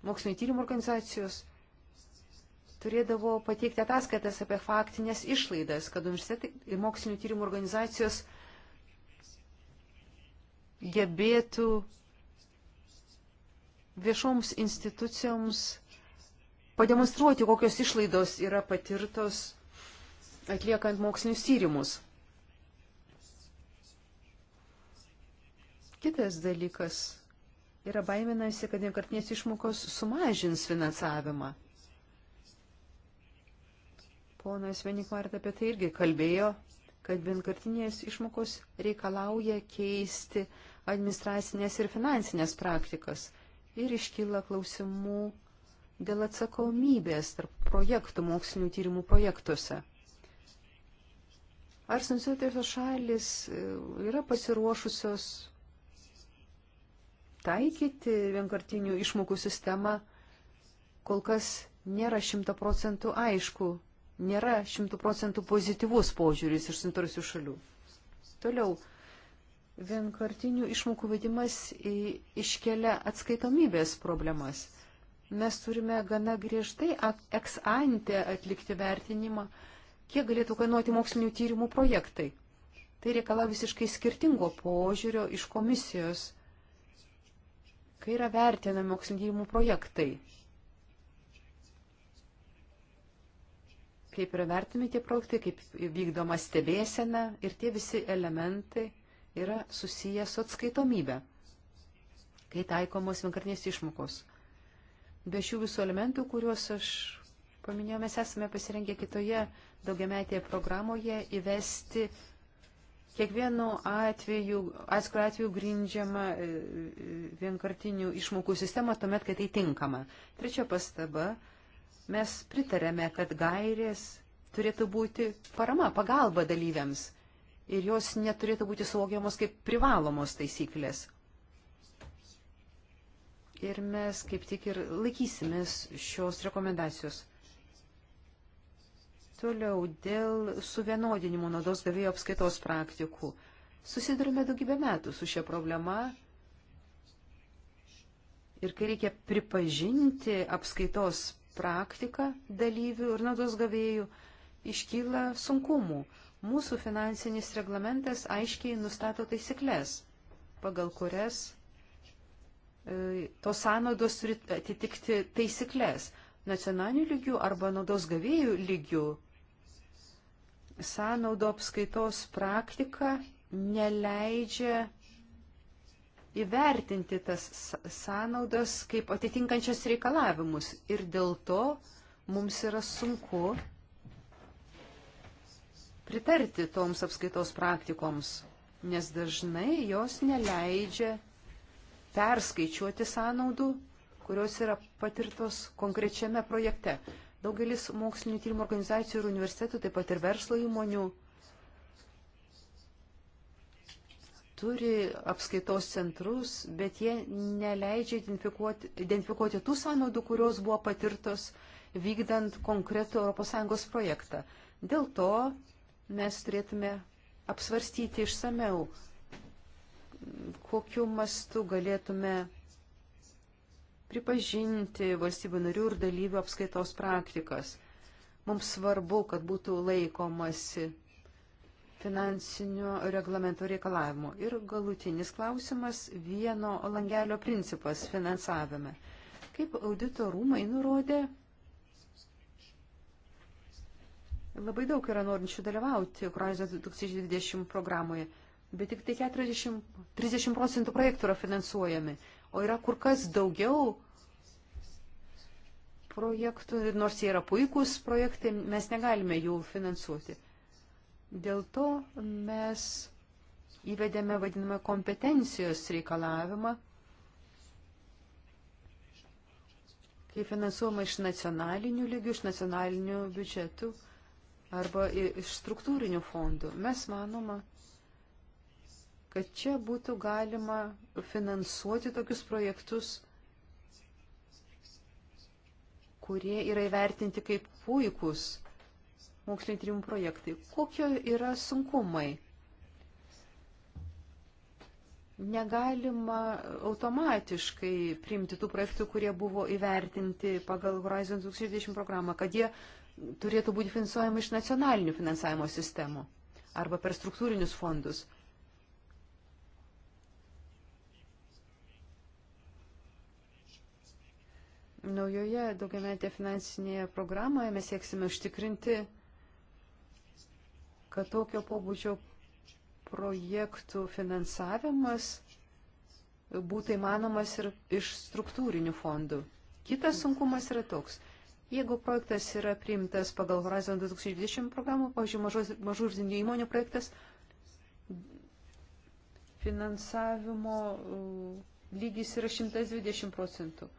mokslinio tyrimo organizacijos – turėdavo pateikti ataskaitas apie faktinės išlaidas, kad universitetai ir mokslinio tyrimų organizacijos gebėtų viešoms institucijoms pademonstruoti, kokios išlaidos yra patirtos atliekant mokslinius tyrimus. Kitas dalykas yra baiminasi, kad vienkartinės išmokos sumažins finansavimą. Ponas Venikmart apie tai irgi kalbėjo, kad vienkartinės išmokos reikalauja keisti administracinės ir finansinės praktikas. Ir iškyla klausimų dėl atsakomybės tarp projektų, mokslinių tyrimų projektuose. Ar suinteresuotosios šalis e, yra pasiruošusios taikyti vienkartinių išmokų sistemą, kol kas nėra šimta procentų aišku, nėra šimtų procentų pozityvus požiūris iš santarusių šalių. Toliau, vienkartinių išmokų vedimas iškelia atskaitomybės problemas. Mes turime gana griežtai ex ante atlikti vertinimą, kiek galėtų kainuoti mokslinių tyrimų projektai. Tai reikala visiškai skirtingo požiūrio iš komisijos, kai yra vertinami mokslinių tyrimų projektai. kaip yra vertimi tie projektai, kaip vykdoma stebėsena ir tie visi elementai yra susiję su atskaitomybė, kai taikomos vienkartinės išmokos. Be šių visų elementų, kuriuos aš paminėjau, mes esame pasirengę kitoje daugiametėje programoje įvesti kiekvienu atveju, atskiru atveju grindžiama e, e, vienkartinių išmokų sistema, tuomet, kai tai tinkama. Trečia pastaba Mes pritarėme, kad gairės turėtų būti parama, pagalba dalyviams ir jos neturėtų būti suvokiamos kaip privalomos taisyklės. Ir mes kaip tik ir laikysimės šios rekomendacijos. Toliau dėl suvienodinimo naudos gavėjo apskaitos praktikų. Susidurime daugybę metų su šia problema ir kai reikia pripažinti apskaitos praktiką dalyvių ir naudos gavėjų, iškyla sunkumų. Mūsų finansinis reglamentas aiškiai nustato taisyklės, pagal kurias e, tos sąnaudos turi atitikti taisyklės nacionalinių lygių arba naudos gavėjų lygių. Sąnaudo apskaitos praktika neleidžia įvertinti tas sąnaudas kaip atitinkančias reikalavimus. Ir dėl to mums yra sunku pritarti toms apskaitos praktikoms, nes dažnai jos neleidžia perskaičiuoti sąnaudų, kurios yra patirtos konkrečiame projekte. Daugelis mokslinių tyrimų organizacijų ir universitetų, taip pat ir verslo įmonių turi apskaitos centrus, bet jie neleidžia identifikuoti, identifikuoti tų sąnaudų, kurios buvo patirtos vykdant konkretų ES projektą. Dėl to mes turėtume apsvarstyti išsameu, kokiu mastu galėtume pripažinti valstybių narių ir dalyvių apskaitos praktikas. Mums svarbu, kad būtų laikomasi finansinio reglamento reikalavimų. Ir galutinis klausimas - vieno langelio principas finansavime. Kaip audito rūmai nurodė, labai daug yra norinčių dalyvauti Horizon 2020 programoje, bet tik tai 40, 30 procentų projektų yra finansuojami, o yra kur kas daugiau projektų ir nors jie yra puikūs projektai, mes negalime jų finansuoti. Dėl to mes įvedėme vadinamą kompetencijos reikalavimą, kai finansuoma iš nacionalinių lygių, iš nacionalinių biudžetų arba iš struktūrinių fondų. Mes manoma, kad čia būtų galima finansuoti tokius projektus, kurie yra įvertinti kaip puikus mokslinio tyrimų projektai. Kokie yra sunkumai? Negalima automatiškai priimti tų projektų, kurie buvo įvertinti pagal Horizon 2020 programą, kad jie turėtų būti finansuojami iš nacionalinių finansavimo sistemų arba per struktūrinius fondus. Naujoje daugiametėje finansinėje programoje mes sieksime užtikrinti kad tokio pobūdžio projektų finansavimas būtų įmanomas ir iš struktūrinių fondų. Kitas sunkumas yra toks. Jeigu projektas yra priimtas pagal Horizon 2020 programą, pavyzdžiui, mažų ir įmonių projektas, finansavimo uh, lygis yra 120 procentų.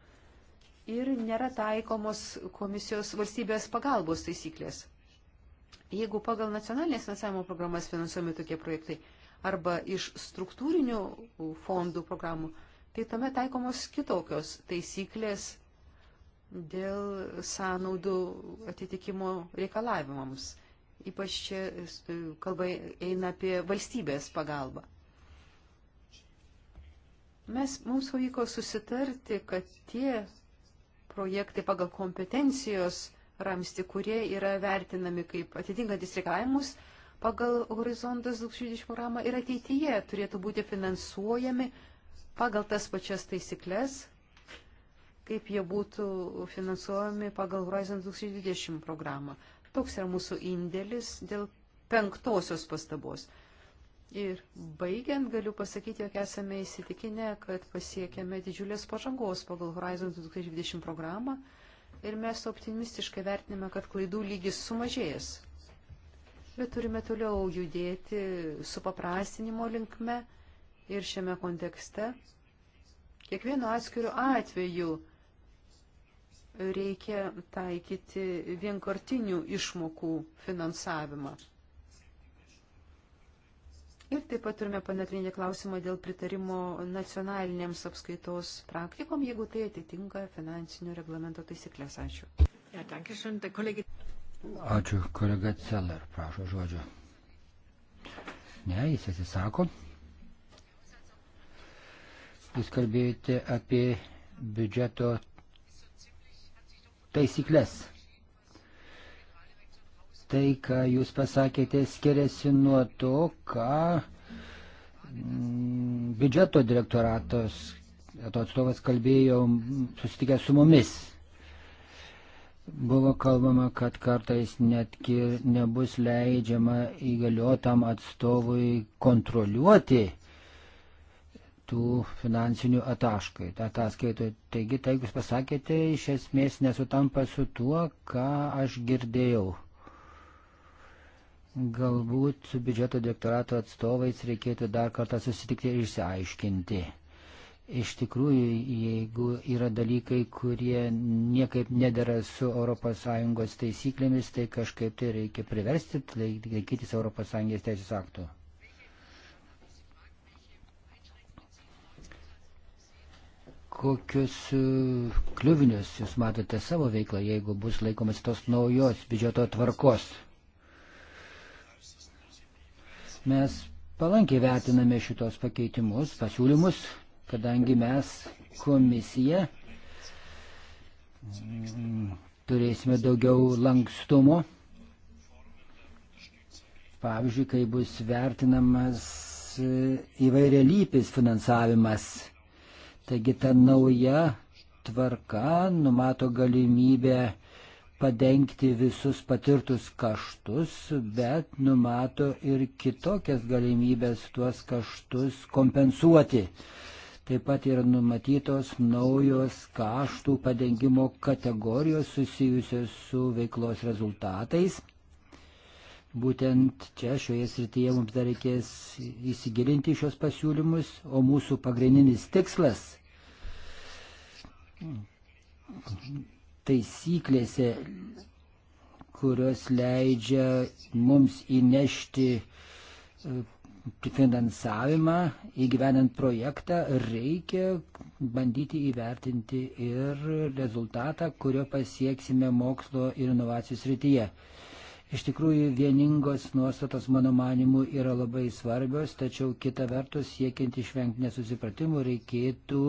Ir nėra taikomos komisijos valstybės pagalbos taisyklės. Jeigu pagal nacionalinės finansavimo programas finansuojami tokie projektai arba iš struktūrinių fondų programų, tai tame taikomos kitokios taisyklės dėl sąnaudų atitikimo reikalavimams. Ypač čia e, kalba eina apie valstybės pagalbą. Mes, mums pavyko susitarti, kad tie projektai pagal kompetencijos ramsti, kurie yra vertinami kaip atitinkantis reikalavimus pagal horizontas 2020 programą ir ateityje turėtų būti finansuojami pagal tas pačias taisyklės, kaip jie būtų finansuojami pagal Horizon 2020 programą. Toks yra mūsų indėlis dėl penktosios pastabos. Ir baigiant galiu pasakyti, jog esame įsitikinę, kad pasiekėme didžiulės pažangos pagal Horizon 2020 programą ir mes optimistiškai vertiname, kad klaidų lygis sumažėjęs. Bet turime toliau judėti su paprastinimo linkme ir šiame kontekste. Kiekvienu atskiriu atveju reikia taikyti vienkartinių išmokų finansavimą. Ir taip pat turime panagrinėti klausimą dėl pritarimo nacionalinėms apskaitos praktikom, jeigu tai atitinka finansinio reglamento taisyklės. Ačiū. Ačiū, kolega Celler, prašo žodžio. Ne, jis atsisako. Jūs kalbėjote apie biudžeto taisyklės. Tai, ką jūs pasakėte, skiriasi nuo to, ką mm, biudžeto direktoratos atstovas kalbėjo susitikęs su mumis. Buvo kalbama, kad kartais netgi nebus leidžiama įgaliotam atstovui kontroliuoti tų finansinių ataskaitų. ataskaitų. Taigi, tai jūs pasakėte, iš esmės nesutampa su tuo, ką aš girdėjau. Galbūt su biudžeto direktorato atstovais reikėtų dar kartą susitikti ir išsiaiškinti. Iš tikrųjų, jeigu yra dalykai, kurie niekaip nedara su ES taisyklėmis, tai kažkaip tai reikia priversti laikytis ES teisės aktų. Kokius e, kliuvinius jūs matote savo veiklą, jeigu bus laikomas tos naujos biudžeto tvarkos? Mes palankiai vertiname šitos pakeitimus, pasiūlymus, kadangi mes komisija turėsime daugiau lankstumo. Pavyzdžiui, kai bus vertinamas e, įvairialypis finansavimas. Taigi ta nauja tvarka numato galimybę padengti visus patirtus kaštus, bet numato ir kitokias galimybės tuos kaštus kompensuoti. Taip pat yra numatytos naujos kaštų padengimo kategorijos susijusios su veiklos rezultatais. Būtent čia šioje srityje mums dar reikės įsigilinti šios pasiūlymus, o mūsų pagrindinis tikslas taisyklėse, kurios leidžia mums įnešti e, finansavimą įgyvenant projektą, reikia bandyti įvertinti ir rezultatą, kurio pasieksime mokslo ir inovacijų srityje. Iš tikrųjų, vieningos nuostatos, mano manimu, yra labai svarbios, tačiau kita vertus, siekiant išvengti nesusipratimų, reikėtų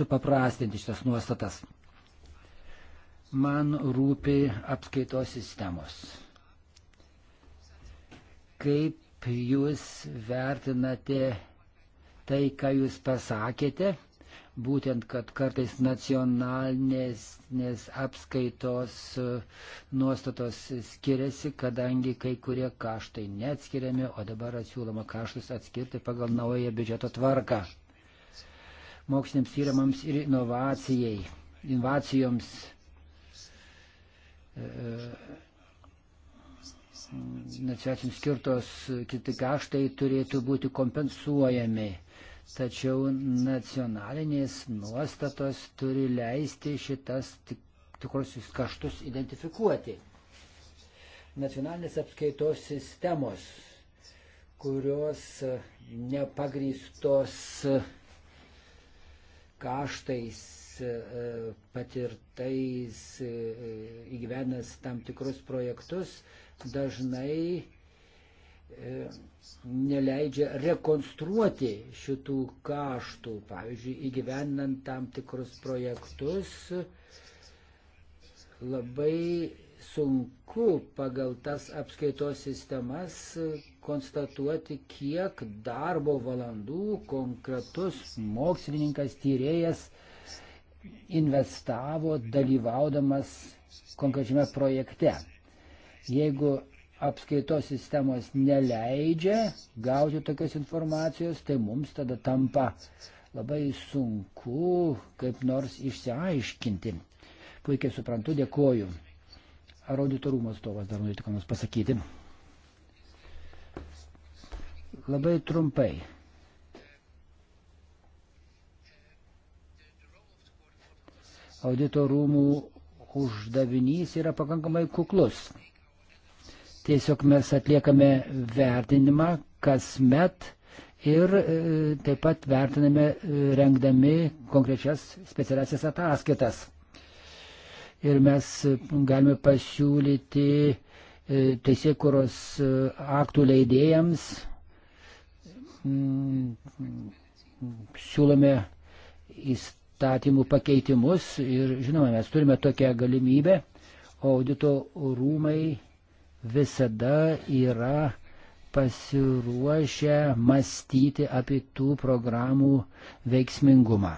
supaprastinti šitas nuostatas man rūpi apskaitos sistemos. Kaip jūs vertinate tai, ką jūs pasakėte, būtent, kad kartais nacionalinės apskaitos e, nuostatos skiriasi, kadangi kai kurie kaštai neatskiriami, o dabar atsiūloma kaštus atskirti pagal naują biudžeto tvarką. Moksliniams tyrimams ir inovacijai, inovacijoms E, e, naciacijams skirtos kiti kaštai turėtų būti kompensuojami. Tačiau nacionalinės nuostatos turi leisti šitas tikrusius kaštus identifikuoti. Nacionalinės apskaitos sistemos, kurios nepagrįstos kaštais E, patirtais e, įgyvenęs tam tikrus projektus dažnai e, neleidžia rekonstruoti šitų kaštų. Pavyzdžiui, įgyvendant tam tikrus projektus labai sunku pagal tas apskaitos sistemas konstatuoti, kiek darbo valandų konkretus mokslininkas, tyrėjas investavo dalyvaudamas konkrečiame projekte. Jeigu apskaitos sistemos neleidžia gauti tokios informacijos, tai mums tada tampa labai sunku kaip nors išsiaiškinti. Puikiai suprantu, dėkoju. Ar auditorumo atstovas dar norėtų ką nors pasakyti? Labai trumpai auditorumų uždavinys yra pakankamai kuklus. Tiesiog mes atliekame vertinimą kasmet ir e, taip pat vertiname e, rengdami konkrečias specialiasias ataskaitas. Ir mes e, galime pasiūlyti teisėkuros aktų leidėjams, siūlome įstatymą įstatymų pakeitimus ir žinoma, mes turime tokią galimybę, o audito rūmai visada yra pasiruošę mąstyti apie tų programų veiksmingumą.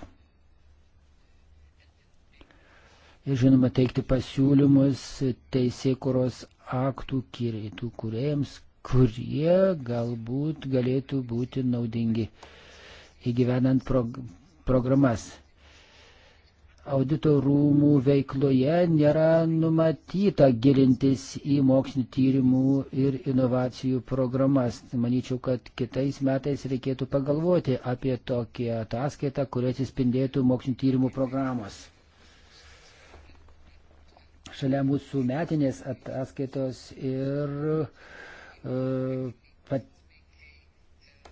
Ir žinoma, teikti pasiūlymus teisėkuros aktų kirėtų kuriejams, kurie galbūt galėtų būti naudingi įgyvenant prog programas audito rūmų veikloje nėra numatyta gilintis į mokslinio tyrimų ir inovacijų programas. Manyčiau, kad kitais metais reikėtų pagalvoti apie tokią ataskaitą, kurie atsispindėtų mokslinio tyrimų programos. Šalia mūsų metinės ataskaitos ir e, pat,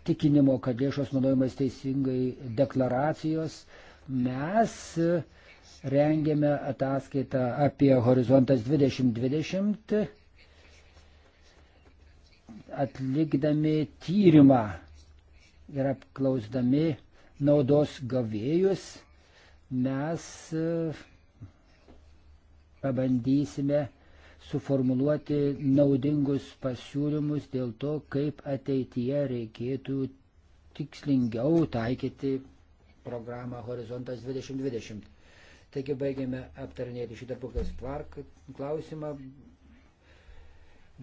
tikinimo, kad lėšos naudojamas teisingai deklaracijos, mes rengėme ataskaitą apie Horizontas 2020, atlikdami tyrimą ir apklausdami naudos gavėjus, mes e, pabandysime suformuluoti naudingus pasiūlymus dėl to, kaip ateityje reikėtų tikslingiau taikyti programą Horizontas 2020. Taigi baigėme aptarinėti šį darbuotojos klausimą.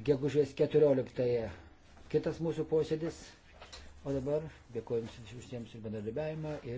Gegužės 14. Kitas mūsų posėdis. O dabar dėkuoju jums visiems už bendradarbiavimą. Ir...